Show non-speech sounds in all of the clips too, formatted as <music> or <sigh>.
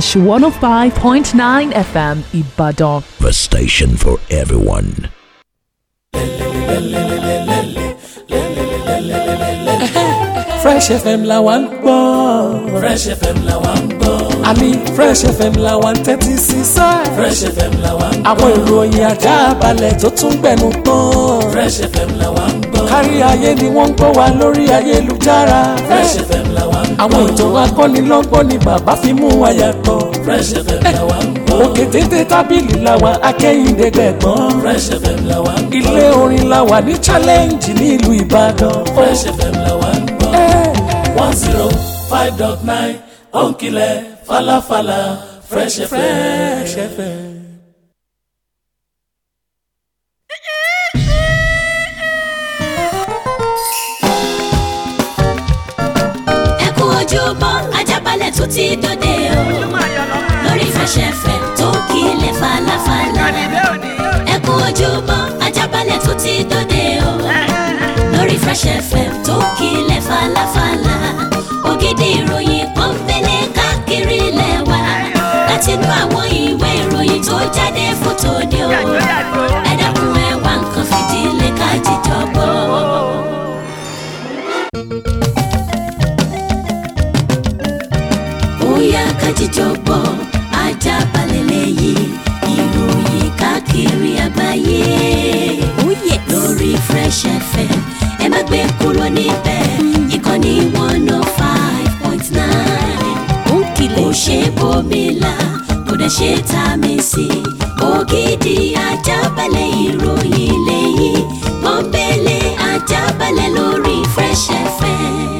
Fresh 105.9 FM Ibadan. The station for everyone. Fresh FM la wa ń Fresh FM la wa ń gbọ́. àmì Fresh FM la wa Fresh FM la wa ń gbọ́. àwọn ìròyìn ajá balẹ̀ tó Fresh FM la wa ń gbọ́. kárí ayé ni wọ́n ń gbọ́ Fresh FM la àwọn ètò akọ́nilọ́gbọ́n ni bàbá fi mú wa yàtọ̀. Fresh FM la wa ń gbọ́. òkè tètè tábìlì la wa akẹ́yìndé gbẹ̀gbọ́n. Fresh FM la wa ń gbọ́. ilé orin la wa ní challenge ní ìlú Ìbàdàn. Fresh FM la wa ń gbọ́. one zero five dot nine òǹkìlẹ̀ falafala Fresh FM. Fresh FM. bóyá kájíjọ́bọ̀ ajá balẹ̀ lẹ́yìn ìròyìn káàkiri àgbáyé. Ó oh, yẹ lórí Fresh FM ẹ má gbé kúrò níbẹ̀ ìkànnì one oh five point nine. Ó kìlẹ̀ kò ṣe bómi la kò dẹ̀ ṣe tá a mi sí. Ògidì ajá balẹ̀ ìròyìn lẹ́yìn pọ́npẹ́lẹ́ ajá balẹ̀ lórí Fresh FM.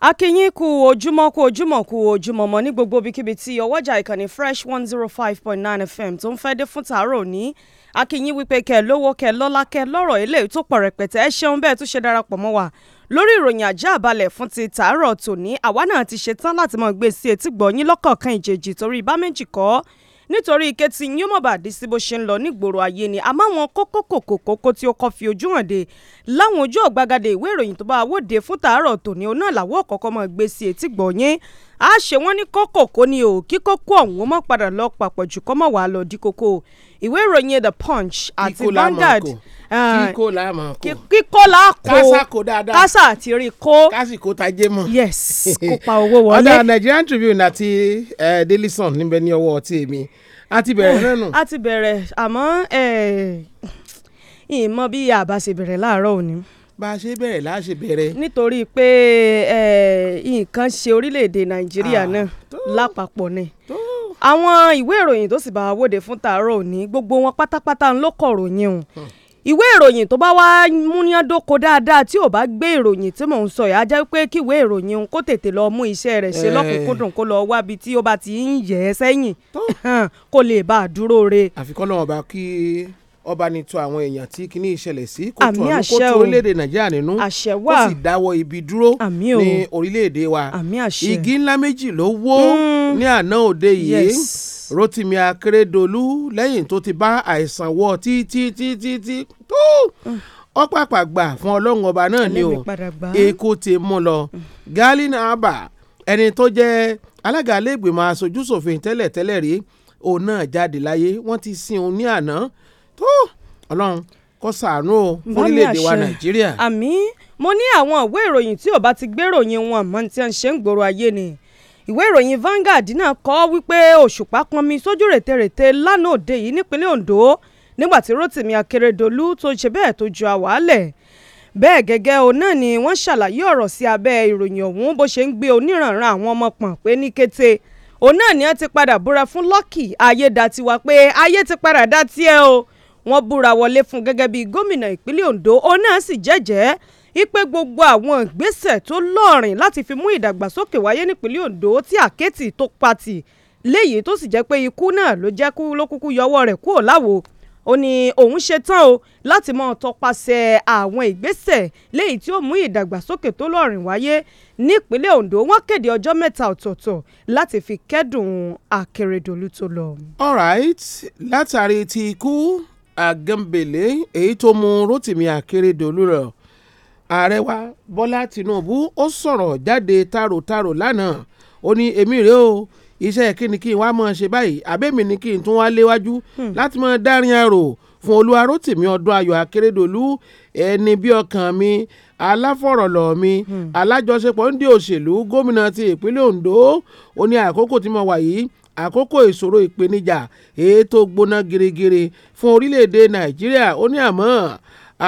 akínyìn kú ojúmọ́ kú ojúmọ́ kú ojúmọ́ mọ́ ní gbogbo ibikíbi tí ọwọ́jà ìkànnì fresh one zero oh five point nine fm tó ń fẹ́ dé fún tàárọ̀ ní akínyìn wípé kẹ lówó kẹ lọ́lá kẹ lọ́rọ̀ eléyìí tó pọ̀ rẹpẹtẹ ẹ ṣeun bẹ́ẹ̀ tó ṣe darapọ̀ mọ́ wa lórí ìròyìn ajá àbálẹ̀ fún ti tàárọ̀ tòní àwa náà ti ṣetán láti máa gbé sí etí lọ́kọ̀ọ̀kan ìjèjì torí ibà méjì kọ́ nítorí ike tí yín mọ̀ bá dé sí bó ṣe ń lọ nígboro ayé ni àmọ́ àwọn kókó kòkó kókó tí ó kọ́ fi ojú hàn dé láwọn ojú ọ̀gbagadè ìwé ìròyìn tó bá wòde fún tàárọ̀ tòní òun náà làwọn ọ̀kọ̀ọ̀kan máa gbé sí etí gbọ̀nyìn a ṣe wọ́n ní kókó kó ni o kí kókó ọ̀hún mọ́ padà lọ papọ̀ jù kọ́ mọ́ wàá lọ dí kókó ìwé ìròyìn The Punch àti Vanguard Ah, kíkó la mọ̀ kó kíkó la kó kásá kó dáadáa kásá ti rí kó kásì kó tajé mọ̀. yes kó pa <laughs> owó wọlé. ọ̀dà Nigerian Tribune àti eh, Daily Sun níbẹ̀ ní ọwọ́ ọtí mi a ti bẹ̀rẹ̀ náà nù. a ti bẹ̀rẹ̀ àmọ́ eh, ìmọ̀ bí àbá ṣe bẹ̀rẹ̀ láàárọ̀ òní bá a ṣe bẹ̀rẹ̀ láà ṣe bẹ̀rẹ̀. nítorí pé eh, nǹkan ṣe orílẹ̀-èdè nàìjíríà ah, náà lápapọ̀ ni àwọn ìwé ìròyìn tó sì bá a wòde fún tàárọ̀ òní gbogbo wọn pátápátá ń ló o hmm ìwé ìròyìn tó bá wá múyándóko dáadáa tí ò bá gbé ìròyìn tí mò ń sọ yìí á jẹ́ pé kíwé ìròyìn òun kó tètè lọ mú iṣẹ́ rẹ̀ ṣe eh. lọ́kùnkúndùn kó lọ wábi tí ó bá ti ń yẹ̀ ẹ́ sẹ́yìn <laughs> kó lè bá a dúró re. àfikún náà ọba kí ọba ni tó àwọn èèyàn tí kíní ìṣẹ̀lẹ̀ sí kó tó ọdún kó tó orílẹ̀-èdè nàìjíríà nínú kó sì dáwọ́ ibi dúró ní orílẹ̀-èdè wa igi ńlá méjì ló wó mm. ní àná òde yìí Rotimi Akeredolu lẹ́yìn tó ti bá àìsàn wọ títí tó ọ̀pàpà mm. gbà fún ọlọ́run ọba náà ni o èkó ti mú lọ mm. Gálínà Àbà ẹni tó jẹ́ alága ilé ìgbìmọ̀ aṣojú ṣòfin tẹ́lẹ̀tẹ́lẹ̀ rí òun náà jáde láyé wọ́n ti sin òun ní àná tó ọlọ́run kó ṣàánú o fúnilẹ̀èdè wa nàìjíríà. àmín mo ní àwọn ìwé ìròyìn tí ò bá ti gbéròyìn wọn àmọ́ tí wọ́n ṣe ń gbòòrò ayé ni ìwé ìròyìn Vanguard náà kọ wípé òṣùpá pọnmi sójú rètérètè lánàá òde yìí nípínlẹ̀ Ondo nígbà tí Rotimi Akeredolu tó ṣe bẹ́ẹ̀ tó ju àwálẹ̀ bẹ́ẹ̀ gẹ́gẹ́ o náà ni wọ́n ṣàlàyé ọ̀rọ̀ sí abẹ́ ìròyìn ọ̀hún bó ṣe ń gbé oníranran àwọn ọmọ pọ̀n pé ní kété òun náà ni wọ́n ti padà búra fún Lucky Ayédatiwa pé ayé ti padà dá tiẹ̀ o wọ́n búra wọlé fún gẹ́gẹ́ bí gómìnà ìpínlẹ̀ Ondo òun náà sì jẹ́jẹ́ wípé gbogbo àwọn ìgbésẹ̀ tó lọ́ọ̀rìn láti fi mú ìdàgbàsókè wáyé nípínlẹ̀ Ondo tí àkẹ́tì tó patì léyìí tó sì jẹ́ pé ikú náà ló jẹ́ kú ló kúkú yọwọ́ rẹ̀ kúrò láwo ó ní òun ṣetán o láti máa tọpasẹ̀ àwọn ìgbésẹ̀ léyìí tí ó mú ìdàgbàsókè tó lọ́ọ̀rìn wáyé nípínlẹ̀ Ondo wọ́n kéde ọjọ́ mẹ́ta ọ̀tọ̀ọ̀tọ̀ láti fi kẹ́dùn Akérédolú tó lọ. all right látàrí ti ikú àgànbèlé èyí tó mú Rotimi Akeredolu rọ ààrẹ wa Bọ́lá Tinubu ó sọ̀rọ̀ jáde tààrọ̀tààrọ̀ lánàá ó ní èmi rèé o iṣẹ́ kíni kí n wá mọ̀ ṣe báyìí àbẹ́mi ni kí n tún wá léwájú hmm. láti mọ̀ dárin àrò fún olúwa Rótìmí Ọdúnayọ̀ Akérédolú ẹni bí ọkàn mi aláfọ̀rọ̀lọ̀ mi hmm. alájọṣepọ̀ ń di òṣèlú gómìnà ti ìpínlẹ̀ Ondo ó ní àkókò tí mo wà yìí àkókò ìṣòro ìpèníjà èyí tó gbóná girigiri fún orílẹ̀-èdè nàìjíríà ó ní àmọ́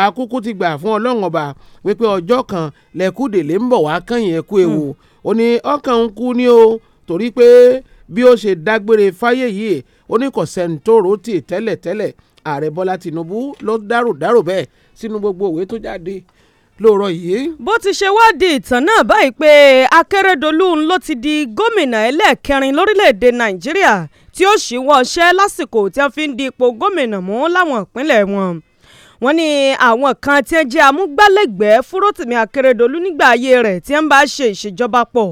àkúkú ti gbà fún ọlọ́run ọba wípé ọjọ́ kan lẹ́kúdèlé ń bọ̀ wá kẹ́yìn ẹ̀kú ewu hmm. ó ní ọkàn ń kú ní o torí pé bí ó ṣe dágbére fáyé yìí ó ní kò sẹ́ńtòrò tì tẹ́lẹ̀tẹ́lẹ̀ ààrẹ bọ́lá tìǹbù ló dárò dárò bẹ́ẹ̀ sínú gbogbo òwe tó jáde lóòrọ̀ yìí. bó ti ṣe wádìí ìtàn náà báyìí pé akérèdọ́lù ló ti di gómìnà ẹlẹ́ẹ̀kẹrin lórílẹ̀‐èdè nàìjíríà tí ó ṣíwọ́ ọṣẹ́ lásìkò tí wọ́n fi ń di ipò gómìnà mú láwọn ìpínlẹ̀ wọn wọ́n ní àwọn kan tí ń jẹ́ amúgbálẹ́gbẹ̀ẹ́ fúrótìmí akérèdọ́lù nígbà ayé rẹ̀ tí ń bá ṣe ìṣèjọba pọ̀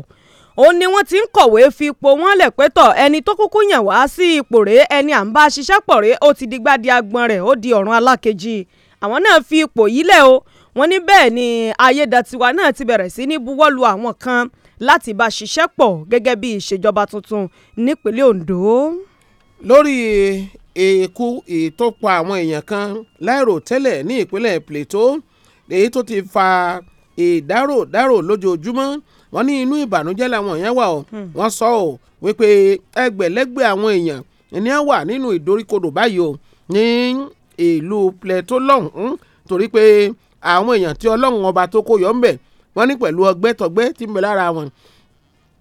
ó ní wọ́n ti ń kọ̀wé fi ipò wọn lẹ̀ pẹ́tọ̀ ẹni tó kúkú yàn wá sí ipò rèé ẹni à ń bá ṣiṣẹ́ pọ̀ rèé ó ti di gbádìí agbọ̀n rẹ̀ ó di ọ̀run alákejì àwọn náà fi ipò yìí o wọ́n ní bẹ́ẹ̀ ni ayédatiwa náà ti bẹ̀rẹ̀ sí ní buwọ́lu àwọn kan láti bá ṣiṣẹ́ pọ̀ gẹ́gẹ́ bí ìṣèjọba tuntun nípínlẹ̀ Ondo. lórí èkú ìtọ́pọ̀ àwọn èèyàn kan láìrò tẹ́lẹ̀ ní ìpínlẹ̀ Plateau èyí tó ti fa ìdárò-dárò lójoojúmọ́ wọ́n ní inú ìbànújẹ́ làwọn èèyàn wà ó hmm. wọ́n sọ ó wípé ẹgbẹ̀lẹ́gbẹ̀ àwọn èèyàn ni wọ́n wà nínú ìdoríkodò báyìí ó ní ìlú Plateau lọ́hùn-ún torí pé àwọn èèyàn tí ọlọ́run ọba tó kó yọ ń bẹ̀ wọ́n ní pẹ̀lú ọgbẹ́ tọgbẹ́ tí ń bẹ lára wọn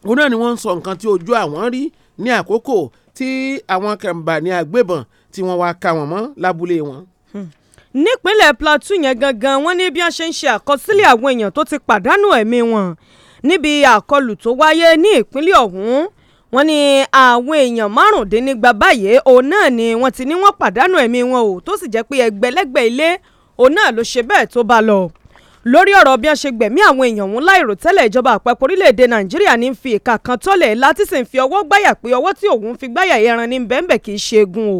òun náà ni wọ́n ń sọ nǹkan tí ojú àwọn rí ní àkókò tí àwọn kàǹbà ní agbébọn tí wọ́n wá ka wọ́n mọ́ lábúlé wọn. Hmm. nípínlẹ̀ Plateau yẹn gangan wọ́n ní bí wọ́n ṣe ń ṣe àkọsílẹ̀ àwọn èèyàn tó ti pàdánù ẹ̀mí wọn níbi àkọlù tó wáyé ní ìpínlẹ̀ ọ̀hún wọ́n ní àwọn èèyàn márùndínnígba òun náà ni wọ́n ti ní wọ́n pàdánù ẹ̀mí wọn o tó sì jẹ́ pé ẹgbẹ̀lẹ́gbẹ̀ ilé òun náà ló ṣe bẹ́ẹ̀ tó bá lọ lórí ọ̀rọ̀ bí wọ́n ṣe gbẹ̀mí àwọn èèyàn ọ̀hún láìròtẹ́lẹ̀ ìjọba àpapọ̀ orílẹ̀-èdè nàìjíríà ní fi ìka kan tọ́lẹ̀ láti sì ń fi ọwọ́ gbáyà pé ọwọ́ tí òun fi gbáyà ẹran ní bẹ́ẹ̀nbẹ́ẹ̀ kì í ṣe egun o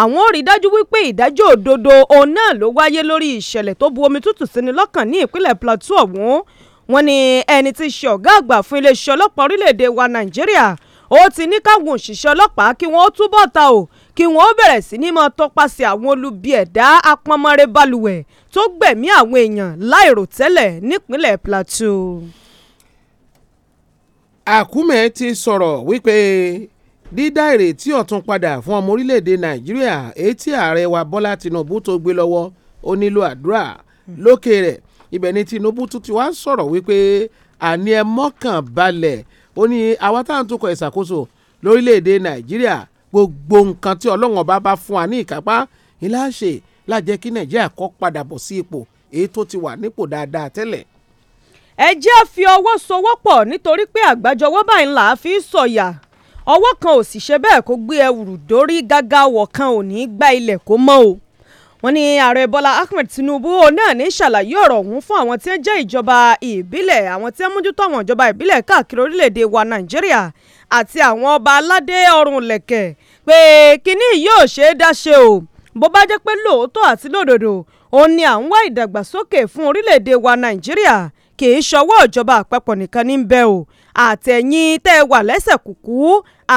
àwọn ò rí dájú wípé ìdájọ́ òdodo òun náà ló wáyé lórí ìṣẹ̀lẹ̀ tó bu omi tútù síni wọ́n ní ẹni tí ṣe ọ̀gá àgbà fún iléeṣẹ́ ọlọ́pàá orílẹ̀-èdè wa nàìjíríà ó ti ní káwọn òṣìṣẹ́ ọlọ́pàá kí wọ́n túbọ̀ ta ò kí wọ́n bẹ̀rẹ̀ sí ní máa tọpasẹ̀ àwọn olubi ẹ̀dá apọnmọ́rẹ́ balùwẹ̀ tó gbẹ̀mí àwọn èèyàn láìròtẹ́lẹ̀ nípínlẹ̀ Plateau. Àkúmẹ ti sọ̀rọ̀ wípé dídá ìrètí ọ̀tun padà fún ọmọ orílẹ̀-èdè Nàìjíríà èyí tí ààrẹ wa Bọ́lá Tinubu tó gbé lọ́wọ́ ó nílò àdúrà lókè rẹ̀ ibẹ̀ ni Tinubu tún ti wá sọ̀rọ̀ wípé àní ẹ mọ́kàn ó ní àwa táwọn tó kọ ìṣàkóso lórílẹ̀‐èdè nàìjíríà gbogbo nǹkan tí ọlọ́run ọba bá fún wa ní ìkápá ńlá ṣe lájẹ́ kí nàìjíríà kó padà bọ̀ sí ipò èyí tó ti wà nípò dáadáa tẹ́lẹ̀. ẹ jẹ́ fi ọwọ́ sowọ́pọ̀ nítorí pé àgbájọwọ́ báyìí ńlá fi ń sọ̀yà ọwọ́ kan ò sì ṣe bẹ́ẹ̀ kó gbé ẹrù dórí gágá wọ̀ ò ní gbá ilẹ̀ kó mọ́ o wọ́n ní ààrẹ bọ́lá ahmed tinubu náà ní ṣàlàyé ọ̀rọ̀ ọ̀hún fún àwọn tí ń jẹ́ ìjọba ìbílẹ̀ àwọn tí ń mójútó àwọn ìjọba ìbílẹ̀ káàkiri orílẹ̀ wa nàìjíríà àti àwọn ọba aládé ọrùn lẹ̀kẹ̀ pé kínní yóò ṣe é dáṣe o bó bá jẹ́ pé lóòótọ́ àti lódodo òun ni à ń wá ìdàgbàsókè fún orílẹ̀ wa nàìjíríà kì í ṣọwọ́ ìjọba àpapọ̀ nìkan ní bẹ́ẹ̀ o àtẹ̀yìn tẹ́ ẹ wà lẹ́sẹ̀ kùkú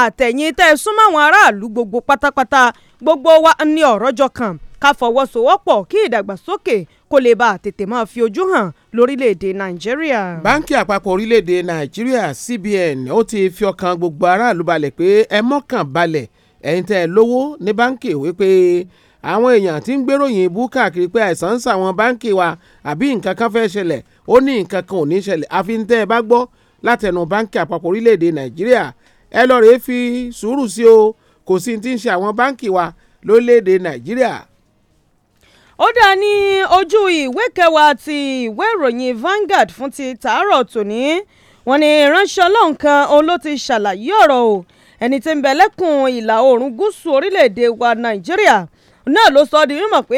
àtẹ̀yìn tẹ́ ẹ súnmọ́ àwọn aráàlú gbogbo pátápátá gbogbo wa ni ọ̀rọ̀ jọ kàn ká fọwọ́sowọ́pọ̀ kí ìdàgbàsókè kó lè bá tètè máa fi ojú hàn lórílẹ̀‐èdè nàìjíríà. báńkì àpapọ̀ orílẹ̀‐èdè nàìjíríà CBN ó ti fi ọkàn gbogbo aráàlú balẹ̀ pé ẹ mọ́kàn balẹ̀ ẹ̀yin tẹ́ ẹ lówó ní báńkì wípé àwọn èèyàn tí ń gbéròyìn ibú káàkiri pé àìsàn ń sàwọn báńkì wa àbí nǹkan kan fẹ́ ṣẹlẹ̀ ó ní nǹkan kan ò ní ṣẹlẹ̀ àfi tẹ́ ẹ bá gbọ́ látẹnu báńkì àpapọ̀ orílẹ̀‐èdè nàìjíríà ẹ lọ́ọ́ rèé fi sùúrù sí o kò sí ti ń ṣe àwọn báńkì wa lórílẹ̀‐èdè nàìjíríà ó dá ní ojú ìwé kẹwàá ti ìwé ìròyìn Vanguard fún ti tàárọ̀ tòní wọ́n ní ìránṣẹ́ ọlọ́run kan òun ló ti ṣàlàyé ọ̀rọ̀ o ẹni tí ń bẹ lẹ́kùn ìlà oòrùn gúúsù orílẹ̀ wa Nàìjíríà náà ló sọ di mímọ̀ pé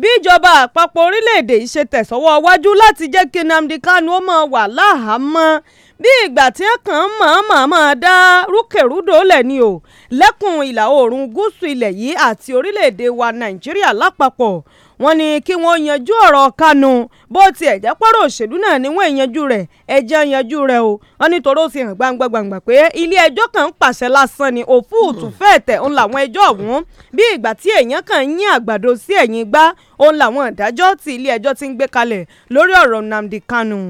bí ìjọba àpapọ̀ orílẹ̀-èdè yìí ṣe tẹ̀sọ́wọ́ wájú láti jẹ́ kí Nnamdi Kanu ó máa wà láhàámọ́ bí ìgbà tí wọn kàn mọ̀ọ́mọ̀ọ́mọ̀ dá rúkèrúdò lẹ̀ ni o lẹ́kùn ìlà oòrùn gúúsù ilẹ̀ yìí àti orílẹ̀-èdè wa Nàìjíríà lápapọ̀ wọ́n ní kí wọ́n yanjú ọ̀rọ̀ kánú bó tiẹ̀ jẹ́ pọ́rọ̀ òṣèlú náà ni wọ́n yanjú rẹ̀ ẹjẹ́ yanjú rẹ̀ o wọ́n ní tòró fi hàn gbangba gbangba pé ilé ẹjọ́ kan ń pàṣẹ lásán ni òfúùtù fẹ́ẹ̀tẹ̀ òun làwọn ẹjọ́ ọ̀hún bí ìgbà tí èèyàn kan yín àgbàdo sí ẹ̀yìn gbá òun làwọn ìdájọ́ tí ilé ẹjọ́ ti ń gbé kalẹ̀ lórí ọ̀rọ̀ Nnamdi Kanu.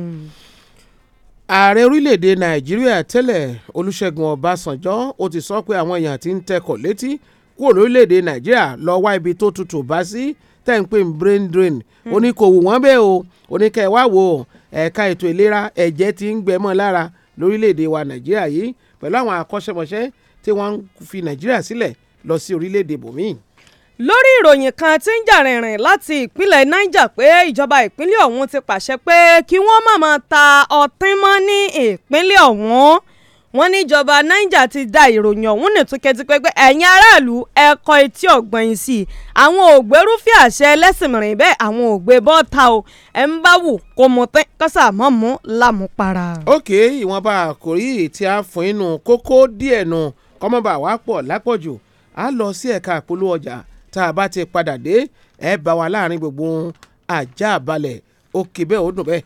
ààrẹ orílẹ̀-èdè Nàìjíríà tẹ́lẹ̀ Olúṣẹ́gun Ọbásanjọ́ ó ti sọ pé àwọn èèyàn ti ń tẹkọ̀ létí kúrò lórílẹ̀‐èdè nàìjíríà lọ wá ibi tó tutù bá sí tẹ̀ brain drain hmm. ó ní kò wù wọ́n bẹ́ẹ̀ o ó ní kẹ́ ẹ wá wò ó ẹ̀ka ètò ìlera ẹ̀jẹ̀ ti ń gbẹmọ́ lára lórílẹ̀‐èdè wa nàìjíríà yìí pẹ̀lú àwọn akọ́ṣẹ́mọṣẹ́ tí wọ́n ń fi nàìjíríà sílẹ̀ lọ sí orílẹ̀‐èdè bòmíì lórí ìròyìn kan tí ń jà rìnrìn láti ìpínlẹ̀ niger pé ìjọba ìpínlẹ̀ ọ̀hún ti pàṣẹ pé kí wọ́n má máa ta ọtín mọ́ ní ìpínlẹ̀ ọ̀hún wọ́n ní ìjọba niger ti da ìròyìn ọ̀hún ní túkẹ́típẹ́ ẹ̀yin aráàlú ẹ kọ etí ọ̀gbọ́n yín sí i àwọn ògbérúfẹ́ àṣẹ ẹlẹ́sìn mìíràn bẹ́ẹ̀ àwọn ògbé bọ́ta o ẹ̀ ń bá wù kó mu tẹ́ kọ́sà mọ́ mú lámúpara. ókè ìwọ̀nba àkòrí tí a fún inú kókó díẹ̀ nù kọ́mọ́bà wàá pọ̀ lápọ̀jù a lọ sí ẹ̀ka àpolówó ọjà tá a bá ti padà dé ẹ bá wa láàrin gbogbo àjà àbalẹ̀ bẹ́ẹ̀ ó dùn bẹ́ẹ̀.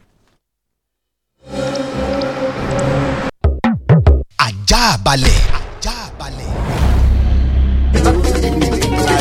ajá balẹ̀.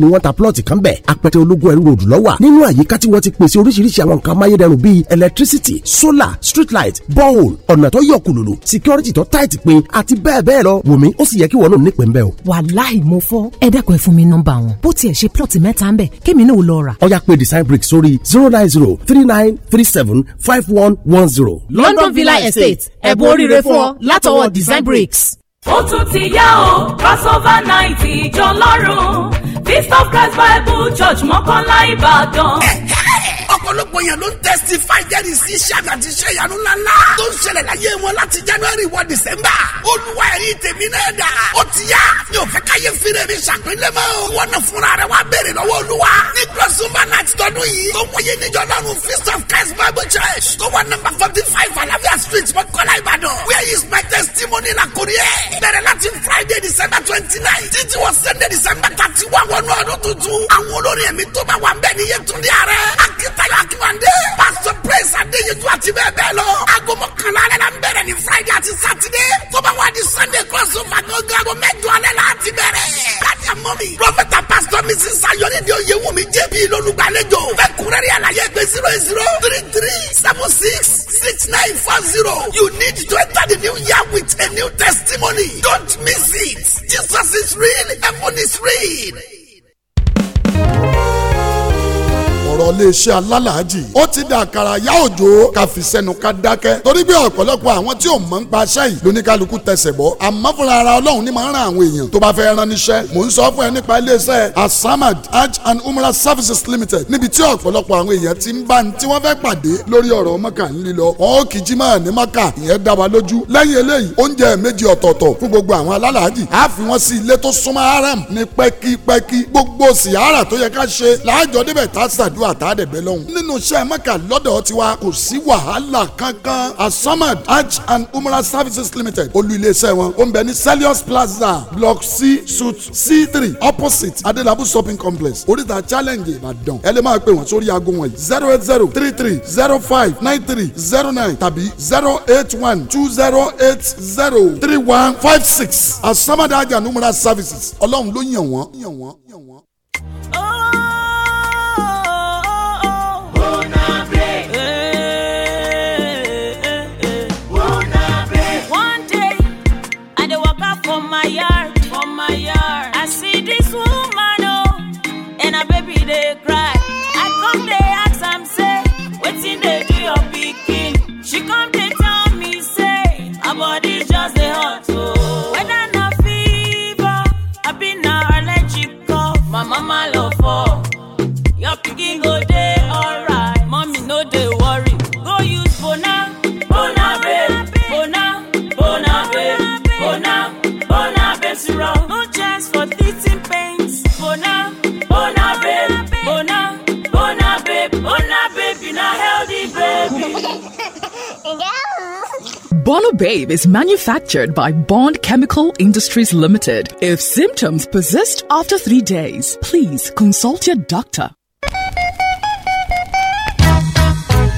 ni wọ́n ta plọ́ọ̀tì kan bẹ̀ apẹtẹ ológun ẹ̀rú ròdù lọ́wà nínú àyíká tí wọ́n ti pèsè oríṣiríṣi àwọn nǹkan amáyédẹrùn bíi electricity solar street light borehole ọ̀nà tó yọ kùlùlù security tó tight pin àti bẹ́ẹ̀ bẹ́ẹ̀ lọ wùmí ó sì yẹ kí wọ́n náà nípìn bẹ́ẹ̀ o. wàláì mo fọ ẹ dẹ́kun ẹ fún mi nọ́mbà wọn bó tiẹ̀ ṣe plọ́ọ̀tì mẹ́ta ń bẹ̀ kémi náà lọ rà. ọ̀yá pé design brick sórí zero nine zero three nine three seven five one one zero. London Villa Estate ẹ̀bùn oríire fún design bricks. ó tún ti yá o crossover ninety. ìjọ Feast of Christ Bible Church Mọ́kànlá Ìbàdàn bẹ́ẹ̀. ọ̀pọ̀lọpọ̀ yẹn ló ń testify jẹ́rìí sí iṣẹ́ àmì àti iṣẹ́ ìyanu ńláńlá tó ń ṣẹlẹ̀ láyé wọn láti january wọ december. olúwa ẹ̀rí tèmi náà dà ó ti yá mi ò fẹ́ káyé fire mi ṣàpínlẹ̀ mọ́ o. wọn náà fúnra rẹ̀ wá béèrè lọ́wọ́ olúwa ní crossover night tọdún yìí tó wáyé níjọ lọ́run feast of christ bible church tó wà number forty five alafia street mọ́kànlá ìbàdàn where is my testimony la kò rí ẹ̀. bẹ̀rẹ̀ láti friday december twenty nine títí wọ sunday december thirty one wọnú ọdún tuntun àwọn olórin ẹ̀mí tó bá wà ń bẹ̀ níyẹn tún akitayo akiwande pastor praise adeyeju àti bẹ́ẹ̀ bẹ́ẹ̀ lọ. aago mọ́kànlá alẹ́ la ń bẹ̀rẹ̀ ní friday àti saturday tó bá wà ní sunday cross of magogo aago mẹ́jọ alẹ́ la ti bẹ̀rẹ̀. láti ẹ̀mọ́ mi prọfẹ̀tà pastor mrs sayoni de oyè wù mí jẹ́ bí lọ́lùgbàlejò. fẹ́kùrẹ́rì àlàyé pé zero eight zero three three seven six six nine four zero you need to enter the new year with a new testimony don't miss it jesus is real heaven is real. ọ̀rọ̀ iléeṣẹ́ alálàájì ó ti dà àkàrà yá òjò ká ká dákẹ́ torí bí ọ̀pọ̀lọpọ̀ àwọn tí ò mọ̀ ń pa aṣẹ́ yìí lóníkálukú tẹsẹ̀ bọ́ àmọ́ fúnra ara ọlọ́run ní máa ń ran àwọn èèyàn tó bá fẹ́ rán níṣẹ́ mò ń sọ fún ẹ nípa iléeṣẹ́ asamad hajj and umrah services limited níbi tí ọ̀pọ̀lọpọ̀ àwọn èèyàn ti ń bá ní tí wọ́n fẹ́ pàdé lórí ọ̀rọ̀ mọ́kà ńlílọ wọn ò kì í ní mọ́kà ìyẹn dá wa lójú lẹ́yìn eléyìí oúnjẹ méjì ọ̀tọ̀ọ̀tọ̀ fún gbogbo àwọn alálàájì á fi wọ́n sí ilé tó súnmọ́ haram ní pẹ́kípẹ́kí gbogbo sìyára tó yẹ ká ṣe láàjọ débẹ̀ tá a ṣàdúrà àdúrà tá a lọ́hùn. nínú iṣẹ́ mẹ́kà lọ́dọ̀ tiwa kò sí wàhálà kankan asamad hajj and umrah services limited olú iléeṣẹ́ wọn ó ń bẹ ní selios plaza block c suite c three opposite adelabu shopping complex oríta challenge ìbàdàn ẹ lè máa pè wọ́n sórí aago wọ̀nyí zero eight zero three three zero five nine three zero nine tàbí zero eight one two zero eight zero three one five six asamad hajj and umrah services ọlọ́run ló yàn wọ́n. Oh. Bono Babe is manufactured by Bond Chemical Industries Limited. If symptoms persist after three days, please consult your doctor.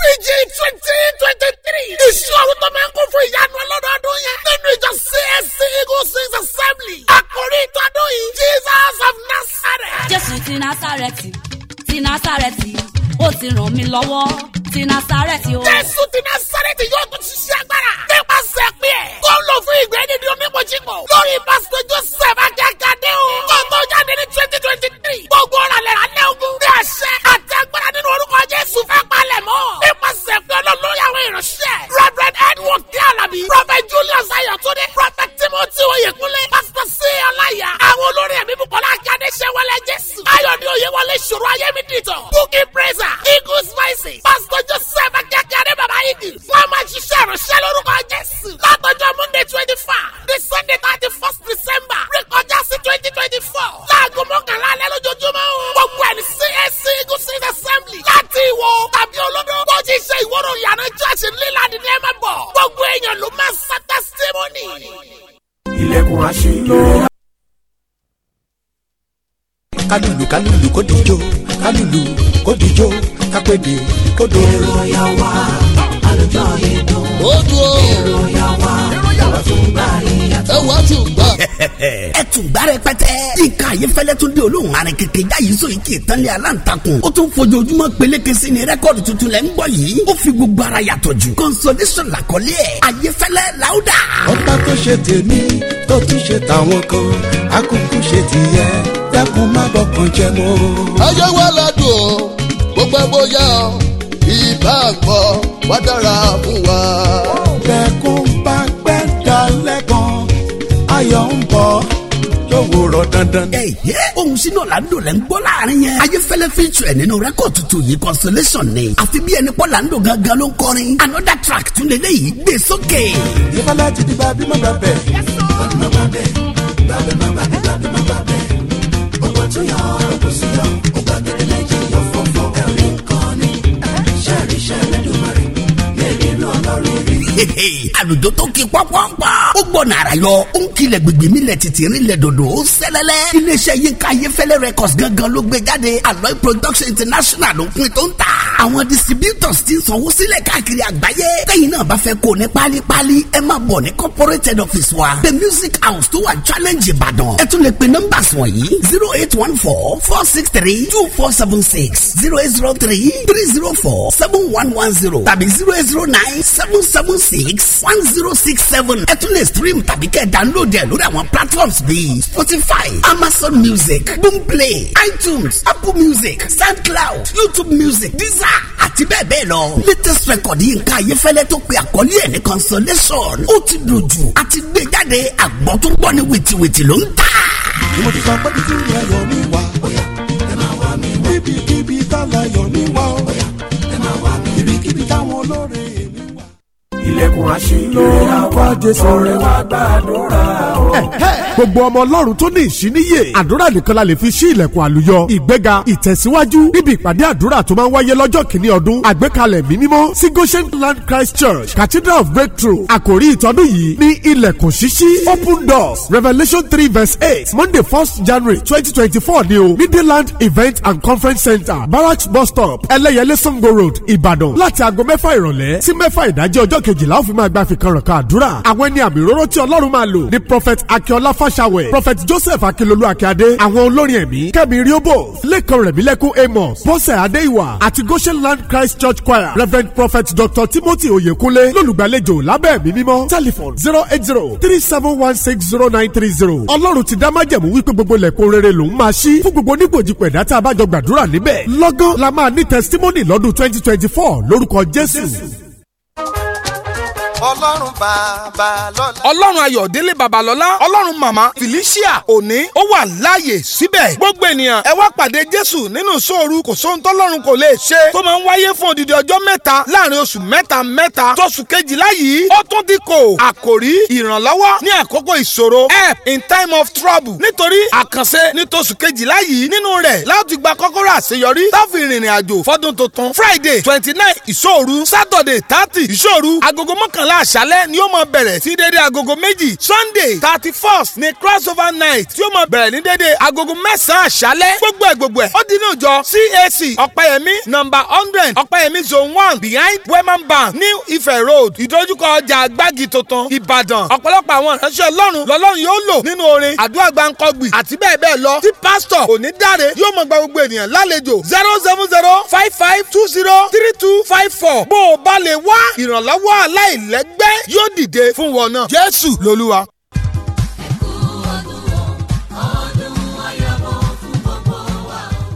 PG twenty twenty three. Iṣu àwọn tó máa ń kún fún ìyanu ọlọ́dọọdún yẹn. Nínú see, go see the Assembly. Àkórí ìtọ́dún yìí. Jesus of Nazareth. Jésù ti Nazareti ti Nazareti ó ti ràn ti Násárẹ́tì o. Jésù ti Násárẹ́tì yóò tún ṣiṣẹ́ agbára. nípasẹ̀ pé ẹ̀ kó lò fún ìgbẹ́ nínú omi mojìmọ̀. lórí pásítọ̀ Joseph Akíákadé o. kó tó jáde ní twenty twenty three. gbogbo ọ̀rọ̀ lẹ̀ rà lẹ́ ogun. bí àṣẹ àti agbára nínú orúkọ Jésù fẹ́ palẹ̀ mọ́. nípasẹ̀ pé ọlọ́run lórí àwọn ìránṣẹ́. Reverend Edward D. Alabi. Prophet Julius Ayọ̀túndé. Prophet Timothy Oyèkúnlé. Pastor C. Ọláyà. àwọn olórí ẹ̀mí Bùkọ́lá Akíádé ṣẹ́wọ́lẹ̀ Jésù. Ayọ̀dé Oyèwọlé ṣòro ayé mi dìtọ̀. Bukki Praiser. Eagles Vices. Pastor joseph akẹ́kẹ́rẹ́ baba yìí wọ́n máa ṣiṣẹ́ ìránṣẹ́ lórúkọ jésù látọjọ́ monday twenty five the sunday thirty first december rékọjá sí twenty twenty four láago mọ́kànlá alẹ́ lójoojúmọ́ gbogbo ẹni cac egusin assembly láti ìwọ tàbí olódó bó ti ṣe ìwọ́rọ̀ ìyànà church ńlílà ní ẹ máa bọ̀ gbogbo èèyàn ló máa sá testimony. ilẹ̀kùn àṣírí kálùlù kálùlù kó dijó kálùlù kó dijó kápẹ́dé kó do. èrò ya wá àlùjọ yìí dùn. ó dùn. èrò ya wá ọ̀rọ̀ tún gbà ìyàtọ̀. ẹ wá tún gbà <laughs> ẹ tún gbá rẹpẹtẹ. yíká ayéfẹ́lẹ́ tún dé olóhùn arin kékeré jáyé sóyè kì í tán lé aláǹtakùn. ó tún fojoojúmọ́ peléke sí ni rẹ́kọ̀dì tuntun lẹ́ ń bọ̀ yìí. ó fi gbogbo ara yàtọ̀ jù. consolation làkọlé ẹ̀ ayéfẹ́lẹ́ làwùdà. ọba tó ṣe tèmi tó tún ṣe tàwọn kan akúkú ṣe tìyẹ dákun má bọ̀kàn jẹ́ mọ́. ayé wa ládùn o gbogbo bóyá o ìbá àgbọ̀ wá dára fún wa. bẹ́ẹ̀kún bá gbẹ́ dalẹ̀ kan ayọ̀ ń bọ̀ lówùrọ̀ dandan. ẹ ohun sínú ọ̀làǹdò lẹ́ ń gbọ́ láàrin yẹn. ayéfẹ́lẹ́ fíjù ẹ̀ nínú rẹ́kọ̀d tuntun yìí consolation ni. àfi bí ẹni pọ́ làǹdò gangan ló ń kọrin. another track tún lè léyìí gbé sókè. ìfọlájì ti bá bímọ bàbẹ. bàbẹ má bàbẹ bàbẹ má bàbẹ bàbẹ má bàbẹ. close enough. àlùjọ tó ki pọ́npọ́npọ́ ó gbọ́ nàrà yọ ó ń kilẹ̀ gbègbè mi lẹ̀ títí rí lẹ̀ dòdò ó sẹ́lẹ̀lẹ̀ iléeṣẹ́ yínká ayéfẹ́lẹ́ records gangan ló gbé jáde Aloy production international ló pin tó ń tà àwọn distributors ti ń sanwó sílẹ̀ káàkiri àgbáyé tẹ́yìn náà bá fẹ́ kó ní pálípálí ẹ má bọ̀ ní corporate office wa the music house tó wà challenge Ìbàdàn ẹ tún lè pe numbers wọ̀nyí zero eight one four four six three two four seven six zero eight zero three three zero four seven one one zero tàbí zero eight zero nine seven seven six six one zero six seven ẹ tún lè stream tàbí kẹ́ download ẹ lórí àwọn platforms bíi spotify amazon music boomplay itunes apple music soundcloud youtube music deezer àti bẹ́ẹ̀ bẹ́ẹ̀ lọ. latest record yìí ń ká ayéfẹ́lẹ́ tó pe àkọlé ẹ̀ ní consolation ó ti dojú àti gbé jáde àgbọ̀ tó gbọ́ ní wìtìwìtì ló ń tà. ìmọ̀ ti sọ pé kí n yọ yọ mi wá ẹ máa wá mi wá. tá a la yọ mi. ilẹ̀kùn àṣírí rẹ̀ àwa jésù rẹ̀ wá gbàdúrà o. gbogbo ọmọ ọlọ́run tó ní ìṣíníyè àdúrà nìkan la lè fi ṣí ilẹ̀kùn àlùyọ ìgbéga ìtẹ̀síwájú níbi ìpàdé àdúrà tó máa ń wáyé lọ́jọ́ kìíní ọdún àgbékalẹ̀ mi mímọ́ sí goshen land christ church cathedral of breakthrough àkòrí ìtọ́dún yìí ní ilẹ̀kùn ṣíṣí open doors revelation three verse eight monday first january twenty twenty four ni o midland event and conference center barracks bus stop ẹlẹ́yẹlé sango road ìbàdàn láti aago mẹ́fà ìrọ̀lẹ́ sí mẹ́fà ìdájẹ́ ọjọ́ kejì kejìlá ó fi máa gba àfikànràn kan àdúrà àwọn ẹni àmì òróró tí ọlọ́run máa lò ni prophet akiola fashawe prophet joseph akilolu akiade àwọn olórin ẹ̀mí kẹ́mi riobo lẹ́kan rẹ̀mílẹ́kún amos bọ́sẹ̀ adéìwà àti goshen land christ church choir reverend prophet dr timothy oyekunle lólùgbàlejò lábẹ́ ẹ̀mí mímọ́ telephone zero eight zero three seven one six zero nine three zero ọlọ́run ti dá májẹ̀mú wípé gbogbo lẹ̀kọ́ rere lòún máa ṣí fún gbogbo onígbòjìpẹ̀ dátà àbájọ gbàdúrà níbẹ̀ lọ́gán la máa ní testimony lọ́dún twenty twenty four lórúkọ jésù ọlọ́run babalọ́lá. ọlọ́run ayọ̀délé babalọ́lá ọlọ́run màmá felicia òní ó wà láàyè síbẹ̀ gbogbo ènìyàn ẹ wá pàdé jésù nínú sóoru kò sóhun tọ́lọ́run kò lè ṣe tó máa ń wáyé fún odidi ọjọ́ mẹ́ta láàrin oṣù mẹ́ta mẹ́ta tóṣù kejìlá yìí ó tún ti kò àkòrí ìrànlọ́wọ́ ní àkókò ìṣòro help in time of trouble nítorí àkànṣe ní tóṣù kejìlá yìí nínú rẹ̀ láti gba kọ́kọ́rọ́ àṣeyọrí táfi ìrìnrìn àjò fọ́dún tuntun friday twenty nine ìṣòru saturday thirty ìṣòru agogo mọ́kànlá mọ́kànlá àṣálẹ́ ni ó máa bẹ̀rẹ̀ sí dédé agogo méjì sunday thirty first ni crossover night tí ó máa bẹ̀rẹ̀ ní dédé agogo mẹ́sàn-án àṣálẹ́ gbogbo ẹ̀ gbogbo ẹ̀ ó dín ní òjọ cac ọ̀pẹ̀yẹmí number hundred ọ̀pẹ̀yẹmí zone one behind wemam bank new ife road ìdójúkọ ọjà agbági tuntun ìbàdàn ọ̀pọ̀lọpọ̀ àwọn ìránṣẹ́ ọlọ́run lọ́lọ́run yóò lò nínú orin àdúrà gbàǹkọ́gbì àti bẹ́ẹ̀ bẹ́ẹ̀ lọ tí pásítọ̀ òní dáre yóò máa gba gbogbo ènìyàn lálejò zero seven zero five five two zero three two five four bó o bá lè wá ìrànlọ́wọ́ aláìlẹ́ ẹgbẹ́ yóò dìde fún wọn náà jésù lolúwa.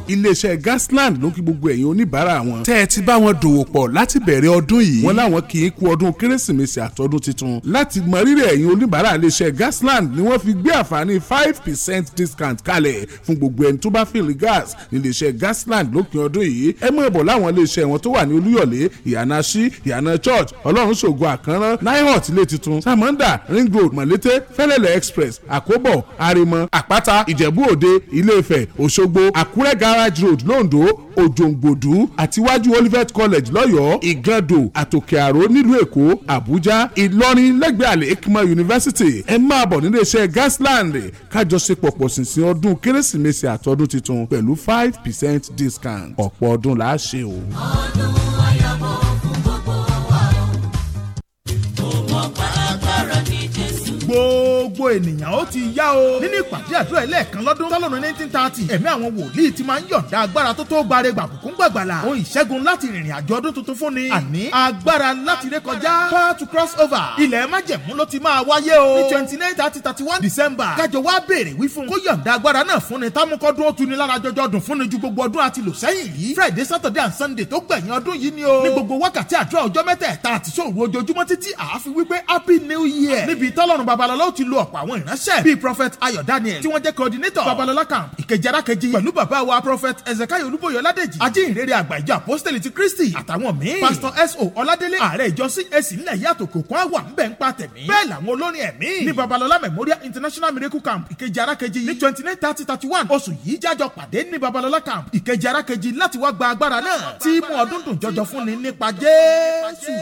iléeṣẹ́ Gasland ló kí gbogbo ẹ̀yin oníbàárà wọn tẹ́ ẹ ti bá wọn dòwò pọ̀ láti bẹ̀rẹ̀ ọdún yìí wọ́n láwọn kì í kú ọdún kérésìmesì àtọdún tuntun láti mọ rírì ẹ̀yin oníbàárà iléeṣẹ́ Gasland ni wọ́n fi gbé àǹfààní five percent discount kalẹ̀ fún gbogbo ẹni tó bá fìlì gas ní iléeṣẹ́ Gasland lópin ọdún yìí ẹ mọ̀ bọ̀ láwọn iléeṣẹ́ wọn tó wà ní Olúyọ̀lé ìyànà sí ìyànà church ọlọ́run ṣògo àkànrán nihot ilé tuntun samanda ring road mọ̀lété fẹ́lẹ́lẹ̀ express àkóbọ̀ àrèmọ àpáta ìjẹ̀bú òde ilé Ifẹ̀ òṣogbo àkúrẹ́gà garage road londo òjòǹgbòdú àtiwájú olivet college lọ́yọ́ọ́ ìgàndò àtòkè àró nílùú èkó àbújá ìlọrin lẹ́gbẹ̀ẹ́ àlè ekima university ẹ máa bọ̀ nílé iṣẹ́ gasland kájọṣepọ̀ pọ̀ sísìn ọdún kérésìmesì àtọdún tuntun pẹ̀lú five percent discount ọ̀pọ̀ ọdún la ṣe o. ọdún gbogbo ènìyàn ó ti yá o. nínú ìpàdé àdúrà ẹlẹ́ẹ̀kan lọ́dún tọ́lọ́run nineteen thirty ẹ̀mí àwọn wòlíì ti máa ń yọ̀ǹda agbára tó tó gbare gbàbùkún gbàgbàlà ohun ìṣẹ́gun láti rìnrìn àjò ọdún tuntun fún ni àní agbára láti rékọjá power to cross over ilẹ̀ májẹ̀mú ló ti máa wáyé o ní twenty nine thirty thirty one december kájọ wá béèrè wí fún kó yọ̀ǹda agbára náà fún ni támúkọ́dún ó tu lára jọjọ dùn fún ni ju lo ọ̀pọ̀ àwọn ìránṣẹ́ bíi prophet ayọ̀ daniel tí wọ́n jẹ́ coordinator babalọlá camp ìkejì arákejì pẹ̀lú bàbá wa prophet ezekiel olúbóyè ọládèjì ajínrere àgbà ìjọ apostoli ti kristi àtàwọn míì pastor so ọládélé ààrẹ ìjọ cac nílẹ̀ yàtọ̀ kòkó àwà ń bẹ̀ ń pa tẹ̀mí bẹ́ẹ̀ làwọn olórin ẹ̀mí ní babalọlá memorial international miracle camp ìkejì arákejì ní twenty nine thirty thirty one oṣù yìí jájọ pàdé ní babalọlá camp ìkejì arákejì láti wá gba agbára náà tí mú ọdún dùn jọjọ fún ni nípa jésù.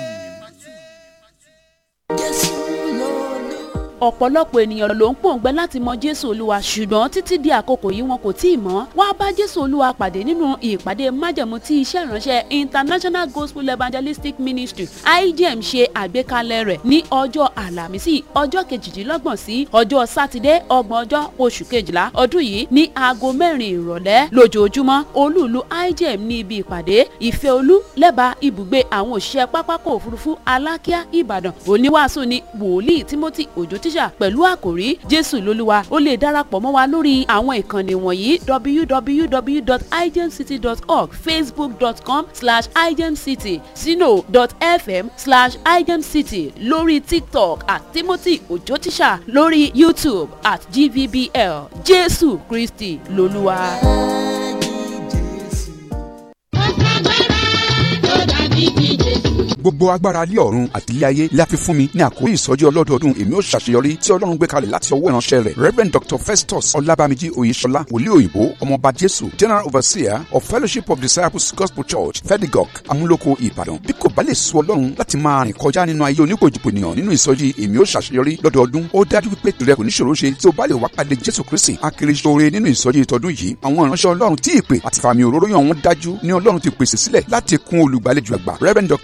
ọ̀pọ̀lọpọ̀ ènìyàn ló ń pòǹgbẹ láti mọ jésù olúwa ṣùgbọ́n títí di àkókò yìí wọn kò tí ì mọ̀ wá bá jésù olúwa pàdé nínú ìpàdé májẹ̀mú tí iṣẹ́ ìránṣẹ́ international gospel evangelistic ministry igm ṣe àgbékalẹ̀ rẹ̀ ní ọjọ́ àlàmísì ọjọ́ kejìdínlọ́gbọ̀n sí ọjọ́ sátidé ọgbọ̀n ọjọ́ oṣù kejìlá ọdún yìí ní aago mẹ́rin ìrọ̀lẹ́ lójoojúmọ́ olúùlú igm ní ibi ìpàdé ìfẹ́ olú lẹ́bàá ibùgbé àwọn òṣìṣẹ́ pápákọ̀ òfurufú alákíá ìbàdàn oníwàásù ni wòlíì timothy òjò tí Asia pẹ̀lú àkòrí Jésù lólúwa o lè darapọ̀ mọ́ wa lórí àwọn ìkànnì wọ̀nyí www.igemcity.org facebook.com/igemcity sino.fm/igemcity lórí tiktok at timothy ojotisha lórí youtube at gvbl Jésù Kristi lólúwa. gbogbo agbára lé ọ̀run àti ilé ayé la fi fún mi ní àkórí ìsọjí ọlọ́dọọdún èmi ó ṣàṣeyọrí tí ọlọ́run gbé kalẹ̀ láti ọwọ́ ìránṣẹ́ rẹ̀ rev dr festus ọlábàmíjì oyèṣọlá wòlíì òyìnbó ọmọọba jésù general overseer of fellowship of disciples gospel church fedigok amúlòkó ìbàdàn bí kò bá lè sọ ọlọ́run láti máa rìn kọjá nínú ayé oníkojúpènìyàn nínú ìsọjí èmi ó ṣàṣeyọrí lọ́dọọdún ó dájú pé tìrẹ o bá lè wá pàdé jésù kristi akiri ṣoore nínú ìsọjí ìtọ́dún yìí àwọn ìránṣẹ́ ọlọ́run tí ìpè àti fàmì òróró yàn wọ́n dájú ní ọlọ́run ti pèsè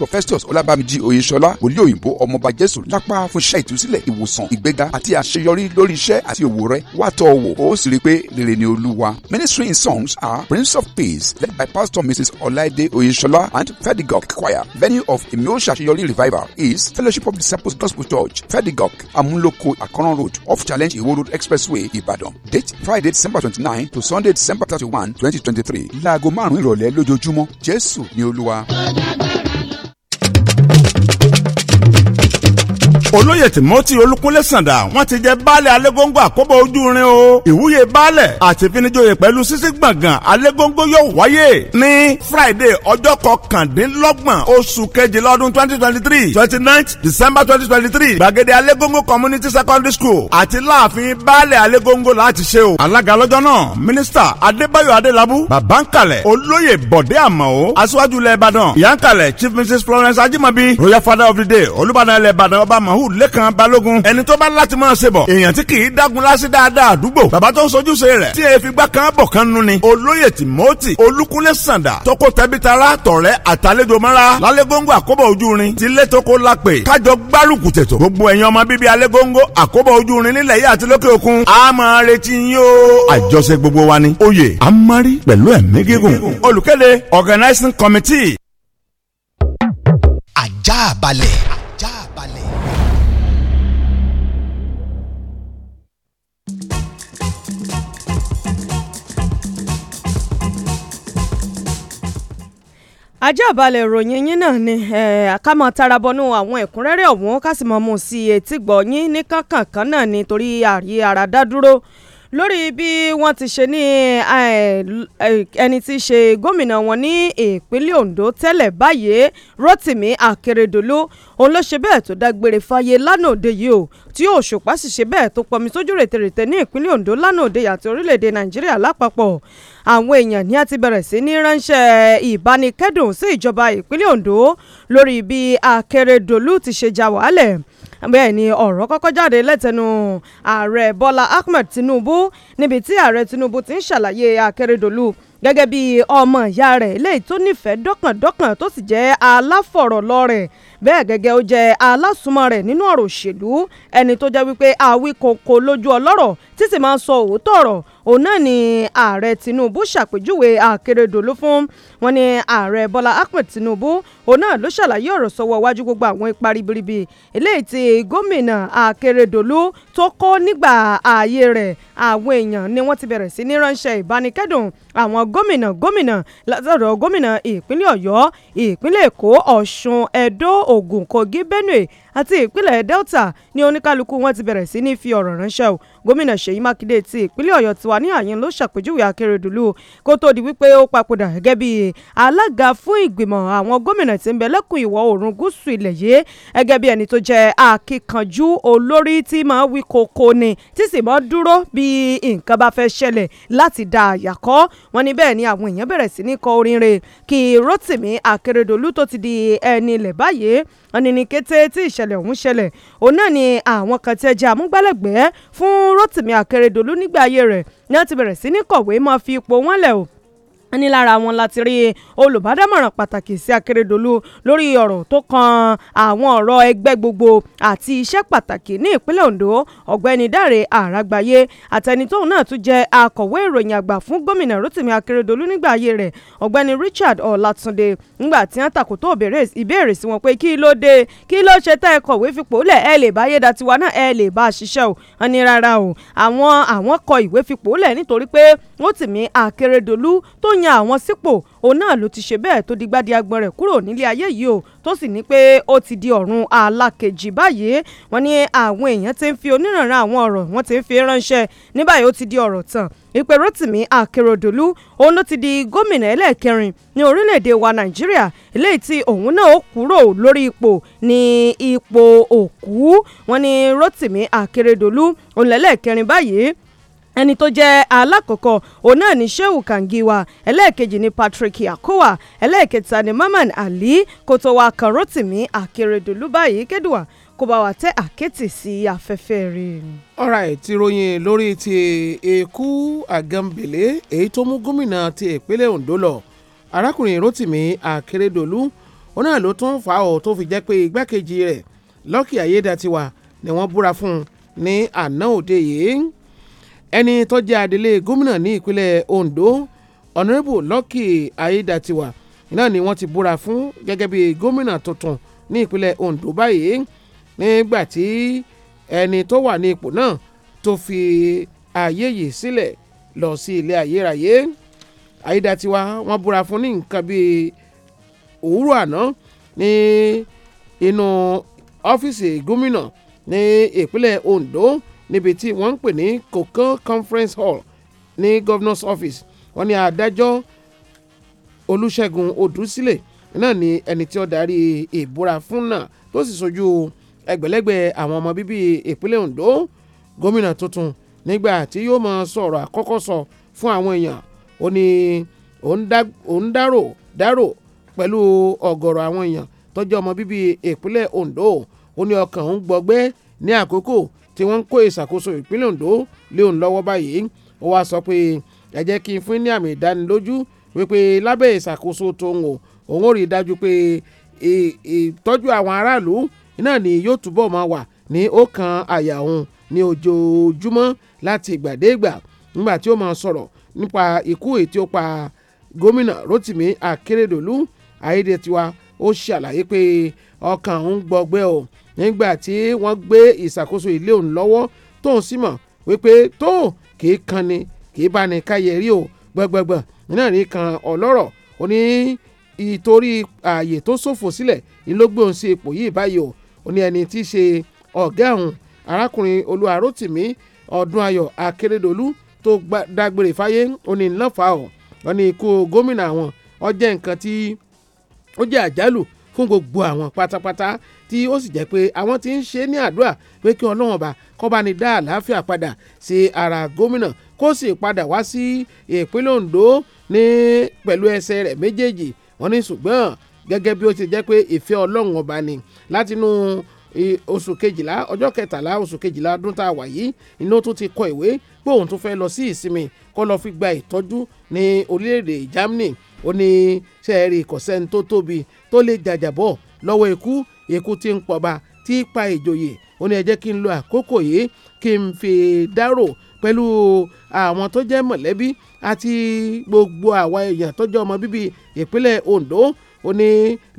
festus ọlábàmíjì oyèṣọlá wòlíì òyìnbó ọmọọba jésù lápá fún iṣẹ́ ìtúsílẹ̀ ìwòsàn ìgbéga àti àṣeyọrí lórí iṣẹ́ àti òwò rẹ wá tọ́ ọ wò ó sì rí i pé rere ni olúwa. ministry in songs are prince of peace led by pastor mrs ọláìdé oyèṣọlá and fedigok choir venue of emiosa àṣeyọrí revival is fellowship of disciples gospel church fedigok amúlòkó àkọ́rán road off challenge iwo road expressway Ibadan date friday december twenty nine to sunday december thirty one twenty twenty three láago márùn-ún ìrọ̀lẹ́ lójoojúmọ́ jésù ni olúwa. olóyè timothy olúkúnlé sàǹdà wọ́n ti jẹ baálẹ̀ alégóńgó àkóbọ̀ ojúrin o ìwúyè baálẹ̀ àti ìfinijoyè pẹ̀lú sísí gbọ̀ngàn alégóńgó yóò wáyé ní friday ọjọ́ kọkàndínlọ́gbọ̀n oṣù kejì lọ́dún twenty twenty three twenty ninth december twenty twenty three gbàgede alégóńgó community secondary school àti láàfin baálẹ̀ alégóńgó láti ṣe o alága lọ́jọ́ náà mínísítà adébáyọ̀ adélábù babankalẹ̀ olóyè bọ̀dé àmọ́ aṣíwájú ilẹ̀ ìbàdàn ìyànkalẹ̀ chief mrs florence ajimabi royal father of the day olùbàdàn ilẹ̀ ìbàdàn ọba mọ̀ Mahud Lẹ́kan Balógun ẹni tó bá láti máa ṣe bọ̀ èèyàn tí kì dágun lásì dáadáa àdúgbò bàbá tó ń sojúṣe rẹ̀ tí èèfì gbá kan bọ̀ kan nu ni olóyè Timothy Olúkúnlé Sàǹdà tọkọ tẹbitara tọ̀rẹ́ àtàlejò mọ́ra lálégóńgó ojúrin ti létoko lápè kájọ gbárùkù tẹ̀tọ̀ gbogbo ẹ̀yin ọmọ bíbí alégóńgó àkóbọ̀ ojúrin nílẹ̀ yìí àti lókè òkun a máa retí yín o. àjọṣe gbogbo wa ni oyè amari pẹ̀lú ẹ̀mí gígùn olùkéde organizing committee. àjàbalẹ̀. ajábalẹ̀ ìròyìn yín náà ni ká máa tarabọnú àwọn ẹ̀kúnrẹ́rẹ́ ọ̀hún ká sì máa mú sí etí gbọ̀ yín ní kánkànkán náà ni torí àrí ara dá dúró lórí bí wọ́n ti ṣe ní ẹni tí ṣe gómìnà wọn ní ìpínlẹ̀ Ondo tẹ́lẹ̀ báyìí Rotimi Akeredolu òun ló ṣe bẹ́ẹ̀ tó dágbére fáyé lánàá òde yìí o tí Òṣùpá sì ṣe bẹ́ẹ̀ tó pọnmi sójú rètèrètè ní ìpínlẹ̀ Ondo lánàá òde yàtọ̀ orílẹ̀-èdè Nàìjíríà lápapọ̀ àwọn èèyàn ni a ti bẹ̀rẹ̀ sí ní ránṣẹ́ ìbánikẹ́dùn sí ìjọba ìpínlẹ̀ Ondo lórí bí Akérédolú ti ṣe ja wàhálẹ̀ bẹ́ẹ̀ ni ọ̀rọ̀ kọ́kọ́ jáde lẹ́tẹnu ààrẹ Bọ́lá Ahmed Tinubu níbi tí ààrẹ Tinubu ti ń ṣàlàyé Akérédolú gẹ́gẹ́ bí ọmọ ìyá rẹ̀ eléyìí tó nífẹ̀ẹ́ dọ́kàndọ́kàn tó sì jẹ́ aláfọ̀rọ̀lọ rẹ̀ bẹ́ẹ̀ gẹ́gẹ́ ó jẹ́ alásùnmọ́ rẹ̀ nínú ọ̀rọ̀ òṣèlú ẹni tó jẹ́ wípé àwíkòkò lójú ọlọ́rọ̀ tí sì máa ń sọ òótọ́ ọ̀rọ̀ òun náà ni ààrẹ Tinubu ṣàpèjúwe Akérédolú fún wọn ni ààrẹ Bọ́lá Ahmed Tinubu òun náà ló ṣàlàyé ọ̀rọ̀ sọ́wọ́ iwájú gbogbo àwọn ipa ribiribi eléyìí tí gómìnà Akérédolú tó kó nígbà ààyè rẹ̀ àwọn èèyàn ni wọ́n ti bẹ̀rẹ̀ sí ní ránṣẹ́ ìbánikẹ́dùn àwọn gómìnà gómìnà látọ̀dọ̀ gómìnà ìpínlẹ̀ Ọ̀yọ́ ìpínlẹ̀ Èkó Ọ̀ṣun Ẹdó Ògùn Kogi Benue àti ìpínlẹ̀ Delta ni oníkálukú wọn ti bẹ̀rẹ̀ sí ní fi ọ̀rọ̀ ránṣẹ́ o gómìnà ṣèyí mákindé ti ìpínlẹ̀ ọ̀yọ́ tiwa ní àyín ló ṣàpèjúwe akérèdọ́lù kó tó di wípé ó papòdà gẹ́gẹ́ bí alága fún ìgbìmọ̀ àwọn gómìnà tí ń bẹ lẹ́kùn ìwọ̀ oòrùn gúúsù ilẹ̀ yìí gẹ́gẹ́ bí ẹni tó jẹ́ akíkanjú olórí tí máa wí koko ni tí sì mọ́ dúró bí nǹkan bá fẹ́ ṣẹlẹ̀ láti da àyàkọ́ wọn ni bẹ́ẹ̀ ni àwọn èèyàn bẹ̀rẹ̀ sí ní kọ orin rẹ̀ kí rotimi akérèdọ́lù tó ti di ẹni ilẹ̀ báyìí wọn ni ní kété tí ìṣẹ̀lẹ̀ ọ̀hún ṣẹlẹ̀ òun náà ni àwọn kan tẹ́jà amúgbálẹ́gbẹ̀ẹ́ fún Rotimi Akeredolu nígbà ayé rẹ̀ ni wọ́n ti bẹ̀rẹ̀ sí ní kọ̀wé máa fi ipò wọn lẹ̀ o ní lára wọn láti rí olùbádámọ̀ràn pàtàkì sí akérèdọ́lù lórí ọ̀rọ̀ tó kan àwọn ọ̀rọ̀ ẹgbẹ́ gbogbo àti iṣẹ́ pàtàkì ní ìpínlẹ̀ Ondo ọ̀gbẹ́ni Dáre Àràgbáyé àtẹni tóun náà tún jẹ́ akọ̀wé ìròyìn àgbà fún gómìnà Rotimi Akérèdọ́lù nígbà ayé rẹ̀ ọ̀gbẹ́ni Richard Ọ̀làtúndé nígbà tí wọ́n tàkó tó ìbéèrè sí wọn pé kí ló dé kí ló ṣe tẹ́ ẹ kọ̀wé fipò lẹ̀ ẹ lè bá yé da tiwa náà ẹ lè bá a ṣiṣẹ́ o wọn ní rárá o yan àwọn sípò òun náà ló ti ṣe bẹ́ẹ̀ tó di gbádìí agbọ̀n rẹ̀ kúrò nílé ayé yìí o tó sì ní pé ó ti di ọ̀run alákejì báyìí wọ́n ní àwọn èèyàn ti ń fi onírànran àwọn ọ̀rọ̀ wọ́n ti ń fi ránṣẹ́ ní báyìí ó ti di ọ̀rọ̀ tàn ìpè Rotimi Akeredolu òun ló ti di gómìnà ẹlẹ́ẹ̀kẹrin ní orílẹ̀-èdè wa Nàìjíríà eléyìí tí òun náà ó kúrò lórí ipò ní ipò òkú wọ́n ní Rotimi Akeredolu òun lẹ́lẹ́ẹ̀kẹrin báyìí ẹni tó jẹ́ alákọ̀ọ́kọ́ òun náà ni Shehu Kangiwa ẹlẹ́ẹ̀kejì ni Patrick Yakuwa ẹlẹ́ẹ̀kẹta ni Maman Ali kó tó wá kan Rotimi Akeredolu báyìí kédùwà kó bá wa tẹ àkẹ́tì sí afẹ́fẹ́ rẹ̀. alright ìròyìn lórí ti èkú àgànbèlé èyí tó mú gómìnà ti ìpínlẹ̀ Ondo lọ arákùnrin Rotimi Akeredolu òun náà ló tún fà ó tó fi jẹ́ pé igbákejì rẹ̀ Lucky Ayédatiwa ni wọ́n búra fún un ní àná òde yìí ẹni tó jẹ́ adelé gómìnà ní ìpínlẹ̀ Ondo ọ̀nàrẹ́bù Lucky Aiyedatiwa náà ni wọ́n ti búra fún gẹ́gẹ́ bí gómìnà tuntun ní ìpínlẹ̀ Ondo báyìí nígbà tí ẹni tó wà ní ipò náà tó fi ààyè yìí sílẹ̀ lọ sí ilé ayérayé Aiyedatiwa wọ́n búra fún ní nǹkan bíi òwúrọ̀ àná ní inú ọ́fíìsì gómìnà ní ìpínlẹ̀ Ondo níbi tí wọ́n ń pè ní Coco Conference Hall ní governor's office wọ́n ní adájọ́ Olúṣẹ́gun Odúsílẹ̀ náà ni ẹni tí ó darí ìbúra fún náà tó sì sojú ẹgbẹ̀lẹ́gbẹ̀ àwọn ọmọ bíbí ìpínlẹ̀ Ondo gómìnà tuntun nígbà tí yóò máa sọ̀rọ̀ àkọ́kọ́ sọ fún àwọn èèyàn ó ní òun dárò dárò pẹ̀lú ọ̀gọ̀rọ̀ àwọn èèyàn tó ọmọ bíbí ìpínlẹ̀ Ondo ó ní ọkàn òun gbọgbẹ́ ní àkókò tí wọ́n ń kó ìṣàkóso ìpínlẹ̀ Ondo léun lọ́wọ́ báyìí ó wáá sọ pé ẹ jẹ́ kí n fún ní àmì ìdánilójú wípé lábẹ́ ìṣàkóso tòun o òun ò rí i dájú pé ìtọ́jú àwọn aráàlú náà ni yóò túbọ̀ máa wà ní ọkàn àyà òun ní ojoojúmọ́ láti ìgbàdégbà nígbà tí ó máa sọ̀rọ̀ nípa ikú èyí tí ó pa gómìnà Rotimi Akeredolu Ayédètiwa ó ṣàlàyé pé ọkàn òun gbọgbẹ́ o nígbà tí wọ́n gbé ìṣàkóso ilé òun lọ́wọ́ tóun sì mọ̀ wípé tó kì í kan ni kì í bá ní káyẹ̀ rí o gbẹgbẹgbẹ náà ní kan ọlọ́rọ̀ ó ní ìtorí ààyè tó ṣòfò sílẹ̀ ìlógbé òun sí ipò yìí báyìí o ó ní ẹni tí í ṣe ọ̀gá òun arákùnrin olúwarótìmí ọdún ayọ̀ akérèdọ́lù tó dágbére fáyé ó ní ńlọ́fà ọ̀ ó ní ikú gómìnà àwọn ó jẹ́ nǹkan tí ó jẹ́ àjálù fún gbogbo àwọn pátápátá tí ó sì jẹ́ pé àwọn tí ń ṣe ní àdúrà pé kí ọlọ́run ọba kọ́ bá ní dá àlàáfíà padà sí ara gómìnà kó sì padà wá sí ìpínlẹ̀ Ondo ní pẹ̀lú ẹsẹ̀ rẹ̀ méjèèjì wọ́n ní ṣùgbọ́n gẹ́gẹ́ bí ó ti jẹ́ pé ìfẹ́ ọlọ́run ọba ni látinú oṣù kejìlá ọjọ́ kẹtàlá oṣù kejìlá ọdún tá a wà yìí iná tó ti kọ ìwé pé òun tún fẹ́ lọ sí ìsinmi kó lọ fi gba ìtọ́jú ní orílẹ̀-èdè Germany ó ní ṣe é rí ìkọ̀sẹ́ni tó tóbi tó lè jàjàbọ̀ lọ́wọ́ ikú ikú tí ń pọba tí ń pa ìjòyè ó ní ẹ kí n lo àkókò yìí kí n fi dárò pẹ̀lú àwọn tó jẹ́ mọ̀lẹ́bí àti gbogbo àwa èèyàn tó ọmọ bíbí ìpínlẹ̀ Ondo ó ní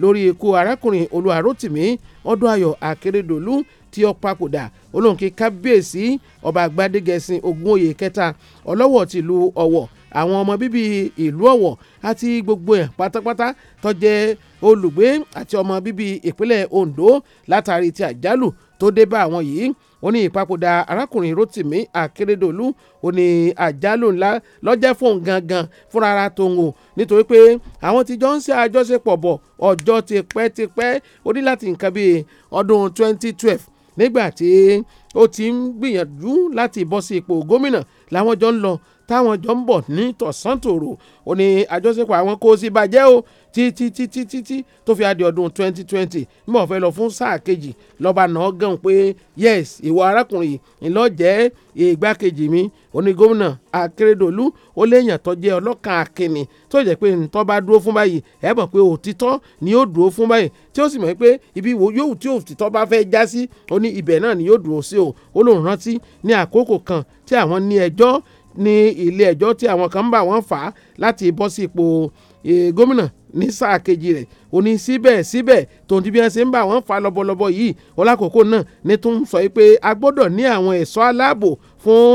lórí ikú arákùnrin Olúwarótìmí Ọdúnayọ̀ Akérédolú tí ó papòdà olóhùn kí kábíyèsí ọba àgbàdégẹ̀sìn Ògúnwòye kẹta ọlọ́wọ̀ tìlú Ọ̀wọ̀ àwọn ọmọ bíbí ìlú ọ̀wọ̀ àti gbogbo ẹ̀ pátápátá tó jẹ́ olùgbé àti ọmọ bíbí ìpínlẹ̀ Ondo látàrí ti àjálù tó dé bá àwọn yìí ó ní ìpapòdà arákùnrin Rotimi Akeredolu ó ní àjálù ńlá lọ́jẹ́ fóun gangan fúnra ara tòun o nítorí pé àwọn tí jọ ń ṣe àjọṣepọ̀ bọ̀ ọjọ́ ti pẹ́ ti pẹ́ ó ní láti nǹkan bíi ọdún 2012 nígbà tí ó ti ń gbìyànjú láti bọ́ sí ipò gómìnà làwọn jọ ń lọ táwọn jọ ń bọ̀ ní tọ̀sán tòrò ó ní àjọṣepọ̀ àwọn kò sí bàjẹ́ o títí títí títí tó fi adi ọdún 2020 nígbà wọ́n fẹ́ lọ fún sáà kejì lọ́ba náà gẹ̀hún pé yes ìwọ arákùnrin ìlọ́jẹ́ ìgbákejì mi oní gómìnà akérèdọ́lù ó léèyàn tó jẹ́ ọlọ́kàn akínni tó jẹ́ pé ntọ́ bá dúró fún báyìí ẹ pé òtítọ́ ni yóò dúró fún báyìí tí ó sì mọ̀ pé ibi yòówù tí òtítọ́ bá fẹ́ já sí ó ní ibẹ̀ náà ni yóò dúró sí o ó lóun rántí ní àkókò kan tí àwọn ní ẹjọ́ ní ilé ẹjọ́ tí àwọn kan bá wọn fà á láti bọ́ sí ipò e, gómìnà ní sáà kejì rẹ̀ ó ní síbẹ̀síbẹ̀ tòun ti bí wọ́n ṣe ń bá wọn fà lọ́bọ̀lọ́bọ̀ yìí ọlákòókò náà ní tó ń sọ pé a gbọ́dọ̀ ní àwọn ẹ̀ṣọ́ aláàbò fún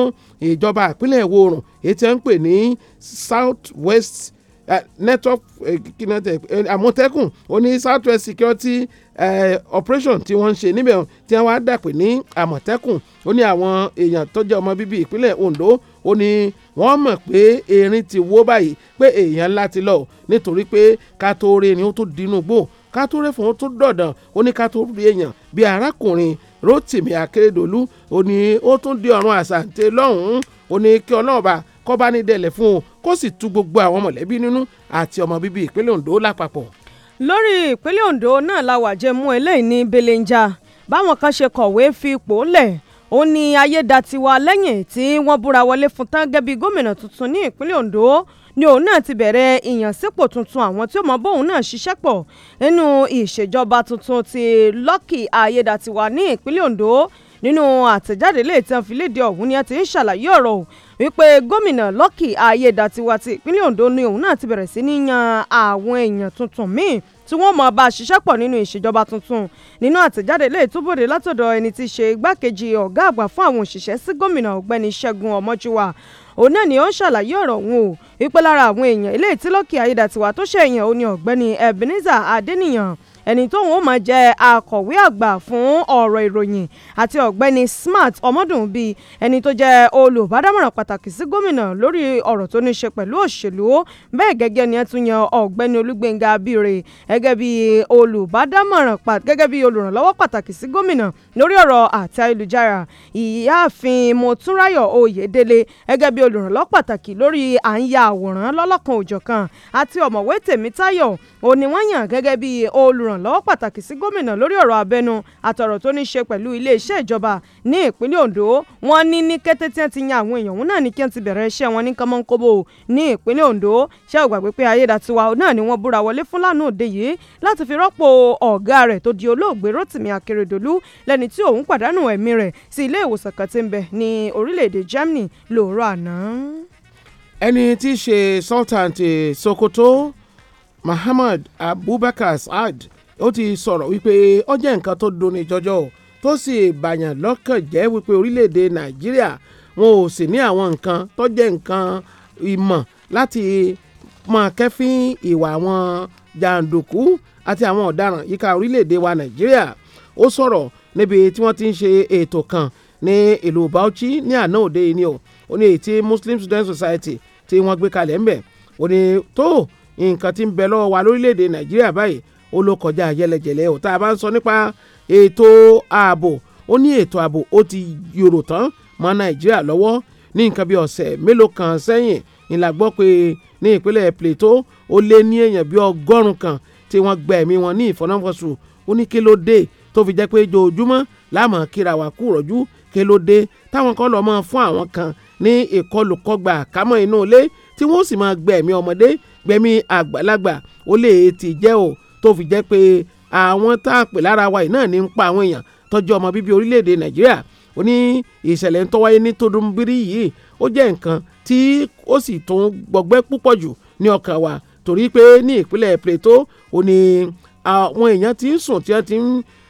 ìjọba ìpínlẹ̀ ìwọ̀ èyí tí wọ́n ń pè ní south west eh, network eh, eh, àmọ̀tẹ́kùn ó ní southwest security operation tí wọ́n ń ṣe níbẹ̀ tí wọ́n á dàpè ní àmọ̀tẹ́kùn ó ní àwọn èèyàn tó jẹ́ ọmọ bíbí ìpínlẹ̀ Ondo ó ní wọ́n mọ̀ pé erin ti wó báyìí pé èèyàn ńlá ti lọ nítorí pé ká ni ó tó dinú gbò ká tó rí fún ó tó dọ̀dàn ó ní ká tó rí èèyàn bí arákùnrin Rotimi Akeredolu ó ní ó tún di ọ̀run àsàǹtẹ̀ lọ́hùn-ún ó ní kí ọlọ́ọ̀bà kọ́ bá ní dẹ̀lẹ̀ fún un kó sì tú gbogbo àwọn mọ̀lẹ́bí nínú àti ọmọ bíbí ìpínlẹ̀ Ondo lápapọ̀. lórí ìpínlẹ̀ Ondo náà la wàjẹ́ mú eléyìí ní belenja báwọn kan ṣe kọ̀wé fi ipò lẹ̀ ó ní ayédatiwa lẹ́yìn tí wọ́n búra wọlé fún tán gẹ́bí gómìnà tuntun ní ìpínlẹ̀ Ondo ni òun náà ti bẹ̀rẹ̀ ìyànsípò tuntun àwọn tí ó mọ bóun náà ṣiṣẹ́ pọ̀ nínú ìṣèjọba tuntun ti Lucky ayédatiwa ní ìpínlẹ̀ Ondo nínú àtẹ̀jáde lè tán fìlédè ọ̀hún ni ẹ ti ń ṣàlàyé ọ̀rọ̀ wípé gómìnà Lucky ayédatiwa ti ìpínlẹ̀ Ondo ni òun náà ti bẹ̀rẹ̀ sí ní yan àwọn èèyàn tuntun míì tí wọ́n mọ̀ bá a ṣiṣẹ́ pọ̀ nínú ìṣèjọba tuntun nínú àtẹ̀jáde lè túbọ̀dé látọ̀dọ̀ ẹni tí í ṣe igbákejì ọ̀gá àgbà fún àwọn òṣìṣẹ́ sí gómìnà ọ̀gbẹ́ni Ṣẹ́gun Ọmọjúwà òun náà ni ó ń ṣàlàyé ọ̀rọ̀ òun o wípé lára àwọn èèyàn ilé ìtílọ́kì Ayédàtiwà tó ṣẹ̀yàn òun ni ọ̀gbẹ́ni Ebenezer Adéníyàn ẹni tóun ó máa jẹ́ akọ̀wé àgbà fún ọ̀rọ̀ ìròyìn àti ọ̀gbẹ́ni Smart Ọmọdúnbí ẹni tó jẹ́ olùbádámọ̀ràn pàtàkì sí gómìnà lórí ọ̀rọ̀ tó ní ṣe pẹ̀lú òṣèlú bẹ́ẹ̀ gẹ́gẹ́ ni ẹ tún yan ọ̀gbẹ́ni Olúgbénga Abíre gẹ́gẹ́ bí olùbádámọ̀ràn gẹ́gẹ́ bí olùrànlọ́wọ́ pàtàkì sí gómìnà lórí ọ̀rọ̀ àti ayélujára ìyáàfin Motúnráyọ̀ Oyèdélé gẹ́gẹ́ bí olùrànlọ́wọ́ pàtàkì lórí à ń ya àwòrán lọ́lọ́kan òjọ̀kan àti ọ̀mọ̀wé Tèmítáyọ̀ òní wọ́n yàn gẹ́gẹ́ bí olùràn ìrànlọ́wọ́ pàtàkì sí gómìnà lórí ọ̀rọ̀ abẹnú àtọ̀rọ̀ tó ní ṣe pẹ̀lú iléeṣẹ́ ìjọba ní ìpínlẹ̀ Ondo wọ́n ní ní kété tí wọ́n ti yan àwọn èèyàn òun náà ní kí wọ́n ti bẹ̀rẹ̀ iṣẹ́ wọn ní kánmọ́nkóbó ní ìpínlẹ̀ Ondo ṣé ò gbàgbé pé Ayédàtiwa náà ni wọ́n búra wọlé fún lánàá òde yìí láti fi rọ́pò ọ̀gá rẹ̀ tó di olóògbé Rotimi Akeredolu lẹ́ni tí òun pàdánù ẹ̀mí rẹ̀ sí ilé ìwòsàn kan tí ń bẹ ní orílẹ̀-èdè Germany lóòrọ̀ àná ẹni tí í ṣe sultan ti Sokoto Muhammad Abubakar Saad ó ti sọ̀rọ̀ wípé ó jẹ́ nǹkan tó dùnni jọjọ o tó sì bàyàn lọ́kàn jẹ́ wípé orílẹ̀-èdè nàìjíríà wọn ò sì ní àwọn nǹkan tó jẹ́ nǹkan ìmọ̀ láti máa kẹ́fín ìwà àwọn jàǹdùkú àti àwọn ọ̀daràn yíká orílẹ̀-èdè wa nàìjíríà ó sọ̀rọ̀ níbi tí wọ́n ti ń ṣe ètò kan ní ìlú Bauchi ní àná òde ni o ó ní ètí Muslim Student Society tí wọ́n gbé kalẹ̀ ńbẹ̀ ó ní tó nǹkan tí ń bẹ lọ́wọ́ wa lórílẹ̀‐èdè Nàìjíríà báyìí ó ló kọjá yẹlẹjẹlẹ ò tá a bá ń sọ nípa ètò ààbò ó ní ètò ààbò ó ti yòrò tán mọ́ nàìjíríà lọ́wọ́ ní nǹkan bí ọ̀sẹ̀ mélòó kan sẹ́yìn ni la gbọ́ pé ní ìpínlẹ̀ Plateau ó lé ní èèyàn bí ọgọ́rùn-ún kan tí wọ́n gba ẹ̀mí wọn ní ìfọ̀nàfọ̀sù ó ní kí ló dé tó fi jẹ́ pé ojoojúmọ́ láàmú kíra wà kú rọ̀jú kí ló dé táwọn kan lọ mọ́ fún àwọn kan ní ìkọlùkọgbà kámọ́ inú ilé tí wọ́n sì máa gbẹ̀mí ọmọdé gbẹ̀mí àgbàlagbà ó lè ti jẹ́ o tó fi jẹ́ pé àwọn tá a pè lára wa yìí náà ní ń pa àwọn èèyàn tọ́jú ọmọ bíbí orílẹ̀-èdè nàìjíríà ó ní ìṣẹ̀lẹ̀ ń tọ́wáyé ní tòdúnbírí yìí ó jẹ́ nǹkan tí ó sì tún gbọgbẹ́ púpọ̀ jù ní ọkàn wa torí pé ní ìpínlẹ̀ Plateau ó ní àwọn èèyàn ti ń sùn tí wọ́n ti ń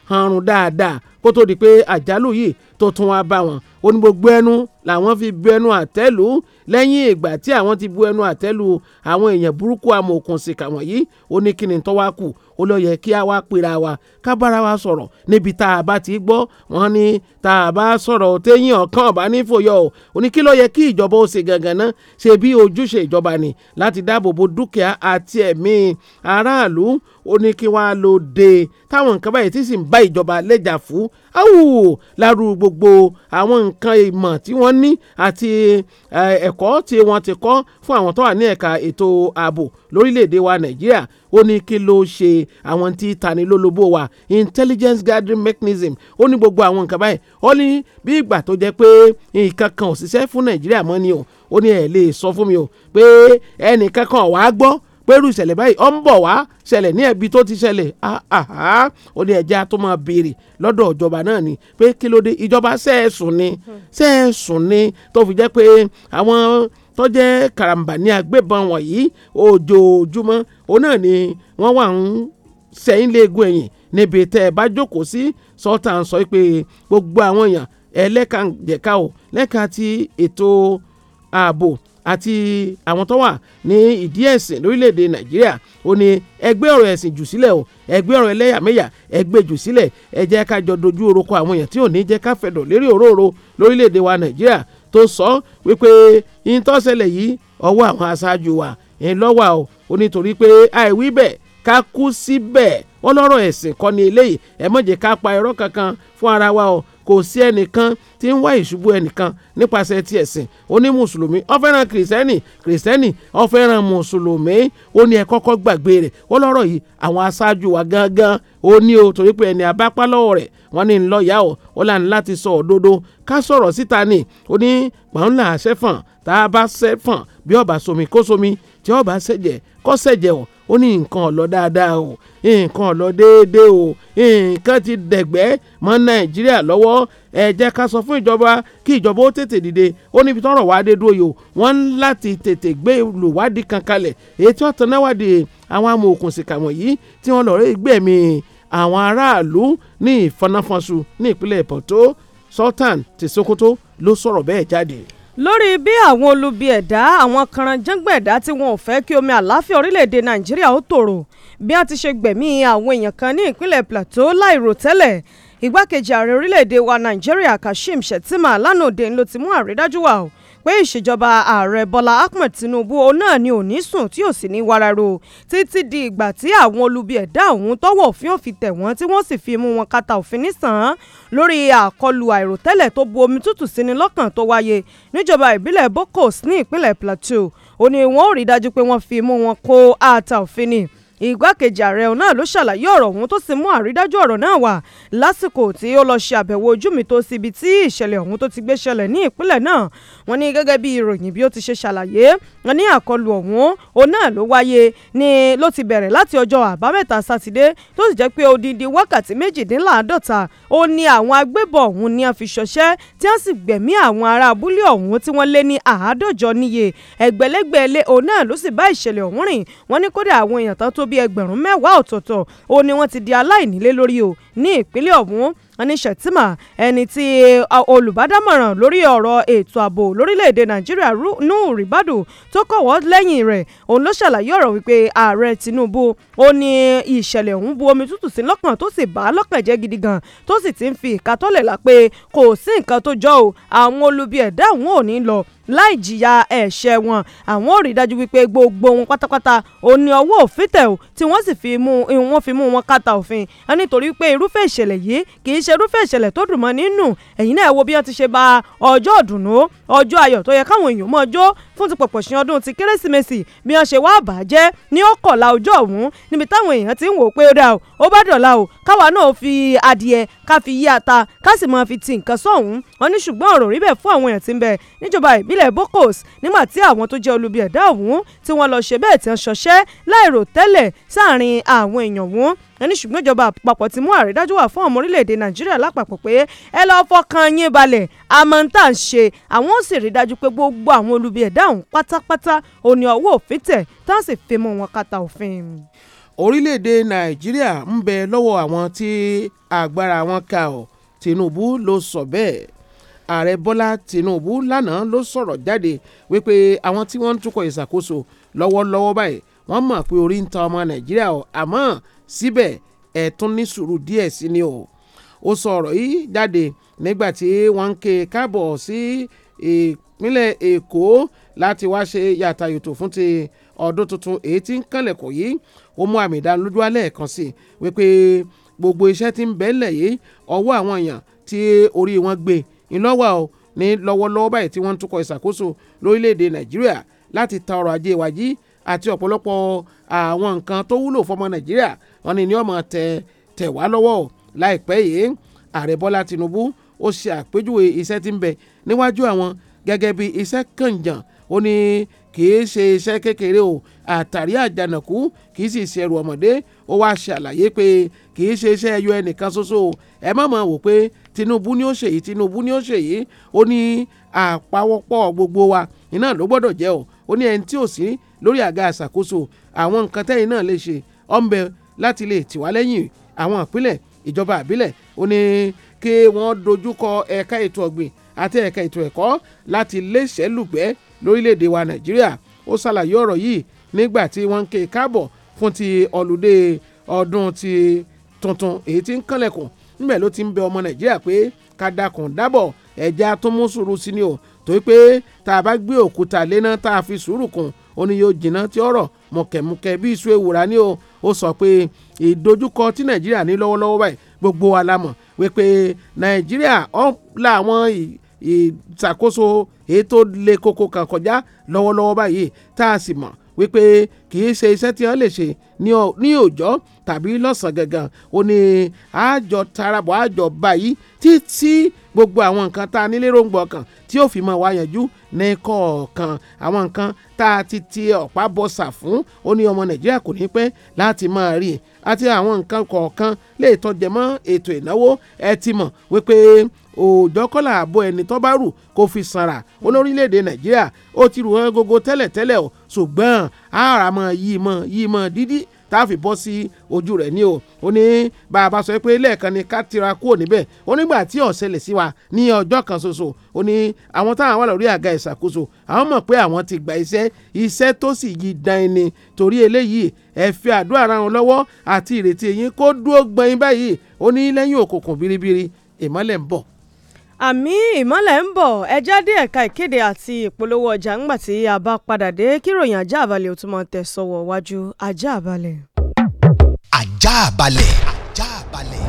hanrun dáadáa kó tó di pé àjálù yìí tó tún wá bá wọn ó ní gbogbo ẹnu làwọn fi bu ẹnu àtẹ́lù lẹ́yìn ìgbà tí àwọn ti bu ẹnu àtẹ́lù àwọn èèyàn burúkú amòòkùnsìkà wọ̀nyí ó ní kí ni tó wá kù ó lọ yẹ kí a wá pera wa ká bára wa sọ̀rọ̀ níbi tá a bá ti gbọ́ wọn ni tá a bá sọ̀rọ̀ téyìn ọ̀kan ọ̀bá ní fòyọ́ o ó ní kí ló yẹ kí ìjọba ó ṣe gangan ná ṣe bí ojúṣe ìjọba ni láti dáàbò bo dúkìá àti ẹ̀mí aráàlú ó ní kí wọ́n á lo de táwọn nǹkan báyìí tí sì ń bá ìjọba lẹ́jà fún Awo, lárú gbogbo àwọn nǹkan ìmọ̀ tí wọ́n ní àti ẹ̀kọ́ tí wọ́n ti kọ́ fún àwọn tó wà ní ẹ̀ka ètò ààbò lórílẹ̀‐èdè wa nàìjíríà ó ní kí ló ṣe àwọn tí tanilólobó wa intelligence gathering mechanism ó ní gbogbo àwọn nǹkan báyìí ó ní bí ìgbà tó jẹ́ pé nǹkan kan ò ṣiṣẹ́ fún nàìjíríà mọ́ ni o ó ní ẹ̀ lè sọ fún mi o pé ẹnìkan kan wàá gbọ́ pẹ̀lú ìṣẹ̀lẹ̀ báyìí ó ń bọ̀ wá ṣẹlẹ̀ ní ẹ̀bi tó ti ṣẹlẹ̀ ó ní ẹja tó máa béèrè lọ́dọ̀ ìjọba náà ni pé kí ló dé ìjọba sẹ́ẹ̀sùn ni sẹ́ẹ̀sùn ni tó fi jẹ́ pé àwọn tó jẹ́ karambà ní agbébọn wọ̀nyí ojoojúmọ́ òun náà ni wọ́n wà ń sẹ́yìn léegun ẹ̀yìn níbi tẹ́ ẹ bá jókòó sí sọ́tà ń sọ pé gbogbo àwọn èèyàn ẹlẹ́ka jẹ̀ka ò lẹ́ka ti ètò ààbò àti àwọn tó wà ní ìdí ẹ̀sìn lórílẹ̀‐èdè nàìjíríà ó ní ẹgbẹ́ ọ̀rọ̀ ẹ̀sìn jù sílẹ̀ o ẹgbẹ́ ọ̀rọ̀ ẹlẹ́yàmẹ̀yà ẹgbẹ́ jù sílẹ̀ ẹ jẹ́ ká jọ dojú orúkọ àwọn èèyàn tí ò ní jẹ́ ká fẹ̀dọ̀ lérí òróró lórílẹ̀‐èdè wa nàìjíríà tó sọ wípé ìtọ́sẹ̀lẹ̀ yìí ọwọ́ àwọn aṣáájú wa ẹ̀ lọ́wọ́ o ó nítorí pé àìwí bẹ́ẹ̀ ká kú síbẹ̀ wọ́n lọ́rọ̀ ẹ̀sìn kọ́ eléyìí ẹ má ká pa irọ́ kankan fún ara wa o kò sí ẹnìkan tí ń wá ìṣubú ẹnìkan nípasẹ̀ ti ẹ̀sìn ó ní mùsùlùmí ó fẹ́ràn kìrìsẹ́nì kìrìsẹ́nì ó fẹ́ràn mùsùlùmí ó ní ẹ kọ́kọ́ gbàgbé rẹ̀ ó lọ́rọ̀ yìí àwọn aṣáájú wa gangan ó ní o torí pé ẹni abápá lọ́wọ́ rẹ̀ wọ́n ní ńlọ́yà ọ̀ ó là ní láti sọ òdodo ká sọ̀rọ̀ síta ni ó ní pàǹlà ṣẹ́fọ̀n tá a bá ṣẹ́fọ̀n bí ọba somi kó somi tí ọba ṣẹ̀jẹ̀ kó ṣẹ̀jẹ̀ ọ̀ ó ní nǹkan ò lọ dáadáa o nǹkan ò lọ déédéé o nǹkan ti dẹ̀gbẹ́ mọ́ nàìjíríà lọ́wọ́ ẹ jẹ́ ká sọ fún ìjọba kí ìjọba ó tètè dìde ó níbi tọ́rọ̀ wá dé dúró yìí o wọ́n ń láti tètè gbé olùwádìí kan kalẹ̀ èyí tí wọ́n tan náà wádìí àwọn amòòkùnsìkà wọ̀nyí tí wọ́n lọ́ọ́ gbẹ̀mí àwọn aráàlú ní ìfọnáfọnṣu ní ìpínlẹ̀ Plateau Sultan ti Sokoto ló sọ̀rọ̀ bẹ́ẹ̀ jáde lórí bí àwọn olubi ẹ̀dá àwọn kanranjágbẹ̀dá tí wọn ò fẹ́ kí omi àlàáfíà orílẹ̀-èdè nàìjíríà ó tòrò bí a ti ṣe gbẹ̀mí àwọn èèyàn kan ní ìpínlẹ̀ plateau láìròtẹ́lẹ̀ igbákejì ààrẹ orílẹ̀-èdè wa nàìjíríà kashim shettima lánàá òde ló ti mú àrídájú wà ó pé ìṣèjọba ààrẹ bọ́lá ahmed tinubu òun náà ni òní sùn tí ò sì ní wararo títí di ìgbà tí àwọn olubi ẹ̀dá ọ̀hún tọ́wọ́ òfin òfin tẹ̀ wọ́n tí wọ́n sì fi mú wọn kàtà òfin nísàn lórí àkọlù àìròtẹ́lẹ̀ tó bu omi tútù sí ni lọ́kàn tó wáyé níjọba ìbílẹ̀ bokos ní ìpínlẹ̀ plateau ó wọn ò rí dájú pé wọ́n fi mú wọn kó ààtà òfin ni igbákejì ààrẹ náà ló ṣàlàyé ọ̀rọ̀ ọ̀hún tó sì mú àrídájú ọ̀rọ̀ náà wá lásìkò tí ó lọ ṣe àbẹ̀wò ojú mi tó síbi tí ìṣẹ̀lẹ̀ ọ̀hún tó ti gbé ṣẹlẹ̀ ní ìpínlẹ̀ náà wọ́n ní gẹ́gẹ́ bí ìròyìn bí ó ti ṣe ṣàlàyé wọ́n ní àkọlù ọ̀hún òun náà ló wáyé ni ló ti bẹ̀rẹ̀ láti ọjọ́ àbámẹ́ta sátidé tó sì jẹ́ pé odindi wákàtí méjìdínláàádọ́ta ó ni a fi ṣọṣẹ́ tí wọ́n sì gbẹ̀mí àwọn ará abúlé ọ̀hún tí wọ́n lé bíi ẹgbẹ̀rún mẹ́wàá ọ̀tọ̀ọ̀tọ̀ ó ní wọ́n ti di aláìnílé lórí o ní ìpínlẹ̀ ọ̀hún ní ẹni tí olùbádámọ̀ràn lórí ọ̀rọ̀ ètò ààbò lórílẹ̀‐èdè Nàìjíríà Nuhu Ribadu tó kọ̀wọ́ lẹ́yìn rẹ̀ òun ló ṣàlàyé ọ̀rọ̀ wípé ààrẹ Tinubu ó ní ìṣẹ̀lẹ̀ ọ̀hún bu omi tútù sí lọ́kàn tó sì bá lọ́kàn jẹ́ gidi gan tó sì ti ń fi ìkatọ́lẹ̀ la pé kò sí nǹkan tó jọ o àwọn olubi ẹ̀dá òun ò ní lọ láì jìyà ẹ̀ṣẹ̀ wọn àwọn ò rí dájú wípé gbogbo wọn pátápátá òní ọwọ́ òfin tẹ̀ ò tí wọ́n sì fi mú wọn fi mú wọn kàtà òfin nítorí pé irúfẹ́ ìṣẹ̀lẹ̀ yìí kì í ṣe irúfẹ́ ìṣẹ̀lẹ̀ tó dùn mọ́ nínú ẹ̀yìn náà wo bí wọ́n ti ṣe ba ọjọ́ ọ̀dùnnú ọjọ́ ayọ̀ tó yẹ káwọn èèyàn mọ́ ọjọ́ fún ti pọ̀pọ̀ṣìn ọdún ti kérésìmesì bí wọ́n ṣe wá bàjẹ́ ní ọkọ̀la ọjọ́ ọ̀hún níbi táwọn èèyàn ti ń wò pé ó dà o ó bá dọ̀la o káwa náà fi adìẹ ká fi yí ata ká sì máa fi ti nǹkan sọ̀hún wọn ní ṣùgbọ́n ọ̀rọ̀ rí bẹ́ẹ̀ fún àwọn èèyàn ti ń bẹ níjọba ìbí ìbílẹ̀ Bokos nígbà tí àwọn tó jẹ́ olubi ẹ̀dá ọ̀hún tí wọ́n lọ ṣe bẹ́ẹ̀ tí wọ́n ṣọṣẹ́ láìrò tẹ́lẹ̀ sáàrin àwọn èèyàn wọn ẹni ṣùgbọ́n ìjọba àpapọ̀ ti mú àrídájú wà fún ọmọ orílẹ̀-èdè Nàìjíríà lápapọ̀ pé ẹ lọ́ọ́ fọkàn yín balẹ̀ àmọ́ ń tà ń ṣe àwọn ó sì rí dájú pé gbogbo àwọn olubi ẹ̀dá ọ̀hún pátápátá òní ọwọ́ òfin tẹ̀ tá a sì fi mọ́ wọn kàtà òfin. orílẹ̀-èdè Nàìjíríà ń bẹ lọ́wọ́ àwọn tí agbára wọn kà ọ́ Tinubu ló sọ bẹ́ẹ̀ ààrẹ bọ́lá tìǹbù lánàá ló sọ̀rọ̀ jáde wípé àwọn tí wọ́n ń tukọ̀ ìṣàkóso lọ́wọ́lọ́wọ́ báyìí wọ́n mọ̀ pé orí ń ta ọmọ nàìjíríà o àmọ́ síbẹ̀ ẹ̀ tún ní sùúrù díẹ̀ sí ni o ó sọ ọ̀rọ̀ yìí jáde nígbà tí wọ́n ń ké káàbọ̀ sí ìpínlẹ̀ èkó láti wá ṣe yàtàyòtò fún ti ọdún tuntun èyí tí ń kànlẹ̀kùn yìí ó mú àmì ìdánilójú alẹ́ kan sí wípé gbogbo iṣẹ́ tí ń bẹ́ẹ̀lẹ̀ yìí ọwọ́ àwọn èèyàn tí orí wọn gbé e ńlọ́wà o ní lọ́wọ́lọ́wọ́ báyìí tí wọ́n ń tukọ̀ ìṣàkóso lórílẹ̀‐èdè nàìjíríà láti ta ọrọ̀ ajé wa jí àti ọ̀pọ̀lọpọ̀ àwọn nǹkan tó wúlò fọmọ nàìjíríà wọn ni ní ọmọ tẹ tẹ̀ wá lọ́wọ́ láìpẹ́ yìí ààrẹ bọ́lá tinubu ó ṣe àpèjúwe iṣẹ́ tí ń bẹ níwájú àwọn gẹ́gẹ́ bí iṣẹ́ kànjàn ó ní kìí ṣe iṣẹ́ kékeré o àtàrí àjànàkú kìí sì ṣe ẹrù ọmọdé ó wá ṣàlàyé pé kìí ṣe iṣẹ́ ẹyọ ẹnìkan ṣoṣo ẹ má mọ̀ wò pé Tinubu ni ó ṣèyí Tinubu ni ó ṣèyí ó ní àpawọ́pọ̀ gbogbo wa iná ló gbọ́dọ̀ jẹ́ o ó ní ẹni tí ò sí lórí àga àṣàkóso àwọn nǹkan tẹ́yìn náà lè ṣe ọ̀nbẹ láti lè tìwá lẹ́yìn àwọn ìpínlẹ̀ ìjọba àbílẹ̀ ó ní kí wọ́n dojúkọ ẹ̀ka ètò ọ̀gbìn àti ẹ̀ka ètò ẹ̀kọ́ láti léṣẹ́ lùgbẹ́ lórílẹ̀‐èdè wa Nàìjíríà ó ṣàlàyé ọ̀rọ̀ yìí nígbà tí wọ́n ń ké káàbọ̀ fún ti ọ̀lùdé ọdún ti tuntun èyí tí ń kànlẹ̀kùn níbẹ̀ ló ti ń bẹ ọmọ nàìjíríà pé kàdàkùn dábọ̀ ẹ̀já tó mú sùúrù sí ni o torí pé tá a bá gbé òkúta léná tá a fi sùúrù kùn ó ní yóò jìnnà tí ọ̀rọ̀ mọ̀kẹ́mọ̀kẹ́ bí iṣu ewùrà ni o ó sọ pé ìdojúkọ tí nàìjíríà ní lọ́wọ́lọ́wọ́ báyìí gbogbo wa la mọ̀ wípé nàìjíríà làwọn ìṣàkóso èyí tó koko kan kọjá lọ́wọ́lọ́wọ́ báyìí tá a sì mọ̀ wípé kì í ṣe iṣẹ́ tí wọ́n lè ṣe ní òòjọ́ tàbí lọ́sàn-án gangan ó ní àjọ tarabọ̀ àjọ báyìí títí gbogbo àwọn nǹkan tá a nílé ròǹgbò ọkàn tí ó fi mọ́ wa yanjú ní kọ̀ọ̀kan àwọn nǹkan tá a ti ti ọ̀pá bọ́sà fún ó ní ọmọ nàìjíríà kò ní pẹ́ láti máa rí i àti àwọn nǹkan kọ̀ọ̀kan lè tọ́jẹ mọ́ ètò ìnáwó ẹ ti mọ̀ wípé òòjọ́ kọ́là àbọ̀ ẹni tó bá rù kó fi sanra olórílẹ̀‐èdè nàìjíríà ó ti rù hàn gógó tẹ́lẹ̀tẹ́lẹ̀ o ṣùgbọ́n àràmọ̀ yìí mọ̀ yìí mọ̀ dídí tá a fi bọ́ sí ojú rẹ̀ ní o ó ní bàbá sọ pé lẹ́ẹ̀kan ni ká tira kúrò níbẹ̀ ó nígbà tí ó ṣẹlẹ̀ sí wa ní ọjọ́ kan ṣoṣo ó ní àwọn táwọn wà lórí àga ìṣàkóso àwọn mọ̀ pé àwọn ti gba iṣẹ́ iṣẹ́ tó sì yí dan ẹni torí eléyìí ẹ fi àdúrà ara wọn lọ́wọ́ àti ìrètí yín kó dúró gbọ́n báyìí ó ní lẹ́yìn òkùnkùn biribiri ìmọ́lẹ̀ ń bọ̀ àmì ìmọ́lẹ̀ ń bọ̀ ẹ jáde ẹ̀ka ìkéde àti ìpolówó ọjà ńgbà tí a bá padà dé kíròyìn ajá àbálẹ̀ ó tún máa tẹ̀ sọ́wọ́ wájú ajá àbálẹ̀. ajá àbálẹ̀ ajá àbálẹ̀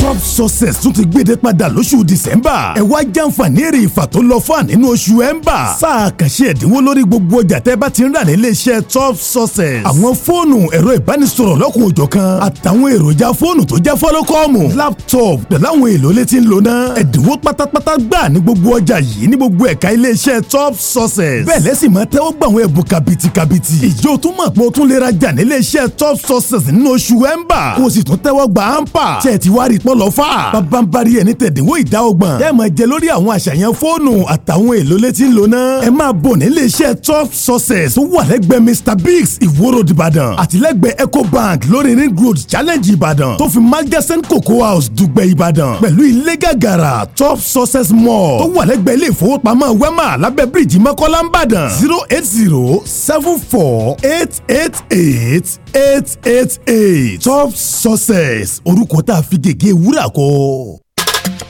top success tún ti gbéde padà lóṣù december ẹ wá jàǹfààní èrè ìfà tó lọ fún ànínú oṣù ẹ̀ńbà sáà kàṣe ẹ̀dínwó lórí gbogbo ọjà tẹ́ bá ti ń rà nílé iṣẹ́ top success àwọn fóònù ẹ̀rọ ìbánisọ̀rọ̀ lọ́kùn òjọ̀ kan àtàwọn èròjà fóònù tó jẹ́ fọ́lọ́kọ́ọ̀mù laptop pẹ̀lú àwọn èlò létí ń lò náà ẹ̀dínwó pátápátá gbà ní gbogbo ọjà yìí ní gbogbo ẹ̀ka ilé iṣẹ́ top success bẹ́ẹ̀ lẹ́sìn máa tẹ́wọ́ gbà àwọn ẹ̀bùn kàbìtìkàbìtì ìjọ tún mọ̀ pé o tún lè rajà nílé iṣẹ́ top success nínú oṣù ẹ̀ńbà kó o sì tún tẹ́wọ́ gbà áńpà tẹ̀ tí wá rí p lọ́fà babambari ẹni tẹ̀dínwó ìdá ọgbọ̀n ẹ máa jẹ lórí àwọn àṣàyàn fóònù àtàwọn èlò létí ń lona ẹ máa bọ̀ nílé iṣẹ́ top success wà lẹ́gbẹ̀ẹ́ Mr Biggs ìwòrò ìbàdàn àtìlẹ́gbẹ̀ẹ́ Ecobank lórí ring road challenge ìbàdàn tó fi magasin cocoa house dùgbẹ̀ ìbàdàn pẹ̀lú ilé gàgàrà top success mall tó wà lẹ́gbẹ̀ẹ́ ilé ìfowópamọ́ wema lábẹ́ bíríìjì mọ́kọ́lá ń bàdàn zero eight zero seven four eight eight eight eight eight eight top success orúkọ tá a fi gègé wúrà kọ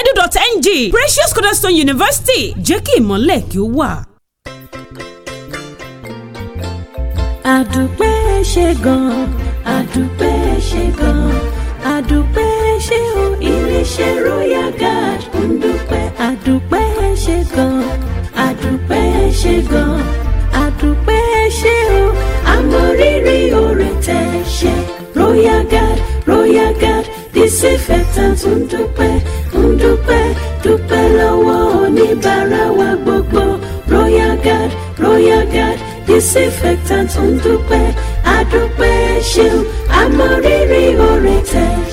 edu.ng Precious Cornerstone University jẹ́ kí ìmọ̀lẹ̀ kí ó wà. àdùpẹ́ ṣe gan-an àdùpẹ́ ṣe gan-an àdùpẹ́ ṣe o iléeṣẹ́ royal guard ń dúpẹ́ àdùpẹ́ ṣe gan-an àdùpẹ́ ṣe gan-an àdùpẹ́ ṣe o àmọ̀rírì oore tẹ̀ ṣe royal guard royal guard disinfectant ń dúpẹ́ ń dúpẹ́ dúpẹ́ lọ́wọ́ oníbàárà wa gbogbo royal guard royal guard disinfectant ń dúpẹ́ àdúpẹ́ ṣeun àmọ́ rírì oore tẹ̀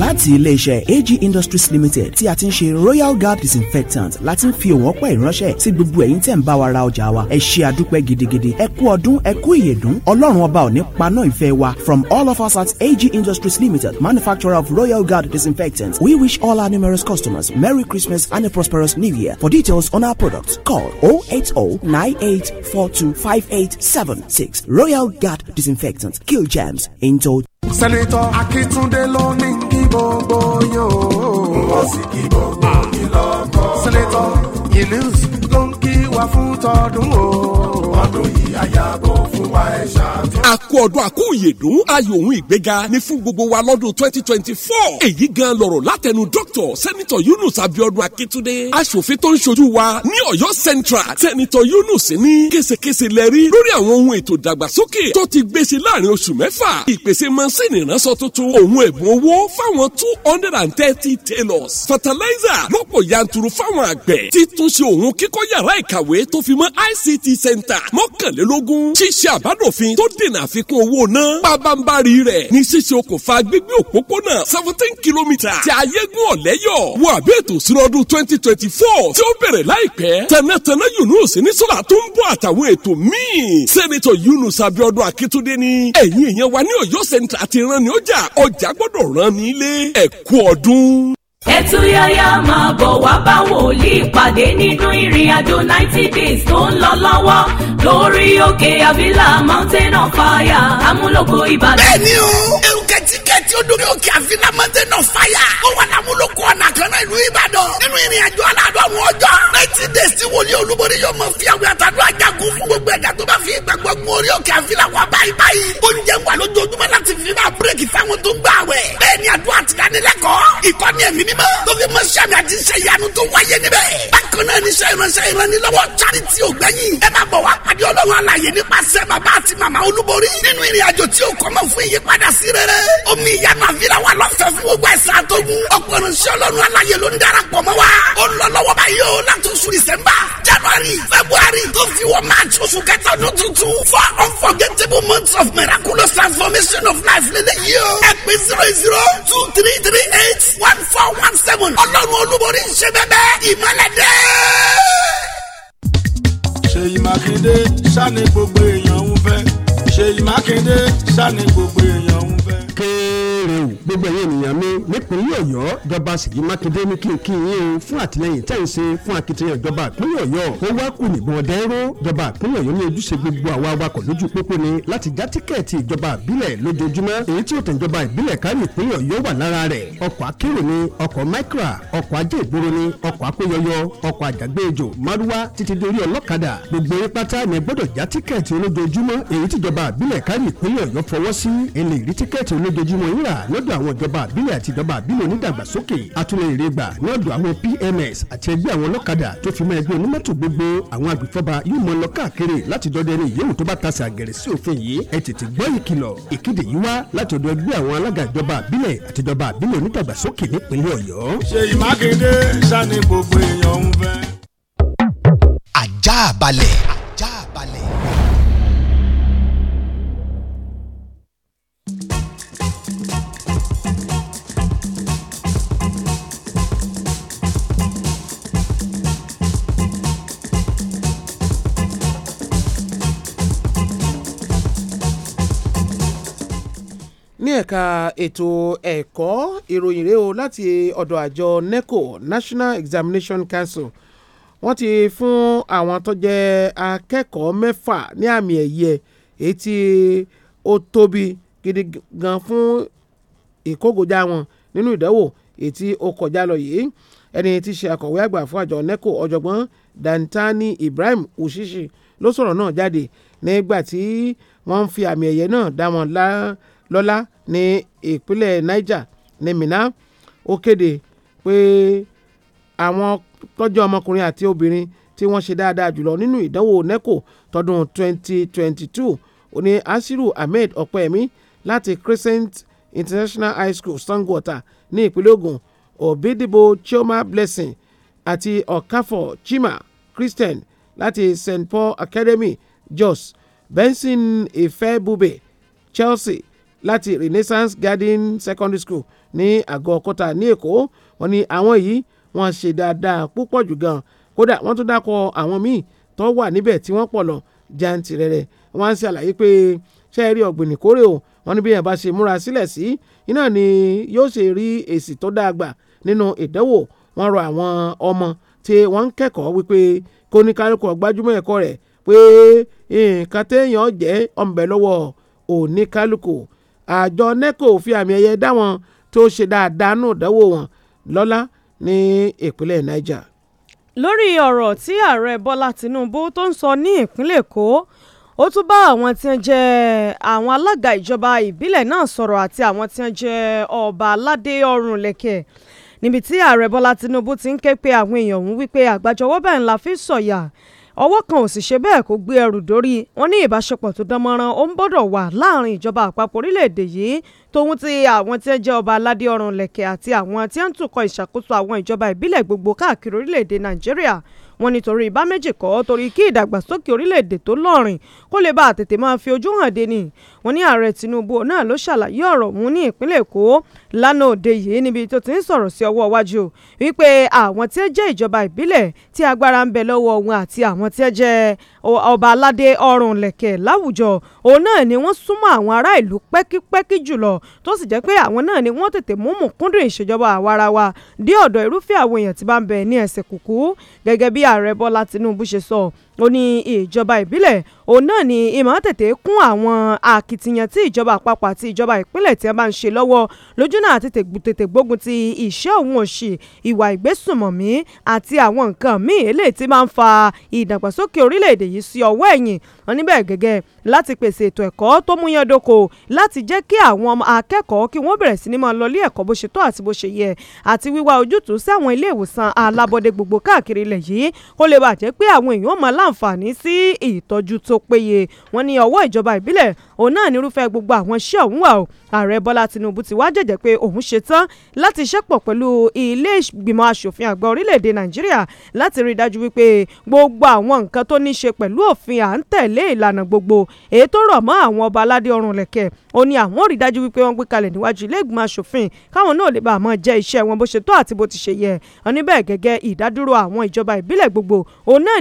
láti iléeṣẹ́ AG Industries Limited tí a ti ń ṣe Royal Guard disinfectant láti ń fi òwọ́n pẹ́ ìránṣẹ́ sí gbogbo ẹ̀yin tẹ̀ ń bá wa ra ọjà wa ẹ ṣe àdúpẹ́ gidigidi ẹ kú ọdún ẹ kú ìyèdún ọlọ́run ọba ò ní paná ìfẹ́ wa from all of us at AG Industries Limited manufacturer of Royal Guard disinfectant we wish all our numerous customers Merry Christmas and a prosperous New Year for details on our products call 08098425876 Royal Guard disinfectant kill germs into sẹ́nitọ́ Akíntúndé ló ní kí gbogbo yín o. mo sì kí gbogbo yín lọ́kọ̀ọ́. sẹ́nitọ́ Yunus ló ń kí wa fún tọdún o àyàbò fún wa ẹ̀ ṣàtọ́. àkú ọdún àkú ìyèdún ayò òun ìgbéga ni fún gbogbo wa lọ́dún twenty twenty four èyí gan lọ̀rọ̀ látẹnu dr senator yunus abiodun akitunde aṣòfin tó ń ṣojú wa ní ọ̀yọ́ central senator yunus ní késekése lẹ́rí lórí àwọn ohun ètò ìdàgbàsókè tó ti gbèsè láàrin oṣù mẹ́fà ìpèsè mansini ìránṣọ tuntun òun ẹ̀bùn owó fáwọn two hundred and thirty tailors fertilizer lọ́pọ̀ yanturu fáwọn àgbẹ̀ títúnṣe òun kíkọ́ yàrá ìkàwé tó fi ict center mọ́kànlé mọ́kànlélógún ṣíṣe àbádòfin tó dènà àfikún owó ná pabambari rẹ̀ ní ṣíṣe okòfà gbígbé òpópónà seventeen kilometre ti ayégun ọ̀lẹ́yọ̀ wo àbí ètò ìṣúná ọdún twenty twenty four tí ó bẹ̀rẹ̀ láìpẹ́ tẹ̀nẹ́tẹ̀nẹ́ Yunus ní sọ́la tó ń bọ̀ àtàwọn ètò míì sẹ́nitọ̀ Yunus Abiodun Akitunde ni ẹ̀yin èèyàn wa ní Ọ̀yọ́ Central àti ìran ni ọjà ọjà gbọ́dọ̀ rán ní ilé ẹ̀kú ọdún ẹtúyáyá máa bọ̀ wá bá wòlíì pàdé nínú ìrìn àjò ninety days tó ń lọ lọ́wọ́ lórí òkè àbílà mountain of fire amúlòkọ ìbàdàn. bẹ́ẹ̀ni o ẹrù kẹtíkẹtí ó dórí òkè àbílà mountain of fire ó wà lámúlòkọ ọ̀nà kan náà ìlú Ìbàdàn nínú ìrìn àjò aládọ́run ọjọ́ ninety days tí wòlíì olúborí yóò mọ̀ fi àwọn àtàdúrà jagun fún gbogbo ẹ̀dá tó bá fi ìgbàgbọ́ gun orí òkè àfilà wà báyìí báyìí oúnjẹ ń wà lójoojúmọ́ láti fi máa bírèkì fáwọn tó ń gbà wẹ̀ bẹ́ẹ̀ ni àdúrà ti ìkọ́ni ẹ̀mí mímọ́ tó fi mọ́ sẹ́mi àti iṣẹ́ ìyanu tó wáyé níbẹ̀ bákan náà níṣẹ́ ìránṣẹ́ ìrànlọ́wọ́ charity ògbẹ́yìn ẹ máa bọ̀ wá pàdé ọlọ́run alàyè nípasẹ̀ bàbá àti màmá olúborí nínú ìrìn àjò tí ó kọ́mọ fún ìyípadà sí rere omi ìyanu àfilà wà lọ́fẹ̀ẹ́ fún gbogbo ẹ̀sán àtọ́gùn ọ̀pọ̀ ìránṣẹ́ ọlọ́run alálàyé ló ń darapọ̀ mọ́ wa. ó lọ lọ́wọ́ báyìí o láti oṣù December January February tó fi wọ March oṣù kẹta ọdún tuntun for unforgettable months of miraculous transformation of life lélẹ́yìí o. ẹ pé zero zero two three three eight one four one seven ọlọ́run olúborí ń ṣe bẹ́ẹ̀ ìmọ̀lẹ̀ dẹ́. Ṣèyí Mákindé sani gbogbo èèyàn ń fẹ́ Ṣèyí Mákindé sani gbogbo èèyàn ń gbogbo ẹ̀yin ènìyàn mi nípínlẹ̀ ọ̀yọ́ jọba ṣèyí mákindé ní kí n kí yín o fún àtìlẹyìn tẹ́ ń ṣe fún akitiyan ìjọba ìpínlẹ̀ ọ̀yọ́ ó wá kù níbọn ọ̀dẹ́rọ́ jọba ìpínlẹ̀ ọ̀yọ́ ní ojúṣe gbogbo àwa awakọ̀ lójú pópó ni láti já tíkẹ́ẹ̀tì ìjọba ìbílẹ̀ lójoojúmọ́ èyí tí òtẹ̀ ìjọba ìbílẹ̀ kárí ìpínlẹ̀ ọ̀yọ́ wà lára rẹ̀ ọkọ̀ akérò ni ọkọ̀ micra ọkọ̀ ajé ìgboro ni ọkọ̀ akóyọyọ lọ́dọ̀ àwọn ìjọba àbílẹ̀ àti ìjọba àbílẹ̀ onídàgbàsókè atúnlẹ̀rẹ̀ gbà ní ọ̀dọ̀ àwọn PMS àti ẹgbẹ́ àwọn ọlọ́kadà tó fi mọ́ ẹgbẹ́ onímọ́tò gbogbo àwọn agbèfọ́ba yóò mọ lọ káàkiri láti dọdẹ ẹni yòówù tó bá tasẹ̀ àgẹ̀rẹ̀ sí òfin yìí ẹ tètè gbọ́ ìkìlọ̀ ìkéde yìí wá láti ọ̀dọ̀ ẹgbẹ́ àwọn alága ìjọba àbílẹ̀ àti ìjọba àbílẹ̀ onídàgbàsókè nípínlẹ̀ Ọ̀yọ́. Ṣèyí Mákindé ẹ̀ka ètò ẹ̀kọ́ ìròyìn rèé o láti ọ̀dọ̀ àjọ NECO National Examination Council wọ́n ti fún àwọn tó jẹ́ akẹ́kọ̀ọ́ mẹ́fà ní àmì ẹ̀yẹ èyí tí ó tóbi gidi gan fún ìkógojá wọn nínú ìdánwò èyí tí ó kọjá lọ yìí ẹni tí ṣe akọ̀wé àgbà fún àjọ NECO ọ̀jọ̀gbọ́n Dantani Ibrahim Osisi ló sọ̀rọ̀ náà jáde nígbà tí wọ́n ń fi àmì ẹ̀yẹ náà dá wọn lára lọ́lá ní ìpínlẹ̀ niger ní mina ó kéde pé àwọn tọ́jú ọmọkùnrin àti obìnrin tí wọ́n ṣe dáadáa jùlọ nínú ìdánwò neco tọdún 2022 ó ní asiru ahmed ọ̀pẹ́yẹmí láti crescent international high school sangwater ní ìpínlẹ̀ ogun òbídìbò chioma blessing àti ọ̀káfọ̀ chima christian láti st paul academy jos benson ifebube chelsea láti Renaissance Garden Secondary School ní àgọ́ kọ́tà ní Èkó wọ́n ní àwọn yìí wọ́n ṣe dáadáa púpọ̀ jù gan kódà wọ́n tún dákọ̀ àwọn míì tó wà níbẹ̀ tí wọ́n pọ̀ lọ jantirẹrẹ wọ́n á ṣàlàyé pé ṣe é rí ọ̀gbìn ìkórè o wọ́n ní bí yẹn bá ṣe múra sílẹ̀ sí iná ni yóò ṣe rí èsì tó dáa gbà nínú ìdánwò wọ́n rọ àwọn ọmọ tí wọ́n ń kẹ́kọ̀ọ́ wípé kó ní kálukú gbájúmọ́ ẹ̀kọ́ rẹ̀ pé nǹkan téèyàn jẹ́ ọ̀nbẹ lọ́wọ́ oníkálukú àjọ neco fi àmì ẹ̀yẹ dáwọn tó ṣe dáadáa nù ìdánwò wọn lọ́lá ní ìpínlẹ̀ niger. lórí ọ̀rọ̀ tí ààrẹ bọ́lá tinubu tó ń sọ ní ìpínlẹ̀ èkó ó tún bá àwọn tí ń jẹ àwọn alága ìjọba ìbílẹ̀ náà sọ̀rọ̀ àti àwọn tí ń jẹ ọba aládé ọrùn lẹ́kẹ̀ẹ́ níbi tí ààrẹ bọ́lá tinubu ti ń ké pe àwọn èèyàn ọ̀hún wípé àgbájọwọ́ bẹ́ẹ̀ ńlá fi sọ̀yà ọwọ́ kan ò sì ṣe bẹ́ẹ̀ kó gbé ẹrù dórí wọn ní ìbáṣepọ̀ tó dán mọ́rán ó ń bọ́dọ̀ wà láàrin ìjọba àpapọ̀ orílẹ̀-èdè yìí tòun ti àwọn tí ń jẹ́ ọba aládé ọrùn lẹ̀kẹ̀ àti àwọn tí ń tukọ̀ ìṣàkóso àwọn ìjọba ìbílẹ̀ gbogbo káàkiri orílẹ̀-èdè nàìjíríà wọ́n nítorí ibà méjì kọ́ torí kí ìdàgbàsókè orílẹ̀-èdè tó lọ́rìn kó lè bá àtètè máa fi ojú hàn dé ni wọ́n ní ààrẹ Tinubu náà ló ṣàlàyé ọ̀rọ̀ mú ní ìpínlẹ̀ Èkó lánàá òde yìí níbi tó ti ń sọ̀rọ̀ sí ọwọ́ iwájú wípé àwọn tí ó jẹ́ ìjọba ìbílẹ̀ tí agbára ń bẹ lọ́wọ́ wọn àti àwọn tí ó jẹ́ ọba aládé ọrùn lẹ̀kẹ̀ láwùjọ òun náà ni wọ́n súnmọ́ àwọn ará ìlú pẹ́kípẹ́kí jùlọ tó sì jẹ́ pé àwọn náà ni wọ́n tètè mú mùkúndùn ìṣèjọba àwarawa dé ọ̀dọ̀ irúfẹ́ àwọn èèyàn tí bá ń bẹ ní ẹsẹ̀ kùkú gẹ́gẹ́ bí ààrẹ bọ́lá tìǹbù ṣe sọ ó ní ìjọba ìbílẹ̀ òun náà ni ìmọ̀ tètè kún àwọn akitiyan tí ìjọba àpapọ̀ àti ìjọba ìpínlẹ̀ tí a bá ń ṣe lọ́wọ́ lójú náà àti tètè gbógun ti ìṣẹ́ òun òṣì ìwà ìgbésùnmọ̀mí àti àwọn nǹkan míì eléyìí tí máa ń fa ìdàgbàsókè orílẹ̀-èdè yìí sí ọwọ́ ẹ̀yìn wọn níbẹ̀ gẹ́gẹ́ láti pèsè ètò ẹ̀kọ́ tó múyàn dóko láti jẹ́ kí àwọn akẹ́kọ̀ọ́ kí wọ́n bẹ̀rẹ̀ sí ní máa lọ ilé ẹ̀kọ́ bó ṣe tọ́ àti bó ṣe yẹ àti wíwá ojútùú sí àwọn ilé ìwòsàn alábọ́dé gbogbo káàkiri ilẹ̀ yìí kó lè bàjẹ́ pé àwọn èèyàn máa lá láǹfààní sí ìtọ́jú tó péye wọ́n ní ọwọ́ ìjọba ìbílẹ̀ òun náà nírúfẹ́ gbogbo àwọn iṣẹ́ ọ̀hún wà o ààrẹ bọ́lá tinubu ti wá jẹ̀jẹ̀ pé òun ṣetán láti ṣẹ́pọ̀ pẹ̀lú ilé ìgbìmọ̀ asòfin àgbà orílẹ̀-èdè nàìjíríà láti rí i dájú wípé gbogbo àwọn nǹkan tó ní ṣe pẹ̀lú òfin à ń tẹ̀lé ìlànà gbogbo èyí tó rọ̀ mọ́ àwọn ọba aládé ọrùn lẹ̀kẹ̀ ó ní àwọn rí i dájú wípé wọ́n gbé kalẹ̀ níwájú ilé ìgbìmọ̀ asòfin káwọn náà lè bá àmọ́ jẹ́ iṣẹ́ wọn bó ṣe tó àti bó ti ṣe yẹ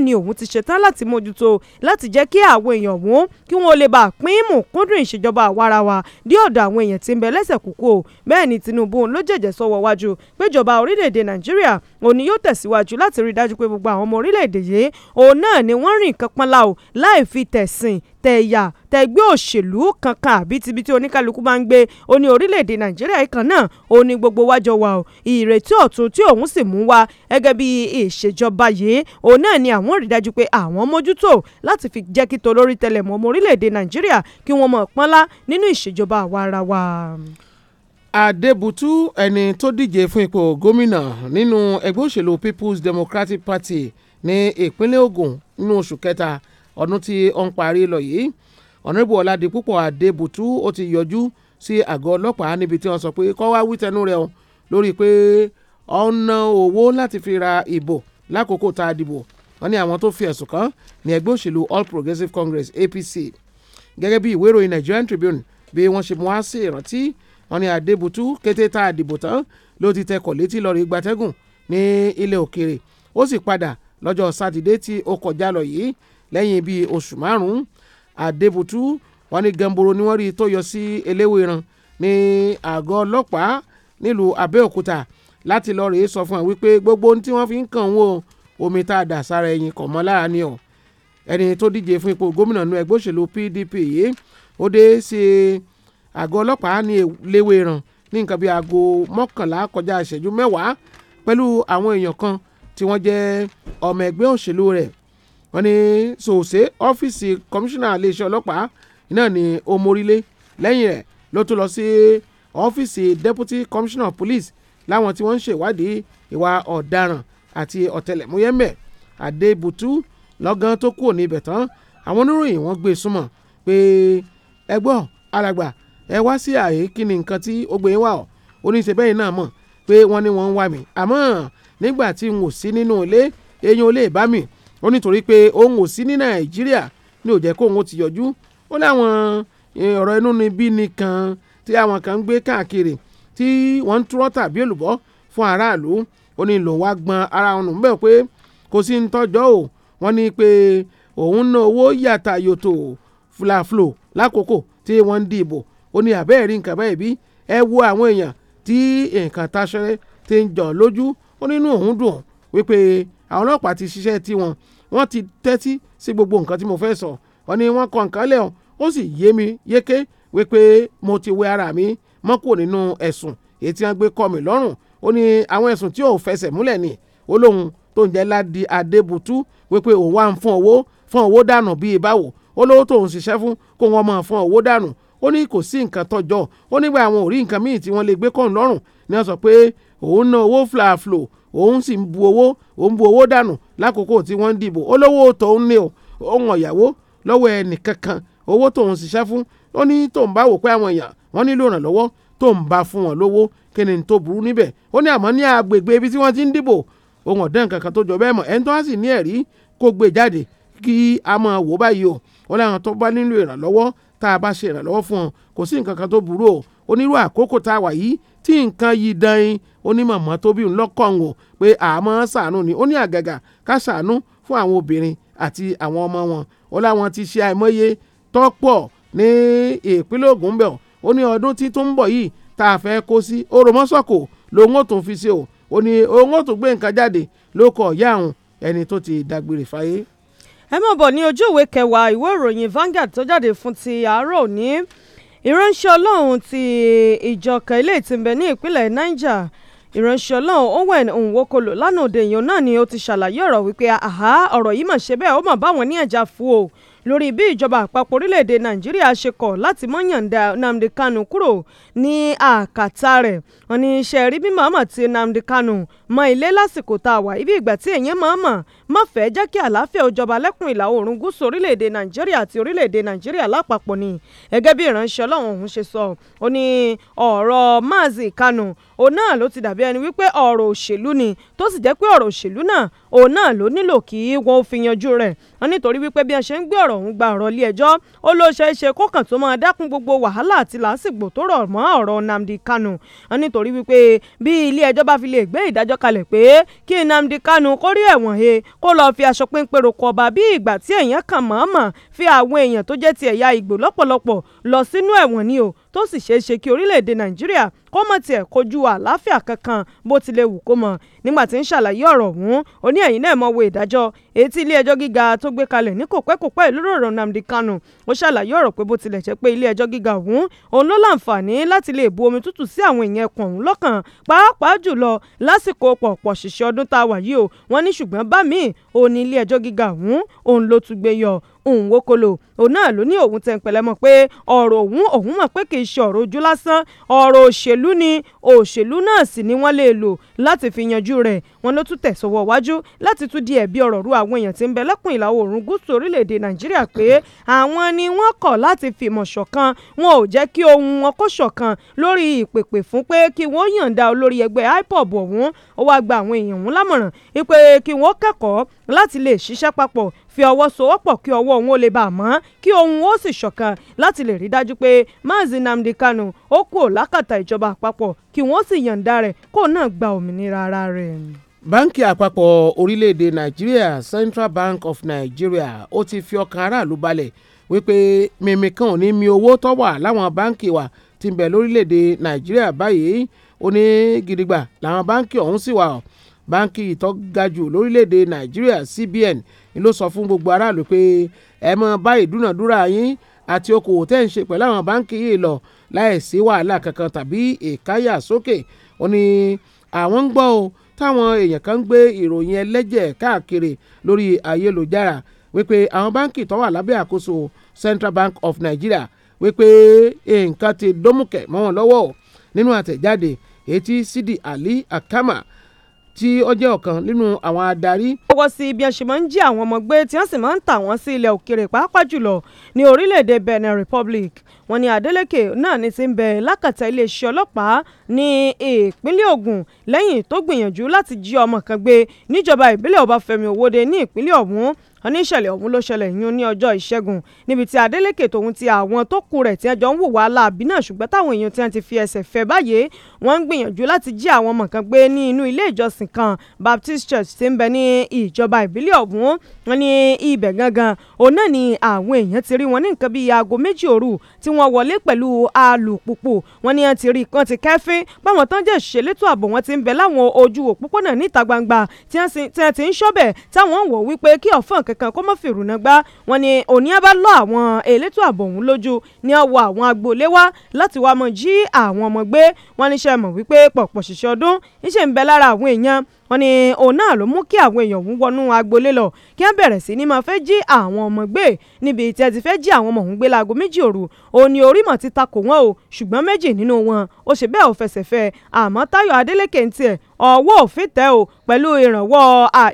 ni òun tán láti mójútó láti jẹ́ kí àwọn èèyàn wọn kí wọ́n lè bá pín mùkúndùn ìṣèjọba àwarawa dí ọ̀dọ̀ àwọn èèyàn tí ń bẹ lẹ́sẹ̀ kúkú o bẹ́ẹ̀ ni Tinubu ló jẹ̀jẹ̀ sọ́wọ́ wájú péjọba orílẹ̀-èdè Nàìjíríà òní yóò tẹ̀síwájú láti rí dájú pé gbogbo àwọn ọmọ orílẹ̀-èdè yìí òun náà ni wọ́n rìn kankan la láì fi tẹ̀sìn tẹ ẹ̀yà tẹ ẹgbẹ́ òṣèlú kankan àbí tibi tí oníkálukú bá ń gbé ó ní orílẹ̀-èdè nàìjíríà kan náà ó ní gbogbo wájọ wa o ìrètí ọ̀tun tí òun sì mú wa gẹ́gẹ́ bí ìṣèjọba yìí òun náà ni àwọn rí dájú pé àwọn mójútó láti fi jẹ́ kí tolórí tẹlẹ̀ mọ́ ọmọ orílẹ̀-èdè nàìjíríà kí wọ́n mọ̀ pọ́nlá nínú ìṣèjọba àwa ara wa. Adébùtú ẹni tó díje fún ipò gómìnà nínú ẹgbẹ́ òṣèlú People's Democratic Party ní ìpínlẹ̀ ogun nínú oṣù kẹta ọdún tí ó ń parí lọ yìí ọ̀nàrẹ́bù ọ̀làdìpúpọ̀ àdébùtú ó ti yọjú sí àgọ́ ọlọ́pàá níbi tí wọ́n sọ pé kọ́ wá wí tẹnu rẹ̀ o lórí pé ọ̀nà owó láti fi ra ìbò lákòókò tá a dìbò wọ́n ní àwọn tó fi ẹ̀sùn kàn ní ẹgbẹ́ òṣèlú All Progressives Congress APC gẹ́gẹ́ bí ìwé ìròyìn Nigerian Tribune bí wọ́n ṣe mú wá sí ìrántí wọ́n ní àdébùtú kété tá a dìbò tán ló ti tẹkọ̀ létí lọ rí gbatẹ́gùn ní ilẹ̀ òkèrè ó sì padà lọ́jọ́ sátidé tí ó kọjá lọ yìí lẹ́yìn bíi oṣù márùn-ún àdébùtú wọn ní gẹ̀ǹbòrò ni wọ́n rí tó yọ sí eléwéran ní àgọ́ ọlọ́pàá nílùú Abẹ́òkúta láti lọ rèé sọ fún wọn wípé gbogbo ohun tí wọ́n fi ń kàn wọ́n omi tá a dà sára ẹ̀yìn kọ̀ mọ́ lára ni ọ̀ ẹni tó díje fún ipò gómìnà nu ẹgbẹ́ òṣèlú PDP yìí ó dé sí àgọ́ ọlọ́pàá ní eléwéran ní nǹkan bíi aago mọ́kànlá kọjá ìṣẹ́jú mẹ́wàá pẹ̀lú àwọn èèyàn kan tí wọ́n jẹ́ ọmọ ẹgbẹ́ òṣèlú rẹ̀ wọ́n ní sòsè ọ́fíìsì kọmíṣánná iléeṣẹ́ ọlọ́pàá náà ni ó mórílé lẹ́yìn rẹ̀ ló tún lọ sí ọ́fíìsì deputy commissioner of police láwọn tí wọ́n ń ṣèwádìí ìwà ọ̀daràn àti ọ̀tẹlẹ̀múyẹ́ mẹ́ àdébùtú lọ́gán tó kúrò níbẹ̀ tán àwọn oníròyìn wọ́n gbé e súnmọ́ pé ẹ gbọ́ alàgbà ẹ wá sí àyè kí ni nǹkan tí ó gbé yín wá ọ́ oníṣẹ́ bẹ́yìn náà mọ̀ pé wọ́n ní wọ́n ń wá mi àmọ́ nígbà tí n ò sí nínú ilé eyín olè bá mi ó nítorí pé òun ò sí ní nàìjíríà ní ò jẹ́ kó òun ti yọjú ó láwọn ọ̀rọ̀ inú ni bí nìkan tí àwọn kan ń gbé káàkiri tí wọ́n ń túrọ́ tàbí èlùbọ́ fún aráàlú ó ní lòun wá gbọ́n ara òun nù bẹ́ẹ̀ pé kò sí ń tọ́jọ́ o wọ́n ní pé òun ná owó yàtà yòtò fúlàflò lákòókò tí wọ́n ń dìbò ó ní àbẹ́ẹ̀ rí nǹkan báyìí bí ẹ wo àwọn èèyàn tí nǹkan taṣẹ́rẹ́ ti ń jọ lójú ó nínú òun dùn wípé àwọn ọlọ́pàá ti ṣiṣẹ́ tiwọn wọ́n ti tẹ́tí sí gbogbo nǹkan tí mo fẹ́ sọ wọ́n ní wọ́n kọ nǹkan lẹ̀ ó sì yé mi yéké wípé mo ti wẹ ara mi mọ́ kúrò nínú ẹ̀sùn èyí tí wọ́n gbé kọ́ mi lọ́rùn ó ní àwọn ẹ̀sùn tí ò fẹsẹ̀ múlẹ̀ ni ó lóun tó ń jẹ́ Ládi Adébútú wípé òun wá ń fún owó fún owó dànù bíi báwo ó lówó tóun ṣiṣẹ́ fún kó wọn máa fún owó dànù ó ní kò sí nǹkan tọjọ́ ó nígbà àwọn ò rí nǹkan míì tí wọ́n lè gbé kọ́ lọ́rùn ni wọ́n sọ pé òun ná owó flaflo òun sì ń bu owó òun bu owó dànù lákòókò tí wọ́n ń dìbò olówó tòun ní o òun ọ̀yàwó lọ́wọ́ ẹnìkankan owó tóun ṣiṣẹ́ fún ó ní tóun bá wò pé àwọn èèyàn wọ́n nílò ìrànlọ́wọ́ tóun bá fún wọn lówó kí ni tó burú níbẹ̀ ó ní àmọ́ ní agbègbè ibi tí wọ́n ti ń dìbò òun ọ̀dẹ́ nǹkan kan tó jọ bẹ́ẹ̀ mọ̀ ẹni tó wá sì ní ẹ̀rí kó gbé e jáde kí a máa wò báyìí o ó láwọn tó bá nílò ìrànlọ́wọ́ tá a bá ṣe ìrànlọ́wọ́ fún wọn kò sí nǹkan kan tó burú o onírú àkókò tá a wà yìí tí nǹkan yìí dán-in onímọ̀mọ́ tó bí òun lọ́kọ̀ ń wò pé àmọ́ ṣàánú ni ó ní àgàgà ká ṣàánú fún àwọn obìnrin àti àwọn ọmọ wọn ó láwọn ti ṣe àìmọye tọ́pọ̀ ní ìpínlẹ̀ Ògùn ń bẹ̀ ó ní ọdún tí tó ń bọ̀ yìí tá a fẹ́ kó sí oròmọ́sọ̀kò lòun ò tún fi ṣe o ó ní òun ò tún gbé nǹkan jáde ló kọ̀ ọ̀yá àwọn ẹni tó ti dágbére fáyé. ẹ mọ̀ bọ̀ ní ojú ìwé kẹwàá ìwé ìròyìn Vanguard tó jáde fún ti àárọ̀ òní ìránṣẹ́ ọlọ́run ti ìjọ kan eléyìí tí ń bẹ ní ìpínlẹ̀ niger ìránṣẹ́ ọlọ́run owen nwokolo lánàá òde èèyàn náà ni ó ti ṣàlàyé ọ̀rọ̀ wípé àhá ọ̀rọ̀ yìí mà ṣe bẹ́ẹ̀ ó mà báwọn ní ẹ̀já fu o lórí bí ìjọba àpapọ̀ orílẹ̀-èdè nàìjíríà ṣe kọ̀ láti mọ́ yàǹda nnamdi kanu kúrò ní àkàtà rẹ̀ wọn ní iṣẹ́ rí bí màmá ti nnamdi kanu mọ ilé lásìkò tá a wà ibi ìgbà tí èèyàn máa má fẹ́ jẹ́ kí àlàáfíà ó jọba lẹ́kùn ìlà oòrùn gúúsù orílẹ̀-èdè nàìjíríà àti orílẹ̀-èdè nàìjíríà lápapọ̀ ni gẹ́gẹ́ bí ìránṣẹ́ ọlọ́run ọ̀hún ṣe sọ ó ní ọ̀rọ̀ Mazi Kanu òun náà ló ti dàbí ẹni wípé ọ̀rọ̀ òṣèlú ni tó sì jẹ́ pé ọ̀rọ̀ òṣèlú náà òun náà ló nílò kí wọ́n fi yanjú rẹ̀ wọ́n nítorí wípé bí a ṣe ń gbé ọ̀rọ̀ ọ̀hún gba ọ̀rọ̀ ilé ẹjọ́ ó ló ṣe é ṣe kó kàn tó máa dákun gbogbo wàhálà àti làásìgbò tó rọ̀ mọ́ ọ̀rọ̀ Nnamdi Kanu wọ́n nítorí wípé bí ilé ẹjọ́ bá fi lè gbé ìdájọ́ kalẹ̀ pé kí Nnamdi Kanu kórí ẹ̀wọ̀n he kó lọ́ọ́ fi aṣọ péńpé roko ọba bí ìgbà tí èèyàn kàn mọ̀ọ́mọ̀ fi àwọn èèyàn tó jẹ́ ti ẹ̀yà Ìgbò lọ́pọ̀lọpọ̀ lọ sínú ẹ̀wọ̀n ni o tó sì ṣeé ṣe kí orílẹ̀-èdè nàìjíríà kó mọ̀ tiẹ̀ kojú àlàáfíà kankan bó tilẹ̀ wù kó mọ̀ nígbà tí ń ṣàlàyé ọ̀rọ̀ ọ̀hún ó ní ẹ̀yin náà mọ̀ wo ìdájọ́ èyí tí ilé ẹjọ́ gíga tó gbé kalẹ̀ ní kò pẹ́ kò pẹ́ lórí ọ̀rọ̀ Nnamdi Kanu ó ṣàlàyé ọ̀rọ̀ pé bó tilẹ̀ jẹ́ pé ilé ẹjọ́ gíga ọ̀hún òun ló láǹfààní láti lè bu omi tútù sí àwọn èèyàn ẹkùn ọ̀hún lọ́kàn pàápàá jùlọ lásìkò pọ̀pọ̀ ṣìṣẹ́ ọdún tá a wà yìí o wọ́n ní ṣùgbọ́n bá míì òun ní ilé-ẹjọ́ gíga ọ̀hún òun ló tún gbé yọ Nwokolo òun náà ló ní òun tẹ̀ǹpẹ̀lẹ́ mọ̀ pé ọ̀rọ̀ òun òun mọ̀ pé kì í ṣe ọ̀rọ̀ ojú lásán ọ̀rọ̀ òṣèlú ni òṣèlú náà sì ni wọ́n lè lò láti fi yanjú rẹ̀ wọn ló tún tẹ̀sọ̀wọ́ wájú láti tún di ẹ̀bi ọ̀rọ̀ ru àwọn èèyàn tí ń bẹ lẹ́kùn ìlà oòrùn gúúsù orílẹ̀-èdè Nàìjíríà pé àwọn ni wọ́n kọ̀ láti fìmọ̀ ṣọ̀kan wọn ò jẹ́ kí ohun wọn kó ṣọ̀kan lórí ìpèpè fún pé kí wọ́n yọ̀ǹda olórí ẹgbẹ́ IPOB ọ̀hún ó wáá gba àwọn èèyàn ọ̀hún lámọ̀ràn pé kí wọ́n kẹ́kọ̀ọ́ láti lè ṣiṣẹ́ papọ̀ fi ọwọ́ sowọ́pọ̀ kí ọwọ́ òun ó lè bá a mọ́ kí òun ó sì ṣọ̀kan láti lè rí dájú pé Mazi Nnamdi Kanu ó kúrò lákàtà ìjọba àpapọ̀ kí wọ́n sì yọ̀ǹda rẹ̀ kó náà gba òmìnira ara rẹ̀. báńkì àpapọ̀ orílẹ̀-èdè nàìjíríà Central Bank of Nigeria ó ti fi ọkàn aráàlú balẹ̀ wípé mímí kan ò ní mi owó tó wà láwọn báńkì wa ti ń bẹ lórílẹ̀-èdè nàìjíríà báyìí ó ní gidigba làwọn báńkì ọ̀hún sì wà ọ́ báńkì tó ga jù lórílẹ̀‐èdè nàìjíríà cbn ni ló sọ fún gbogbo aráàlú pé ẹ mọ bá ìdúnàdúrà yín àti okòwò tẹ́ ń ṣe pẹ̀lú àwọn báńkì yìí lọ láì sí wàhálà kankan tàbí ìkáyà sókè ó ní àwọn ń gbọ́ o táwọn èèyàn kan ń gbé ìròyìn ẹlẹ́jẹ̀ káàkiri lórí ayélujára wípé àwọn báńkì tó wà lábẹ́ àkóso Central Bank of Nigeria wípé nǹkan ti dómùkẹ̀ mọ́ wọn lọ́wọ́ nínú àtẹ̀jáde èyí tí Sidi Ali Akama tí ó jẹ́ ọ̀kan nínú àwọn adarí. ọwọ́ sí ibi ẹ̀sìn máa ń jí àwọn ọmọ gbé tí wọ́n sì máa ń tà wọ́n sí ilẹ̀ òkèèrè pàápàá jùlọ ní orílẹ̀-èdè Benin Republic wọ́n ní Adeleke náà ní ti ń bẹ lákàtà iléeṣẹ́ ọlọ́pàá ní ìpínlẹ̀ Ògùn lẹ́yìn tó gbìyànjú láti jí ọmọ kan gbé níjọba ìbílẹ̀ Ọbáfẹ́mi Òwòde ní ìpínlẹ̀ ọ̀hún oníṣẹ̀lẹ̀ ọ̀hún ló ṣẹlẹ̀ yún ní ọjọ́ ìṣẹ́gun níbi tí Adeleke tòun ti àwọn tó kù rẹ̀ tí ẹjọ́ ń hùwà aláàbí náà ṣùgbọ́n táwọn èèyàn tí wọ́n ti fi ẹsẹ̀ fẹ́ báyìí wọ́n ń gbìyànjú láti jí àwọn ọmọ kan gbé ní inú ilé ìjọsìn kan Baptist Church ti ń bẹ ní ìjọba ìbílẹ̀ ọ̀hún wọn ní ibẹ̀ gangan òun náà ni àwọn èèyàn ti rí wọn ní nǹkan bíi aago méjì òru tí wọ́n wọlé pẹ̀lú alùpùpù wọn ní wọ́n ti rí kan ti kẹ́fín báwọn tán jẹ́ ìṣèlétò ààbò wọn ti ń bẹ láwọn ojú òpópónà níta gbangba tí wọ́n ti ń ṣọ́bẹ̀ táwọn ń wò wípé kí ọ̀fọ̀n k kankan kó mọ̀ fìrùnà gbá wọn ni òní á bá lọ àwọn elétò ààbò ọ̀hún lójú ní ọwọ́ àwọn agboolé wá láti wá mọ̀ jí àwọn ọmọ gbé wọn níṣẹ́ mọ̀ wípé pọ̀pọ̀ ṣìṣẹ́ ọdún níṣẹ́ ń bẹ lára àwọn èèyàn wọ́n ní òun náà ló mú kí àwọn èèyàn òun wọnú agboolé lọ kí wọ́n bẹ̀rẹ̀ sí ni máa fẹ́ jí àwọn ọmọ gbé níbi tí ẹ ti fẹ́ jí àwọn ọmọ òun gbé láago méjì òru òun ni orímọ̀ ti takò wọ́n o ṣùgbọ́n méjì nínú wọn ó ṣe bẹ́ẹ̀ ò fẹsẹ̀ fẹ́ àmọ́ Táyọ̀ Adélékè ń tiẹ̀ ọwọ́ òfin tẹ́ o pẹ̀lú ìrànwọ́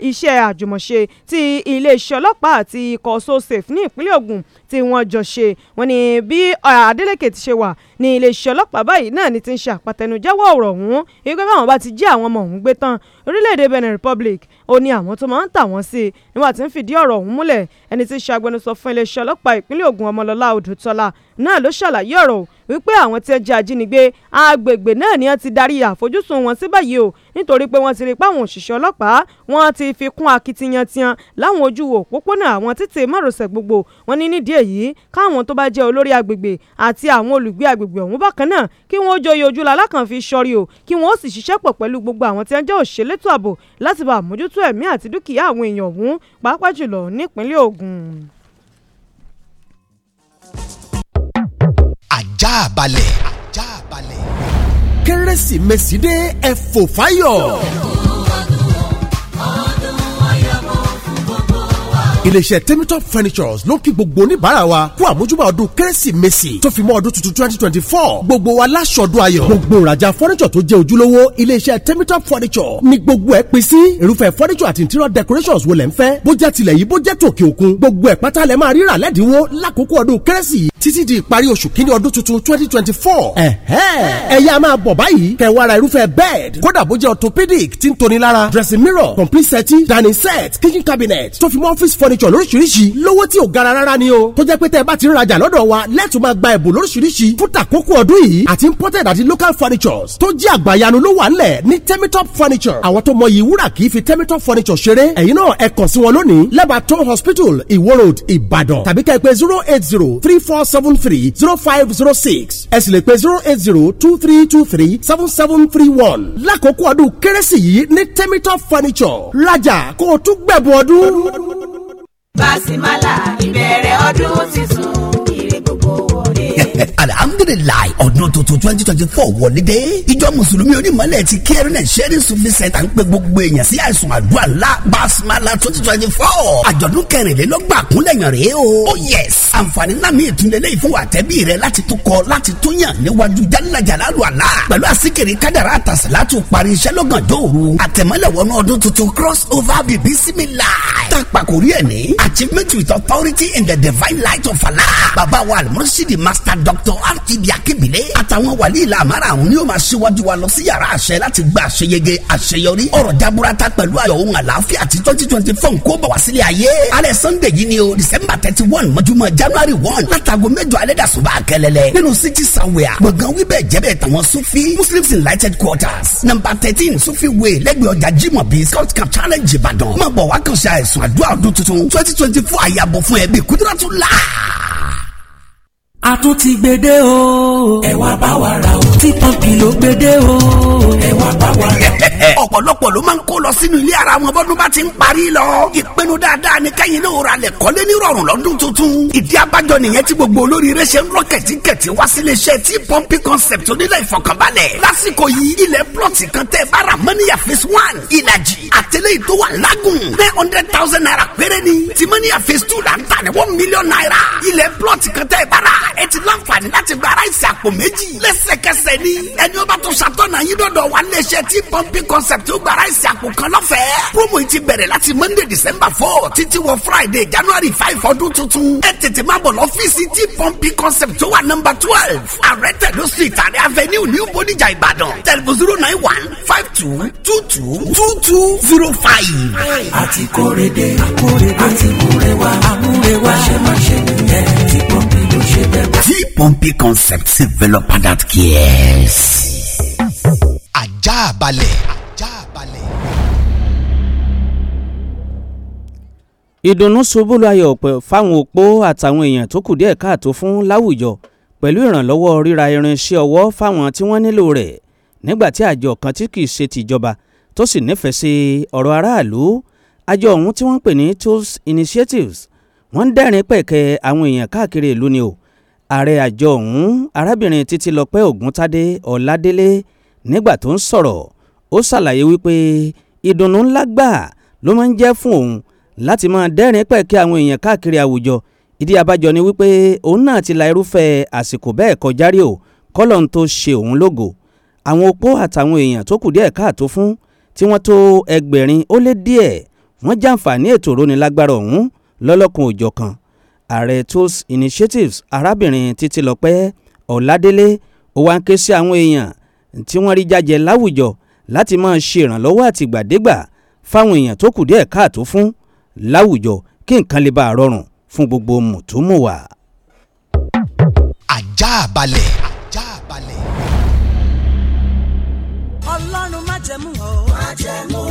iṣẹ́ àjùmọ̀ṣe ti iléeṣẹ́ ọlọ́pàá àti ikọ̀ sosafe ní ìpínlẹ̀ Ògùn tí wọ́n jọ ṣe wọ́n ní bí Adeleke ti ṣe wà ní iléeṣẹ́ ọlọ́pàá báyìí náà ni ti ń ṣe àpàtẹnujẹ́wọ́ ọ̀rọ̀ ọ̀hún wípé báwọn bá ti jí àwọn ọmọ ọ̀hún gbé tán relied upon her public ó ní àwọn tó máa ń tà wọ́n sí i nígbà tí ń fìdí ọ̀rọ̀ ọ̀hún múlẹ̀ ẹni tí í ṣe agbẹnusọ fún iléeṣẹ́ ọlọ́pàá ìpínlẹ̀ Ògùn ọmọlọ́lá Odùtọ́lá náà ló ṣàlàyé ọ̀rọ̀ wípé àwọn tí ẹ jẹ́ ajínigbé agbègbè náà ni wọ́n ti darí àfojúsùn wọn sí báyìí o nítorí pé wọ́n ti rí i pé àwọn òṣìṣẹ́ ọlọ́pàá wọ́n ti fi kún akitiyan tiyan láwọn ojú òpópónà àwọn títì márosẹ̀ gbogbo wọ́n ní nídìí èyí káwọn tó bá jẹ́ olórí agbègbè àti àwọn olùgbé agbègbè ọ̀hún bákan náà kí wọ́n joyè ojúlá alákànfi sọrí o kí wọ́n sì ṣiṣẹ́ pọ̀ pẹ̀lú gbogbo àwọn tí wọ́n jẹ́ òṣèlétò ààbò láti bá àmójútó ẹ̀mí àti dúkìá àwọn èèyàn ọ̀hún pàápàá jùlọ nípínlẹ̀ Ògùn. kérésìmesì dé ẹ̀fọ́ fáyọ̀. iléeṣẹ́ temitop furnitures ló kí gbogbo oníbàárà wa kú àmójúbà ọdún kérésìmesì tó fi mọ́ ọdún tuntun twenty twenty four gbogbo wa láṣọdún ayọ̀ gbogbo ìrajà furniture tó jẹ́ ojúlówó iléeṣẹ́ temitop furniture ni gbogbo ẹ̀ pín sí irúfẹ́ furniture àti interior decorations wo lẹ̀ ń fẹ́ bó jẹ́ tilẹ̀ yìí bó jẹ́ tòkè òkun gbogbo ẹ̀ pátá lẹ̀ máa ríra lẹ́dínwó lákòókò ọdún kérésì títí di ìparí oṣù kínní ọdún tuntun twenty twenty four ẹ̀hẹ́ ẹ̀yà máa bọ̀ báyìí kẹwàá irúfẹ́ bed kódà bó jẹ́ orthopedic tí ń toni lára dressing mirror complete set dining set kitchen cabinet tó fi mọ́ office furniture furniture lóríṣiríṣi lówó tí ò gara rárá ni o tó jẹ́ pé tẹ́ ẹ bá ti ń rajà lọ́dọ̀ wa lẹ́tù máa gba ẹ̀bùn lóríṣiríṣi fún tàkókò ọdún yìí àti imported àti local furnitures tó jẹ́ àgbàyanu ló wà ńlẹ̀ ní temitop furniture àwọn tó mọyì wúrà kì í fi temitop furniture ṣeré ẹ̀yin náà ẹ kàn sí wọn lónìí lebaton hospital iwo road ìbàdàn tàbí ká ẹ pè zero eight zero three four seven three zero five zero six ẹ sì lè pè zero eight zero two three two three seven seven three one lákòókò ọdún kérésì yìí ní temitop furniture rajà kó o tún gbẹ̀bù ọdún. Basimala ìbẹ̀rẹ̀ ọdún tuntun alihamudulilayi ọdún tuntun twenty twenty four wọlé dé ìjọ mùsùlùmí onímọ̀lẹ̀ ti kẹrin náà sharing sufi center ń pe gbogbo èèyàn sí àìsàn àdúrà ńlá basimala twenty twenty four àjọ̀dún kẹrìnlélọ́gbà kúnlẹ̀ yàn rèé o oh yes àǹfààní náà mi ìtúndẹ̀lẹ́ ìfún àtẹ́bí rẹ láti tún kọ láti tún yàn níwájú jálàjàlá lu àlá pẹ̀lú àsìkiri kádàrá àtàsílá tún parí iṣẹ́ lọ́gàn dóòru àtẹ̀mọ́lẹ̀ wọnú ọdún tuntun cross over bìbí sími láì tá a pàkórí ẹ̀ ní achievement with authority in the divine light of Allah bàbá wa alimusidi master Dr. R.T.B. Akébílé àtàwọn wàlíì la àmàrà àwọn ni ó máa ṣíwájú wa lọ sí yàrá àṣẹ láti gba àṣeyege àṣeyọrí ọ̀rọ̀ jaburata pẹ̀lú ayọ̀ ohun àlàáfíà ti twenty twenty four kó bọ̀ wá sílé ayé alẹ́ sunday yìí ni o december thirty one mọ́júmọ́ january one látago mẹ́jọ alẹ́ dàsùnbà kẹlẹ́lẹ́ nínú city sawia gbọ̀ngàn wíbẹ̀ jẹ́bẹ̀ tàwọn sufi muslims enlightened quarters number thirteen sufi way lẹ́gbẹ̀ẹ́ ọjà jimobi scout camp challenge ìbàdàn máa bọ̀ wá àìsàn àdúrà ọdún tuntun twenty twenty four àyàbọ̀ fún ẹbí kúndúrà tún láà a tún ti gbede o. ẹ bá wa ra o. tí pọ́ǹpì ló gbede o. ẹ wá bá wa ra o. ọ̀pọ̀lọpọ̀ ló máa ń kó lọ sínú ilé ara wọn bọ́dún bá ti ń parí lọ. ìpinnu dáadáa ni kẹ́yìn náà ra lẹ̀ kọ́lé ní rọ̀rùn lọ́dún tuntun. ìdí abájọ nìyẹn tí gbogbo olóríire ṣe ń rọ kẹ̀tíkẹ̀tí wá sílé iṣẹ́ tí pọ́ǹpì concept onílẹ̀ ìfọ̀kànbalẹ̀. lásìkò yìí hundred thousand naira péré ni ti mọ́níyà two là ń one million naira ilẹ̀ plọ̀tì kan tẹ bára ẹ ti láǹfààní láti gba ráìsì àpò méjì. lẹ́sẹ̀kẹsẹ̀ ni ẹni ó bá tún ṣàtọ̀nà yín dọ̀dọ̀ wa léṣe tí pọ́ńpì concept ó gba ráìsì àpò kan lọ́fẹ̀ẹ́. promo yìí ti bẹ̀rẹ̀ láti monday december four títí wọ friday january five ọdún tuntun. ẹ tètè máa bọ̀ lọ́fíìsì tí pọ́ńpì concept tó wà number twelve arẹ́tẹ̀dó street àrẹ avenue new bodijà ìbàdàn tẹlifu zero nine one five two two two two two zero five. àti kórede àkórede àti múrewa àmúrewa ṣe máa ṣe nìyẹn tí pọ́ńpì T-Pumpy Concept developer that cares. Ajá balẹ̀. ìdùnnú ṣubú lu ayọ̀ pẹ̀ fáwọn òpó àtàwọn èèyàn tó kù díẹ̀ káàtó fún láwùjọ pẹ̀lú ìrànlọ́wọ́ ríra irinṣẹ́ ọwọ́ fáwọn tí wọ́n nílò rẹ̀ nígbà tí àjọ kan tí kì í ṣe tìjọba tó sì nífẹ̀ẹ́ sí ọ̀rọ̀ aráàlú àjọ ọ̀hún tí wọ́n ń pè ní tools initiatives wọ́n ń dẹ́rìn pẹ̀kẹ́ àwọn èèyàn káàkiri ìlú ni o ààrẹ àjọ ọ̀hún arábìnrin títílọpẹ́ ògúntadé ọ̀làdélé nígbà tó ń sọ̀rọ̀ ó ṣàlàyé wípé ìdùnnú ńlá gbà ló máa ń jẹ́ fún òun láti máa dẹ́rìn pẹ̀kẹ́ àwọn èèyàn káàkiri àwùjọ ìdí abájọ ni wípé òun náà ti la irúfẹ́ àsìkò bẹ́ẹ̀ kọjá rí o kọ́lọ̀ ń tó ṣe òun lógo àwọn opó àtàwọn èèyàn tó kù díẹ̀ káàtó fún tí wọ́n tó ẹgbẹ̀rin ó lé díẹ̀ wọ́n jàǹfààní ètò ìrónilágbára ọ̀hún lọ́lọ́kun òjọ̀kan ààrẹ tools initiatives arábìnrin títílọpẹ́ ọ̀làdélé ó wá ń ké sí àwọn èèyàn tí wọ́n rí jájẹ láwùjọ láti máa ṣe ìrànlọ́wọ́ àtìgbàdégbà fáwọn èèyàn tó kù díẹ̀ káàtó fún láwùjọ kí nǹkan lè bá a rọrùn fún gbogbo mùtúmùwà. ajá balẹ̀. ajá balẹ̀. ọlọ́run má jẹ́ mú má jẹ́ mú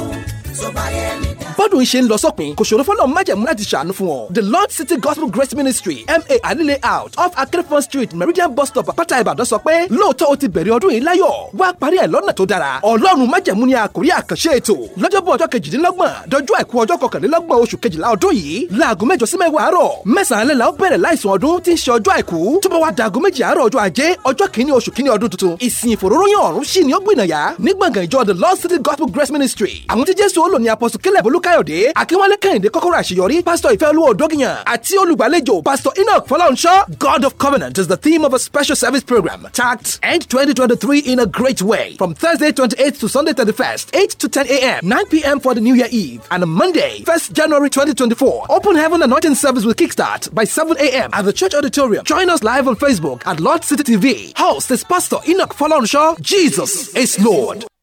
tó bá yẹ mí bọ́dún ṣe ń lọ sópin kò ṣòro fọlọ́ májẹ̀mú láti ṣàánú fún ọ. the lord city gospel grace ministry ma ali out off akérèfọ́n street meridian bus stop àpáta ìbàdàn sọ pé lóòótọ́ o ti bẹ̀rẹ̀ ọdún yìí láyọ̀ wá parí ẹ̀ lọ́nà tó dára ọlọ́run májẹ̀mú ni àkórí àkànṣe ètò lọ́jọ́bọ̀ ọjọ́ kejìdínlọ́gbọ̀n dọjú àìkú ọjọ́ kọkànlélọ́gbọ̀n oṣù kejìlá ọdún yìí láago mẹ́jọ sí mẹ́wàá àárọ̀ mẹ́sàn-án lẹ́la ó bẹ̀rẹ̀ láìsùn ọdún tí ń ṣe ọjọ́ àìkú tó bá wá daago méjì àárọ̀ ọjọ́ ajé ọjọ́ kìíní oṣù kìíní ọdún tuntun ìsìn ìfòróróyìn ọ̀run sì ni ó gbìnàyà ní gbọ̀ngàn ìjọ the lord city gospel grace ministry àwọn tí jésù ó lò ní apọ́sù kẹlẹ̀ bolúk káyọ̀dé akínwálé kẹ́hìndé kọ́kọ́rọ́ àṣeyọrí pásítọ̀ ìfẹ́ olúwo dógìyàn àti olùgbàlejò pásítọ̀ enoch fọláhùnsọ god of covenant is the theme of a special service program tacked end 2023 in a great way from thursday 28th to sunday 31st 8 to 10 a.m 9 p.m for the new year eve and monday 1st january 2024 open heaven anointing service will kickstart by 7 a.m at the church auditorium join us live on facebook at lord city tv host is pastor enoch fọláhùnsọ jesus is lord.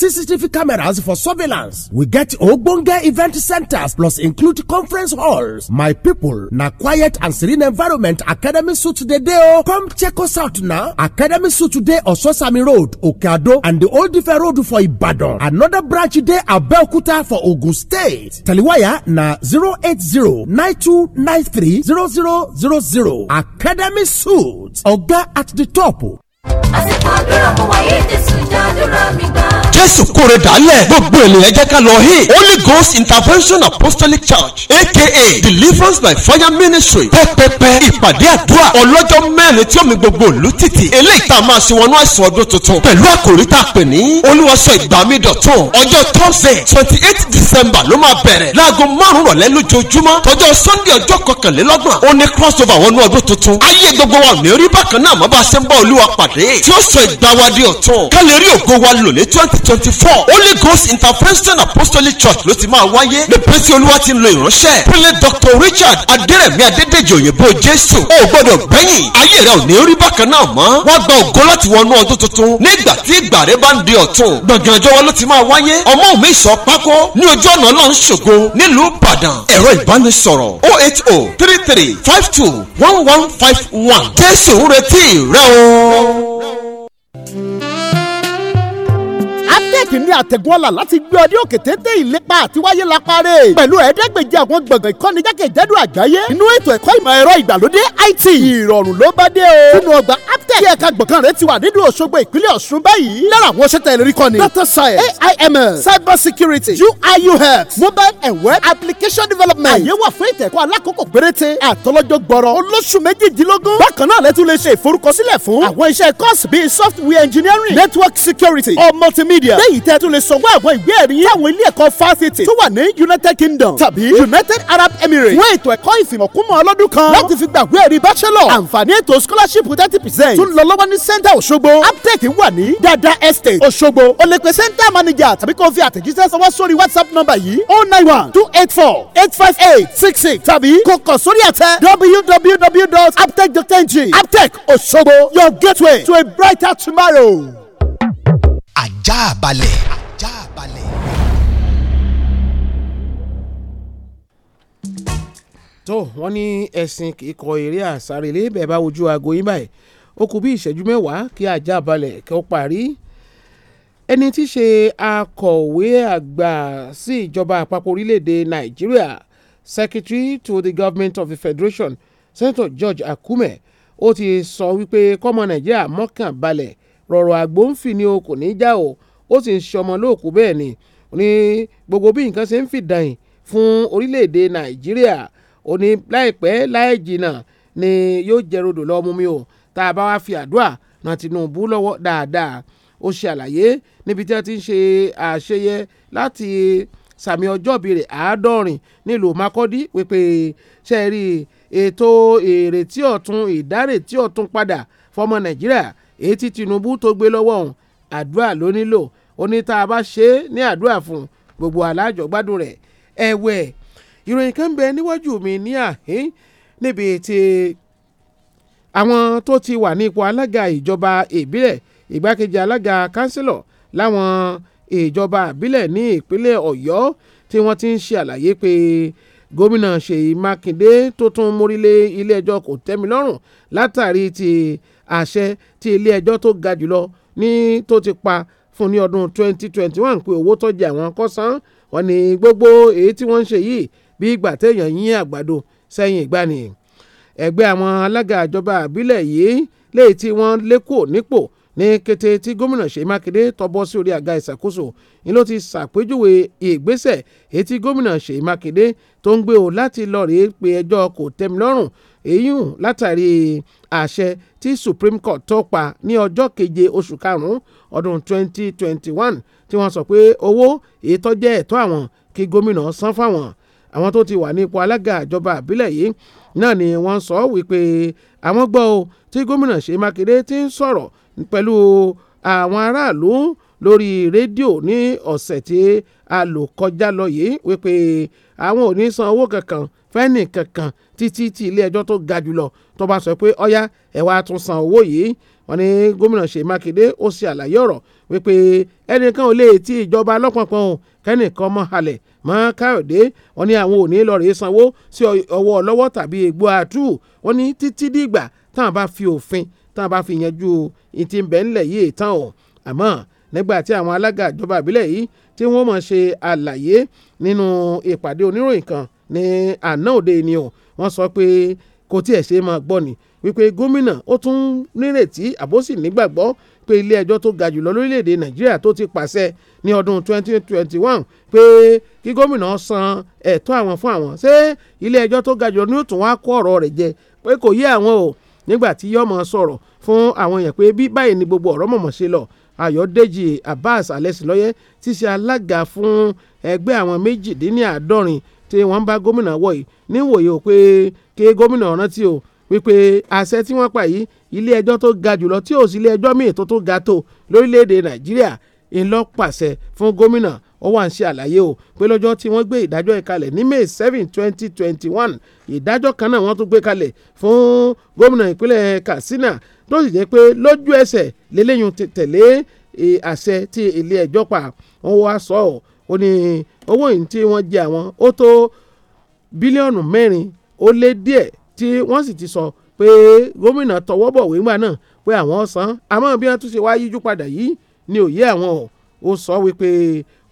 CCTV cameras for surveillance. We get ogbonge event centers plus include conference halls. My people, na quiet and serene environment Academy Suit today Oh, Come check us out now. Academy Suit today Sosami Road, Okeado and the Old Ife Road for Ibadan. Another branch at Belkuta for Ogun State. Taliwaya na 08092930000. Academy Suit. Oga at the top àsìkò àdúrà mo wáyé jésù jàdúrà dálẹ̀ gbogbo ènìyàn jẹ́ ká lọ hí holy ghost intervention apostolic church aka deliverance by fire ministry pẹ́pẹ́pẹ́ ìpàdé àdúrà ọlọ́jọ́ mẹ́rin tí ó mi gbogbo ìlú títì eléyìí tá a máa ṣe wọnú àìsàn ọdún tuntun pẹ̀lú àkòrí tá a pè ní olúwaṣọ ìgbà dọ̀tún ọjọ́ thursday twenty eight december ló máa bẹ̀rẹ̀ láago márùn-ún rọ̀lẹ́ lójoojúmọ́ tọjọ́ sunday ọjọ́ kọkànlélọ́gbọ̀n ó ní crossover wọnú ọdún tuntun ayé gbogbo wa ò ní rí bákan náà mọ́ bá ìpàdé tí ó sọ ìgbà wa di ọ̀tun ká ògo wa lò ní twenty twenty four Holy Ghost Intervention Apostolic Church ló ti máa wáyé níbi tí olúwa ti ń lo ìránṣẹ́ pínlẹ̀ Dr. Richard Adérẹ̀mí Adédèjì òyìnbó Jésù ó gbọ́dọ̀ gbẹ̀yìn ayé rẹ ò ní rí bákan náà mọ́ wá gba ògo láti wọnú ọdún tuntun nígbà tí ìgbà bá ń di ọ̀tun gbọ̀ngàn ọjọ́ wa ló ti máa wáyé ọmọ mi sọ pákó ní ojú ọ̀nà náà ń ṣògo nílùú Ìbàdàn ẹ̀rọ ìbánisọ̀rọ̀ oh oh one one five one Jésù ń retí rẹ o. no. kìíní àtẹ̀gùn ọ̀la láti gbé ọdí òkè téńté ìlépa àti wáyé la parẹ́ pẹ̀lú ẹ̀ẹ́dẹ́gbèje àwọn gbọ̀ngàn ìkọ́ni jákèjádò àgbáyé inú ètò ẹ̀kọ́ ìmọ̀ ẹ̀rọ ìgbàlódé IT ìrọ̀rùn ló bá dé o nínú ọgbà aptec ẹ̀ka gbọ̀ngàn rẹ ti wà nínú Òṣogbo ìpínlẹ̀ Ọ̀ṣun báyìí lára àwọn science AIML cyber security UIUX mobile and web application development iṣẹ́ kọ́ọ̀sì bíi níbi tẹ́ tún lè sanwó àwọn ìwé ẹ̀rí yín táwọn ilé ẹ̀kọ́ fásitì tó wà ní United Kingdom tàbí United Arab Emirates fún ètò ẹ̀kọ́ ìfìmọ̀kúmọ̀ ọlọ́dún kan láti fi gbàgbé ẹ̀rí bachelor àǹfààní ètò scholarship thirty percent tún lọ lọ́wọ́ ní center Òṣogbo aptech wà ní Dada Estate Òṣogbo o lè pe center manager tàbí kó o fi àtẹ̀jíṣẹ́ sọwọ́ sórí WhatsApp number yìí oh nine one two eight four eight five eight six six tàbí kò kàn sórí àtẹ www.aptech.ng aptech Òṣogbo your gateway to a brighter tomorrow ajá balẹ̀. ajá balẹ̀. tó wọ́n ní ẹ̀sìn ikọ̀ eré àsárelé bẹ́ẹ̀ bá ojú aago yín báyìí ó kù bí ìṣẹ́jú mẹ́wàá kí ajá balẹ̀ kí ó parí ẹni tí ṣe akọ̀wé àgbà sí ìjọba àpapọ̀ orílẹ̀-èdè nàìjíríà secretary to the government of the federation senator george akume ó ti sọ wípé kọ́mọ nàìjíríà mọ́kàn rọ̀rọ̀ àgbọ̀nfì ni o kò ní í já o ó sì ń ṣọmọ lóòkú bẹ́ẹ̀ ni ní gbogbo bí nǹkan ṣe ń fìdàn fún orílẹ̀-èdè nàìjíríà ó ní láìpẹ́ láì jìnnà ni yóò jẹ́ rodò lọ́ọ́ mú mi o tá a bá wá fi àdúrà ran Tinubu lọ́wọ́ dáadáa ó ṣe àlàyé níbi tí wọ́n ti ń ṣe àṣeyẹ láti sàmì ọjọ́bí rẹ̀ àádọ́rin nílùú Makurdi wípé ṣe rí ètò ìrètí ọ̀tun ìdárètí ọ̀tun padà fọmọ Nàìjíríà etí Tinubu tó gbé lọ́wọ́ òun àdúrà ló nílò ó ní tá a bá ṣe é ní àdúrà fún gbogbo aláàjọ gbádùn rẹ̀ ẹ̀wẹ̀ ìròyìn kan bẹ níwájú mi ní àhín níbi tí àwọn tó ti wà ní ipò alága ìjọba ìbílẹ̀ ìgbákejì alága kánsílọ̀ láwọn ìjọba ìbílẹ̀ ní ìpínlẹ̀ Ọ̀yọ́ tí wọ́n ti ń ṣe àlàyé pé gómìnà Ṣèyí Mákindé tó tún mórílé ilé ẹjọ́ kò tẹ́milọ́rùn látàrí ti àṣẹ tí ilé ẹjọ́ tó ga jùlọ ní tó ti pa fún ní ọdún 2021 pé owó tọ́jà àwọn kò san wọ́n ní gbogbo èyí tí wọ́n ń ṣe yìí bí ìgbà téèyàn yín àgbàdo sẹ́yìn ìgbani ẹgbẹ́ àwọn alága ìjọba àbílẹ̀ yìí léyìí tí wọ́n lékò nípò ní kété tí gómìnà Ṣèyí Mákindé tọ́bọ́ sí orí àga ìṣàkóso ni ló ti ṣàpèjúwe ìgbésẹ̀ èyí tí gómìnà Ṣèyí Mákindé tó ń gbé o láti lọ rèé pe ẹjọ́ kò tẹ́milọ́rùn èyún látàrí àṣẹ tí Supreme Court tó pa ní ọjọ́ keje oṣù karùn-ún ọdún 2021 tí wọ́n sọ pé owó ètò jẹ́ ẹ̀tọ́ àwọn kí gómìnà san fáwọn àwọn tó ti wà ní ipò alága ìjọba àbílẹ̀ yìí náà ni wọ́n sọ wípé àwọn gbọ́ o tí gómìnà Ṣèyí Mákindé ti ń sọ̀rọ̀ pẹ̀lú àwọn aráàlú lórí rédíò ní ọ̀sẹ̀ tí a lò kọjá lọ yìí wípé àwọn ò ní san owó kankan fẹ́ni kankan títí tí ilé ẹjọ́ tó ga jùlọ tó bá sọ pé ọ̀yá ẹ wá tún san owó yìí wọ́n ní gómìnà Ṣèyí Mákindé ó ṣe àlàyé ọ̀rọ̀ wípé ẹnìkan ò lè ti ìjọba lọ́pọ̀npọ̀n o kẹ́nìkan mọ́ halẹ̀ mọ́ Káyọ̀dé wọ́n ní àwọn ò ní sanwó sí ọwọ́ ọlọ́wọ́ tàbí egbò àtú wọ́n ní títí dìgbà táwọn bá fi òfin táwọn bá fi yanjú ìtì ń bẹ ńlẹ̀ yìí tán o àmọ́ nígbà tí àwọn alága ìjọba ìbílẹ̀ yìí tí wọ́n mọ̀ ṣe àlàyé nínú ìpàdé oníròyìn kan ní àná òde ni o wọ́n sọ pé kò tiẹ̀ ṣe máa gbọ́ ni wípé gómìnà ó tún nírètí àbòsí nígbàgbọ́ pé ilé ẹjọ́ tó ga jùlọ lórílẹ̀‐èdè nàìjíríà tó ti pàṣẹ ní ọdún 2021 pé kí gómìnà san ẹ̀tọ́ àwọn fún àwọn ṣé ilé ẹjọ́ tó ga jùlọ ní òtún wá kó ọ̀rọ̀ rẹ̀ jẹ pé kò yé àwọn o nígbà tí yọ́mọ sọ̀rọ̀ fún àwọn èèyàn pé bí báyìí ni gbogbo ọ̀rọ̀ mọ̀mọ́ ṣe lọ ayọ̀dèjì abbas alẹ́sìlọ́yẹ́ tí ṣe alága fún ẹgbẹ́ àwọn méjìdínláàádọ́rin tí wọ́n bá gómìnà wọ̀ yìí níwòye o pé ké gómìnà rántí o wípé àṣẹ tí wọ́n pa yìí ilé ẹjọ́ tó ga jùlọ tí ò sí ilé ẹjọ́ míì tó tó ga tó lórílẹ̀‐èdè nàìjíríà ńlọ́pàṣẹ fún gómìnà ó wà ń ṣe àlàyé o pé lọ́jọ́ tí wọ́n gbé ìdájọ́ yìí kalẹ̀ ní may seven twenty twenty one ìdájọ́ kan náà wọ́n tún gbé kalẹ̀ fún gómìnà ìpínlẹ̀ katsina tó sì jẹ́ pé lójú ẹsẹ̀ lélẹ́yìn tẹ̀lé e, àṣẹ tí ilé ẹjọ́ pa wọ́n wá sọ ọ́ ó ní owó yìí tí wọ́n jẹ àwọn ó tó bílíọ̀nù mẹ́rin ó lé díẹ̀ tí wọ́n sì ti sọ pé gómìnà tọwọ́ bọ̀wé ńgbà náà pé àwọn san àmọ́ bí wọ́n tún ṣe wá yíjú padà yìí ni òye àwọn ò ó sọ wípé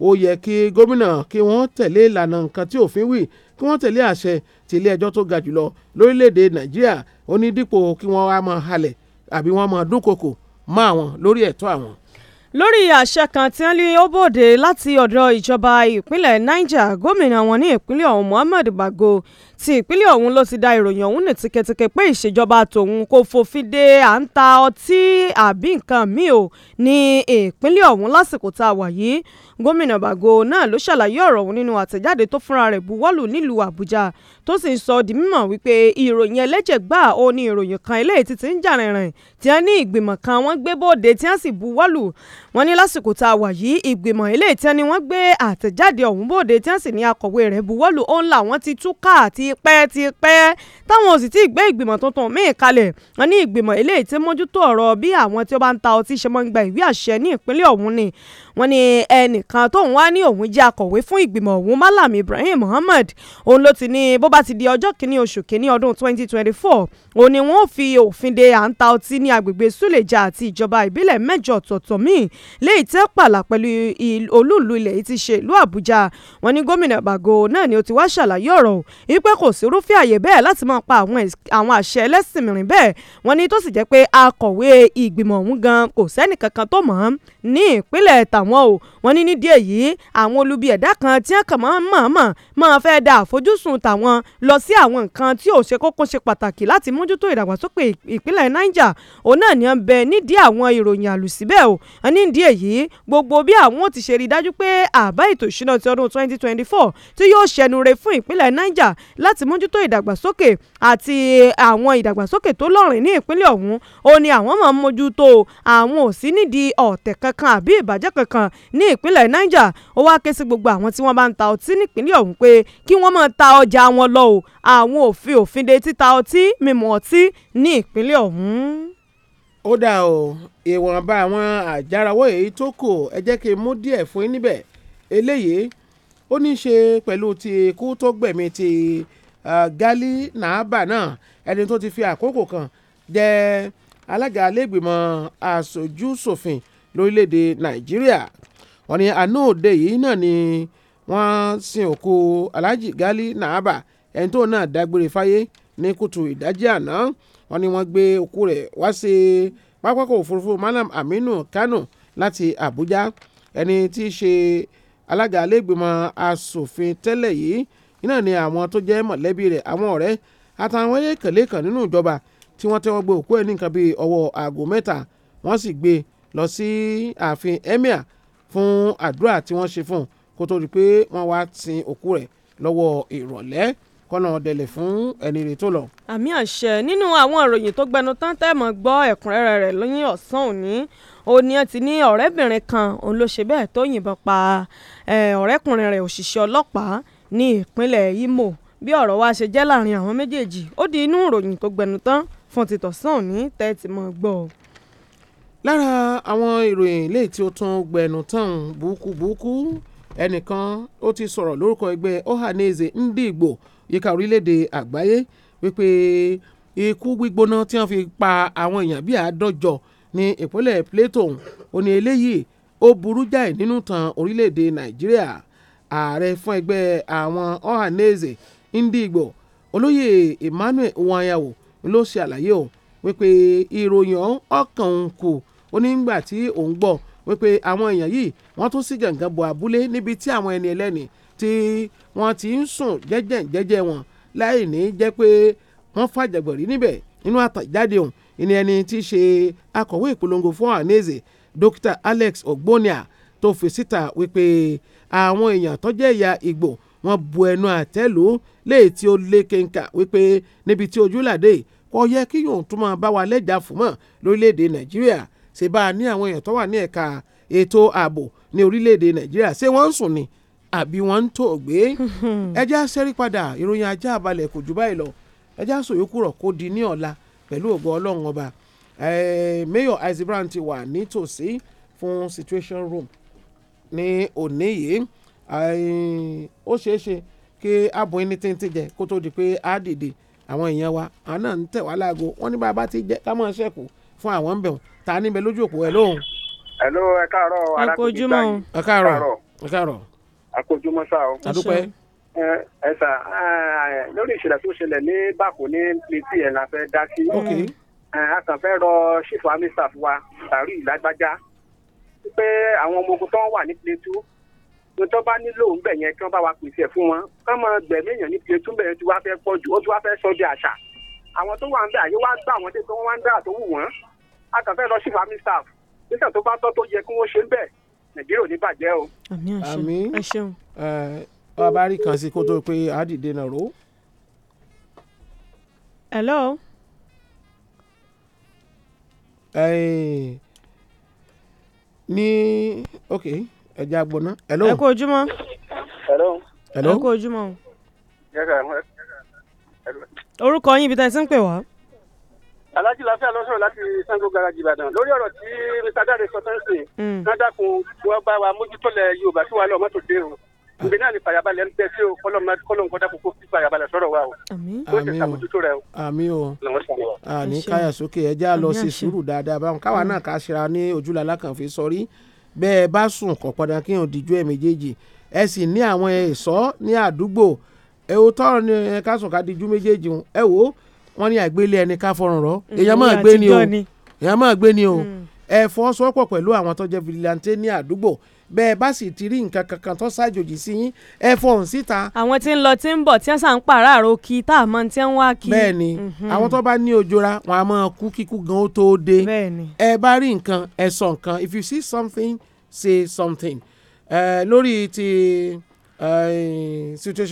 ó yẹ kí gómìnà kí wọ́n tẹ̀lé ìlànà nǹkan tí òfin wí kí wọ́n tẹ̀lé àṣẹ ti ilé ẹjọ́ tó ga jùlọ lórílẹ̀‐èdè nàìjíríà ó ní dípò kí wọ́n wá máa halẹ̀ àbí wọ́n máa dúnkokò mọ́ àwọn lórí ẹ̀tọ́ àwọn lórí àṣẹ kan tí wọ́n lé ó bòde láti ọ̀dọ̀ ìjọba ìpínlẹ̀ niger gómìnà wọn ní ìpínlẹ̀ ọ̀hún muhammed bago ti ìpínlẹ̀ ọ̀hún ló ti da ìròyìn ọ̀hún ní tikẹtikẹ pé ìṣèjọba tòun kò fòfin de à ń ta ọtí àbí nǹkan míì ò ní ìpínlẹ̀ ọ̀hún lásìkò tá a wà yìí gómìnà bago náà ló ṣàlàyé ọ̀rọ̀ ọ̀hún nínú àtẹ̀jáde tó fúnra rẹ̀ buwọ́lù nílùú àbújá tó sì ń sọ di mímọ̀ wípé ìròyìn ẹlẹ́jẹ̀ gbà ó ní ìròyìn kan eléyìí ti ti ń jà rìnrìn tí wọ́n ní ìgbìmọ̀ kan wọ́n gbé bóde tí wọ́n sì buwọ́lù wọ́n ní lásìkò tá a wà yìí ìgbìmọ̀ eléyìí tí wọ́n ní wọ́n gbé àtẹ̀jáde ọ̀hún bóde tí wọ́n sì ní akọ̀wé rẹ̀ buwọ́lù òun làwọn ti túkà tipẹ́ tipẹ́ táwọn ò sì tí ì gbé ìgbìmọ̀ tuntun míì kalẹ̀ wọ́n ní ìgbìmọ̀ eléyìí tí mójútó ọ̀rọ̀ bí àwọn tí ó bá ń ta ọtí ṣe mọ́ wọ́n ní ẹnìkan tóun wá ní òun jẹ́ akọ̀wé fún ìgbìmọ̀ òun Malam Ibrahim Muhammad òun ló ti ní bó bá ti di ọjọ́ kìíní oṣù kìíní ọdún 2024 òun ni wọ́n fi òfin de à ń ta ọtí ní agbègbè Suleja àti ìjọba ìbílẹ̀ mẹ́jọ ọ̀tọ̀ọ̀tọ̀ míì léyìí tẹ́ pàlà pẹ̀lú olúùlú ilẹ̀ yìí ti ṣe ìlú Àbújá wọ́n ní gómìnà Bago náà ni ó ti wá ṣàlàyé ọ̀rọ̀ wípé kò sí irúfẹ́ àyè bẹ́ẹ̀ láti máa pa àwọn àṣẹ ẹlẹ́sìn mìíràn bẹ́ẹ̀ wọ́n ní tó sì jẹ́ pé akọ̀wé ìgbìmọ̀ ọ̀hún gan kò sẹ́nìkankan tó mọ̀ ní ìpínlẹ̀ tàwọn àwọn o wọ́n ní nídìí èyí àwọn olubi ẹ̀dá kan tí wọ́n kàn máa mọ̀ọ́mọ̀ máa fẹ́ da àfojúsùn tàwọn lọ sí àwọn nǹkan tí ò ṣe kókó ṣe pàtàkì láti mójútó ìdàgbàsókè ìpínlẹ̀ Niger òun náà ni wọ́n bẹ nídìí àwọn ìròyìn àlùsíbẹ̀ o wọ́n ní nídìí èyí gbogbo bí àwọn ò ti ṣe rí dájú pé àbá ètò ìṣúná ti ọdún 2024 tí yóò ṣẹnure fún ìpínlẹ̀ Niger láti mójútó ìdàgbàsókè àti àwọn ìdàgbàsókè tó lọ́rìn ní ìpínlẹ̀ ọ̀hún ó ní àwọn máa ń mójútó àwọn ò sí nídìí ọ̀tẹ̀ kankan àbí ìbàjẹ́ kankan ní ìpínlẹ̀ Niger ó wá ké sí gbogbo àwọn tí wọ́n bá ń ta ọtí nípínlẹ̀ ọ̀hún pé kí wọ́n máa ta ọjà wọn lọ o àwọn òfin òfin de títa ọtí mímu ọtí ní ìpínlẹ̀ ọ̀hún. ó dà o ìwọ̀nba àwọn àjárawọ́ èyí tó kù ẹ jẹ́ kí n mú díẹ̀ fún yín níbẹ̀ eléyìí ó ní í ṣe pẹ̀lú ti ikú tó gbẹ̀mí ti Gali Nahaba náà ẹni tó ti fi àkókò kan jẹ́ alága alẹ́gbìmọ̀ aṣojú-ṣòfin lórílẹ̀‐èdè Nàìjíríà wọ́n ní àná òde yìí náà ni wọ́n sin òkú Alhaji Gali Nahaba ẹni tó náà dágbére fáyé ní kùtù ìdájí àná wọ́n ní wọ́n gbé òkú rẹ̀ wá sí pápákọ̀ òfurufú Malam Aminu Kano láti Abuja ẹni tí í ṣe alága alẹ́gbìmọ̀ aṣòfin tẹ́lẹ̀ yìí iná ni àwọn tó jẹ́ mọ̀lẹ́bí rẹ̀ àwọn ọ̀rẹ́ àtàwọn elékèlékàn nínú ìjọba tí wọ́n tẹ́wọ́ gbé òkú ẹ̀ ní nǹkan bíi ọwọ́ aago mẹ́ta wọ́n sì gbé e lọ sí ààfin emir fún àdúrà tí wọ́n ṣe fún un kó tó di pé wọ́n wá sin òkú rẹ̀ lọ́wọ́ ìrọ̀lẹ́ kọ́nà ọ̀dẹ̀lẹ̀ fún ẹni rè tó lọ. àmì àṣẹ nínú àwọn ìròyìn tó gbẹnu tán tẹ́mọ̀ gbọ́ ẹ̀kúnrẹ́rẹ́ rẹ̀ lóyún ọ̀sán òní òní ti ní ọ̀rẹ́bìnrin kan òun ló ṣe bẹ́ẹ̀ tó yìnbọn pa ọ̀rẹ́kùnrin rẹ̀ òṣìṣẹ́ ọlọ́pàá ní ìpínlẹ̀ Imo bí ọ̀rọ̀ wa ṣe jẹ́ láàrin àwọn méjèèjì ó di inú ìròyìn tó gbẹnu tán fún títọ̀sán òní tẹ́tí mọ́ gbọ́ ọ. lára àwọn ìròyìn léyìí tí ó tún gbẹnu tán burúkú burúkú ẹnìkan ó ti sọ̀rọ̀ lórúkọ ẹgbẹ́ Ohanaeze Ndigbo yíká orílẹ̀-èdè àgbáyé wípé ikú gbígbóná tí wọ́n fi pa àwọn èèyàn bíi àádọ́jọ ní ìpínlẹ̀ Plateau òní eléyìí ó burú jáì nínú tan orílẹ̀-èdè Nàìjíríà ààrẹ fún ẹgbẹ́ àwọn Ohanaeze Ndigbo olóyè Emmanuel Iwuanyanwo ló ṣe àlàyé o wípé ìròyìn ọ̀hún ọkàn òun kù ó ní gbà tí òun gbọ́ wípé àwọn èèyàn yìí wọ́n tún sí gàngán bo abúlé níbi tí àwọn ẹni ẹlẹ́ni tí wọ́n ti ń sùn jẹ́jẹ́ jẹ́jẹ́ wọn láì ní jẹ́ pé wọ́n fàjàgbọ̀rí níbẹ̀ nínú àtàjáde òun ìní ẹni tí í ṣe akọ̀wé ìpolongo fún Ohanaeze Dr Alex Ogbonia tó fi síta wípé àwọn èèyàn tó jẹ́ ẹ̀yà Ìgbò wọ́n bu ẹnu àtẹ́ lù ú léyìí tí ó lé kéńkà wípé níbi tí ojúlàdé kò yẹ kí yóò tún máa bá wa lẹ́jà fún mọ́ lórílẹ̀‐èdè Nàìjíríà ṣe bá a ní àwọn èèyàn tó wà ní ẹ̀ka ètò ààbò ní orílẹ̀‐èdè Nàìjíríà ṣé wọ́n ń sùn ni àbí wọ́n ń tò gbé ẹjẹ́ àṣẹ́rí padà ìròyìn ajá àbálẹ̀ kò jù báyìí lọ ẹjẹ́ àṣòyókù rọ̀ kó di ní ọ̀la pẹ̀lú ògo Ọlọ́run ọba Mayor Isaac Brown ti wà nítòsí fún situation room ní òní yìí ó ṣeéṣe kí abùn ẹni tí ń ti jẹ kó tó di pé á dìde àwọn èèyàn wa àwọn náà ń tẹ̀ wá láago wọ́n ní bàbá ti jẹ́ ká máa ṣẹ́kù fún àwọn ń bẹ̀ wọ́n ta níbẹ̀ lójú òpó ẹ̀ lóhùn. ẹ̀ló ẹ káàárọ̀ alákòjú báyìí ẹ káàárọ̀ ẹ káàárọ̀. àkójúmọ́ sá o. àdúpẹ́. ẹ ẹ sà lórí ìṣẹ̀lẹ̀ tó ṣẹlẹ̀ ní bákò ní plẹ̀tì ẹ̀ la fẹ́ dá sí. a kàn fẹ́ rọ ṣífù amí wa sàrí ìlágbájá pé àwọn ọmọ ogun tó wà ní Plateau ní tó bá nílò ńbẹ yẹn kí wọ́n bá wa pèsè fún wọn kọ́ mọ gbẹ̀mí èèyàn ní Plateau ńbẹ yẹn ti wá fẹ́ pọ̀ jù ó ti wá fẹ́ sọ di àṣà àwọn tó wà ńbẹ àyè wá gbà wọ́n dé pé wọ́n wá ń dára tó wù wọ́n a kàn fẹ́ lọ sí farming staff nígbà tó bá tọ́ tó yẹ kí wọ́n ṣe ńbẹ Nàìjíríà ò ní bàjẹ́ o. àmín ọba rí kan sí kó tó pé àdìdè náà ró. hello. Hey ní ok ẹja gbóná. hello. ẹ kú ojúmọ́. hello. hello. ẹ kú ojúmọ́. orúkọ yín ibi tá ẹ ti ń pè wá. Alhaji Lafiya lọ sọ̀rọ̀ láti Sango Garage Ìbàdàn lórí ọ̀rọ̀ tí Mr. Dare sọ tán sí. Hmm. nádàkùn wọn bá wa mójútó lẹ Yorùbá tí wàá lọ mọ́tò dé o bẹ́ẹ̀ náà ni fàyàbalẹ̀ ń bẹ sí o kọ́lọ́n kọ́dá kókó sí fàyàbalẹ̀ sọ̀rọ̀ wa o. àmín o àní káyà sókè ẹ já lọ sí sùúrù dáadáa báwọn káwa náà ká ṣe ra ní ojúlá alákànfi sọrí bẹ́ẹ̀ bá sùn kọ̀ padà kí hàn díjú ẹ̀ méjèèjì ẹ sì ní àwọn ẹ̀ṣọ́ ní àdúgbò ẹ o tọrọ ni ẹ ká sùn ká díjú méjèèjì ẹ wò wọn ní àgbélé ẹni ká fọrùn rọ mm, èèyàn máa gbé ni o èèyàn máa gbé ni o ẹ fọ́ sọ́pọ̀ pẹ̀lú àwọn tó jẹ́ ní àdúgbò bẹ́ẹ̀ bá sì ti rí nǹkan kankan tó ṣàjòjì sí yín ẹ fọhùn síta. àwọn tí ń lọ tí ń bọ̀ tí wọ́n sàn ń pàráàrò kí tá a mọ tí wọ́n wá kí. bẹ́ẹ̀ni mhm. àwọn tó bá ní ojora wọn a máa kú kíkú gan ó tó dé. bẹ́ẹ̀ni ẹ bá rí nǹkan ẹ sọ nǹkan if you see something say something. Uh, lórí ti uh, situation.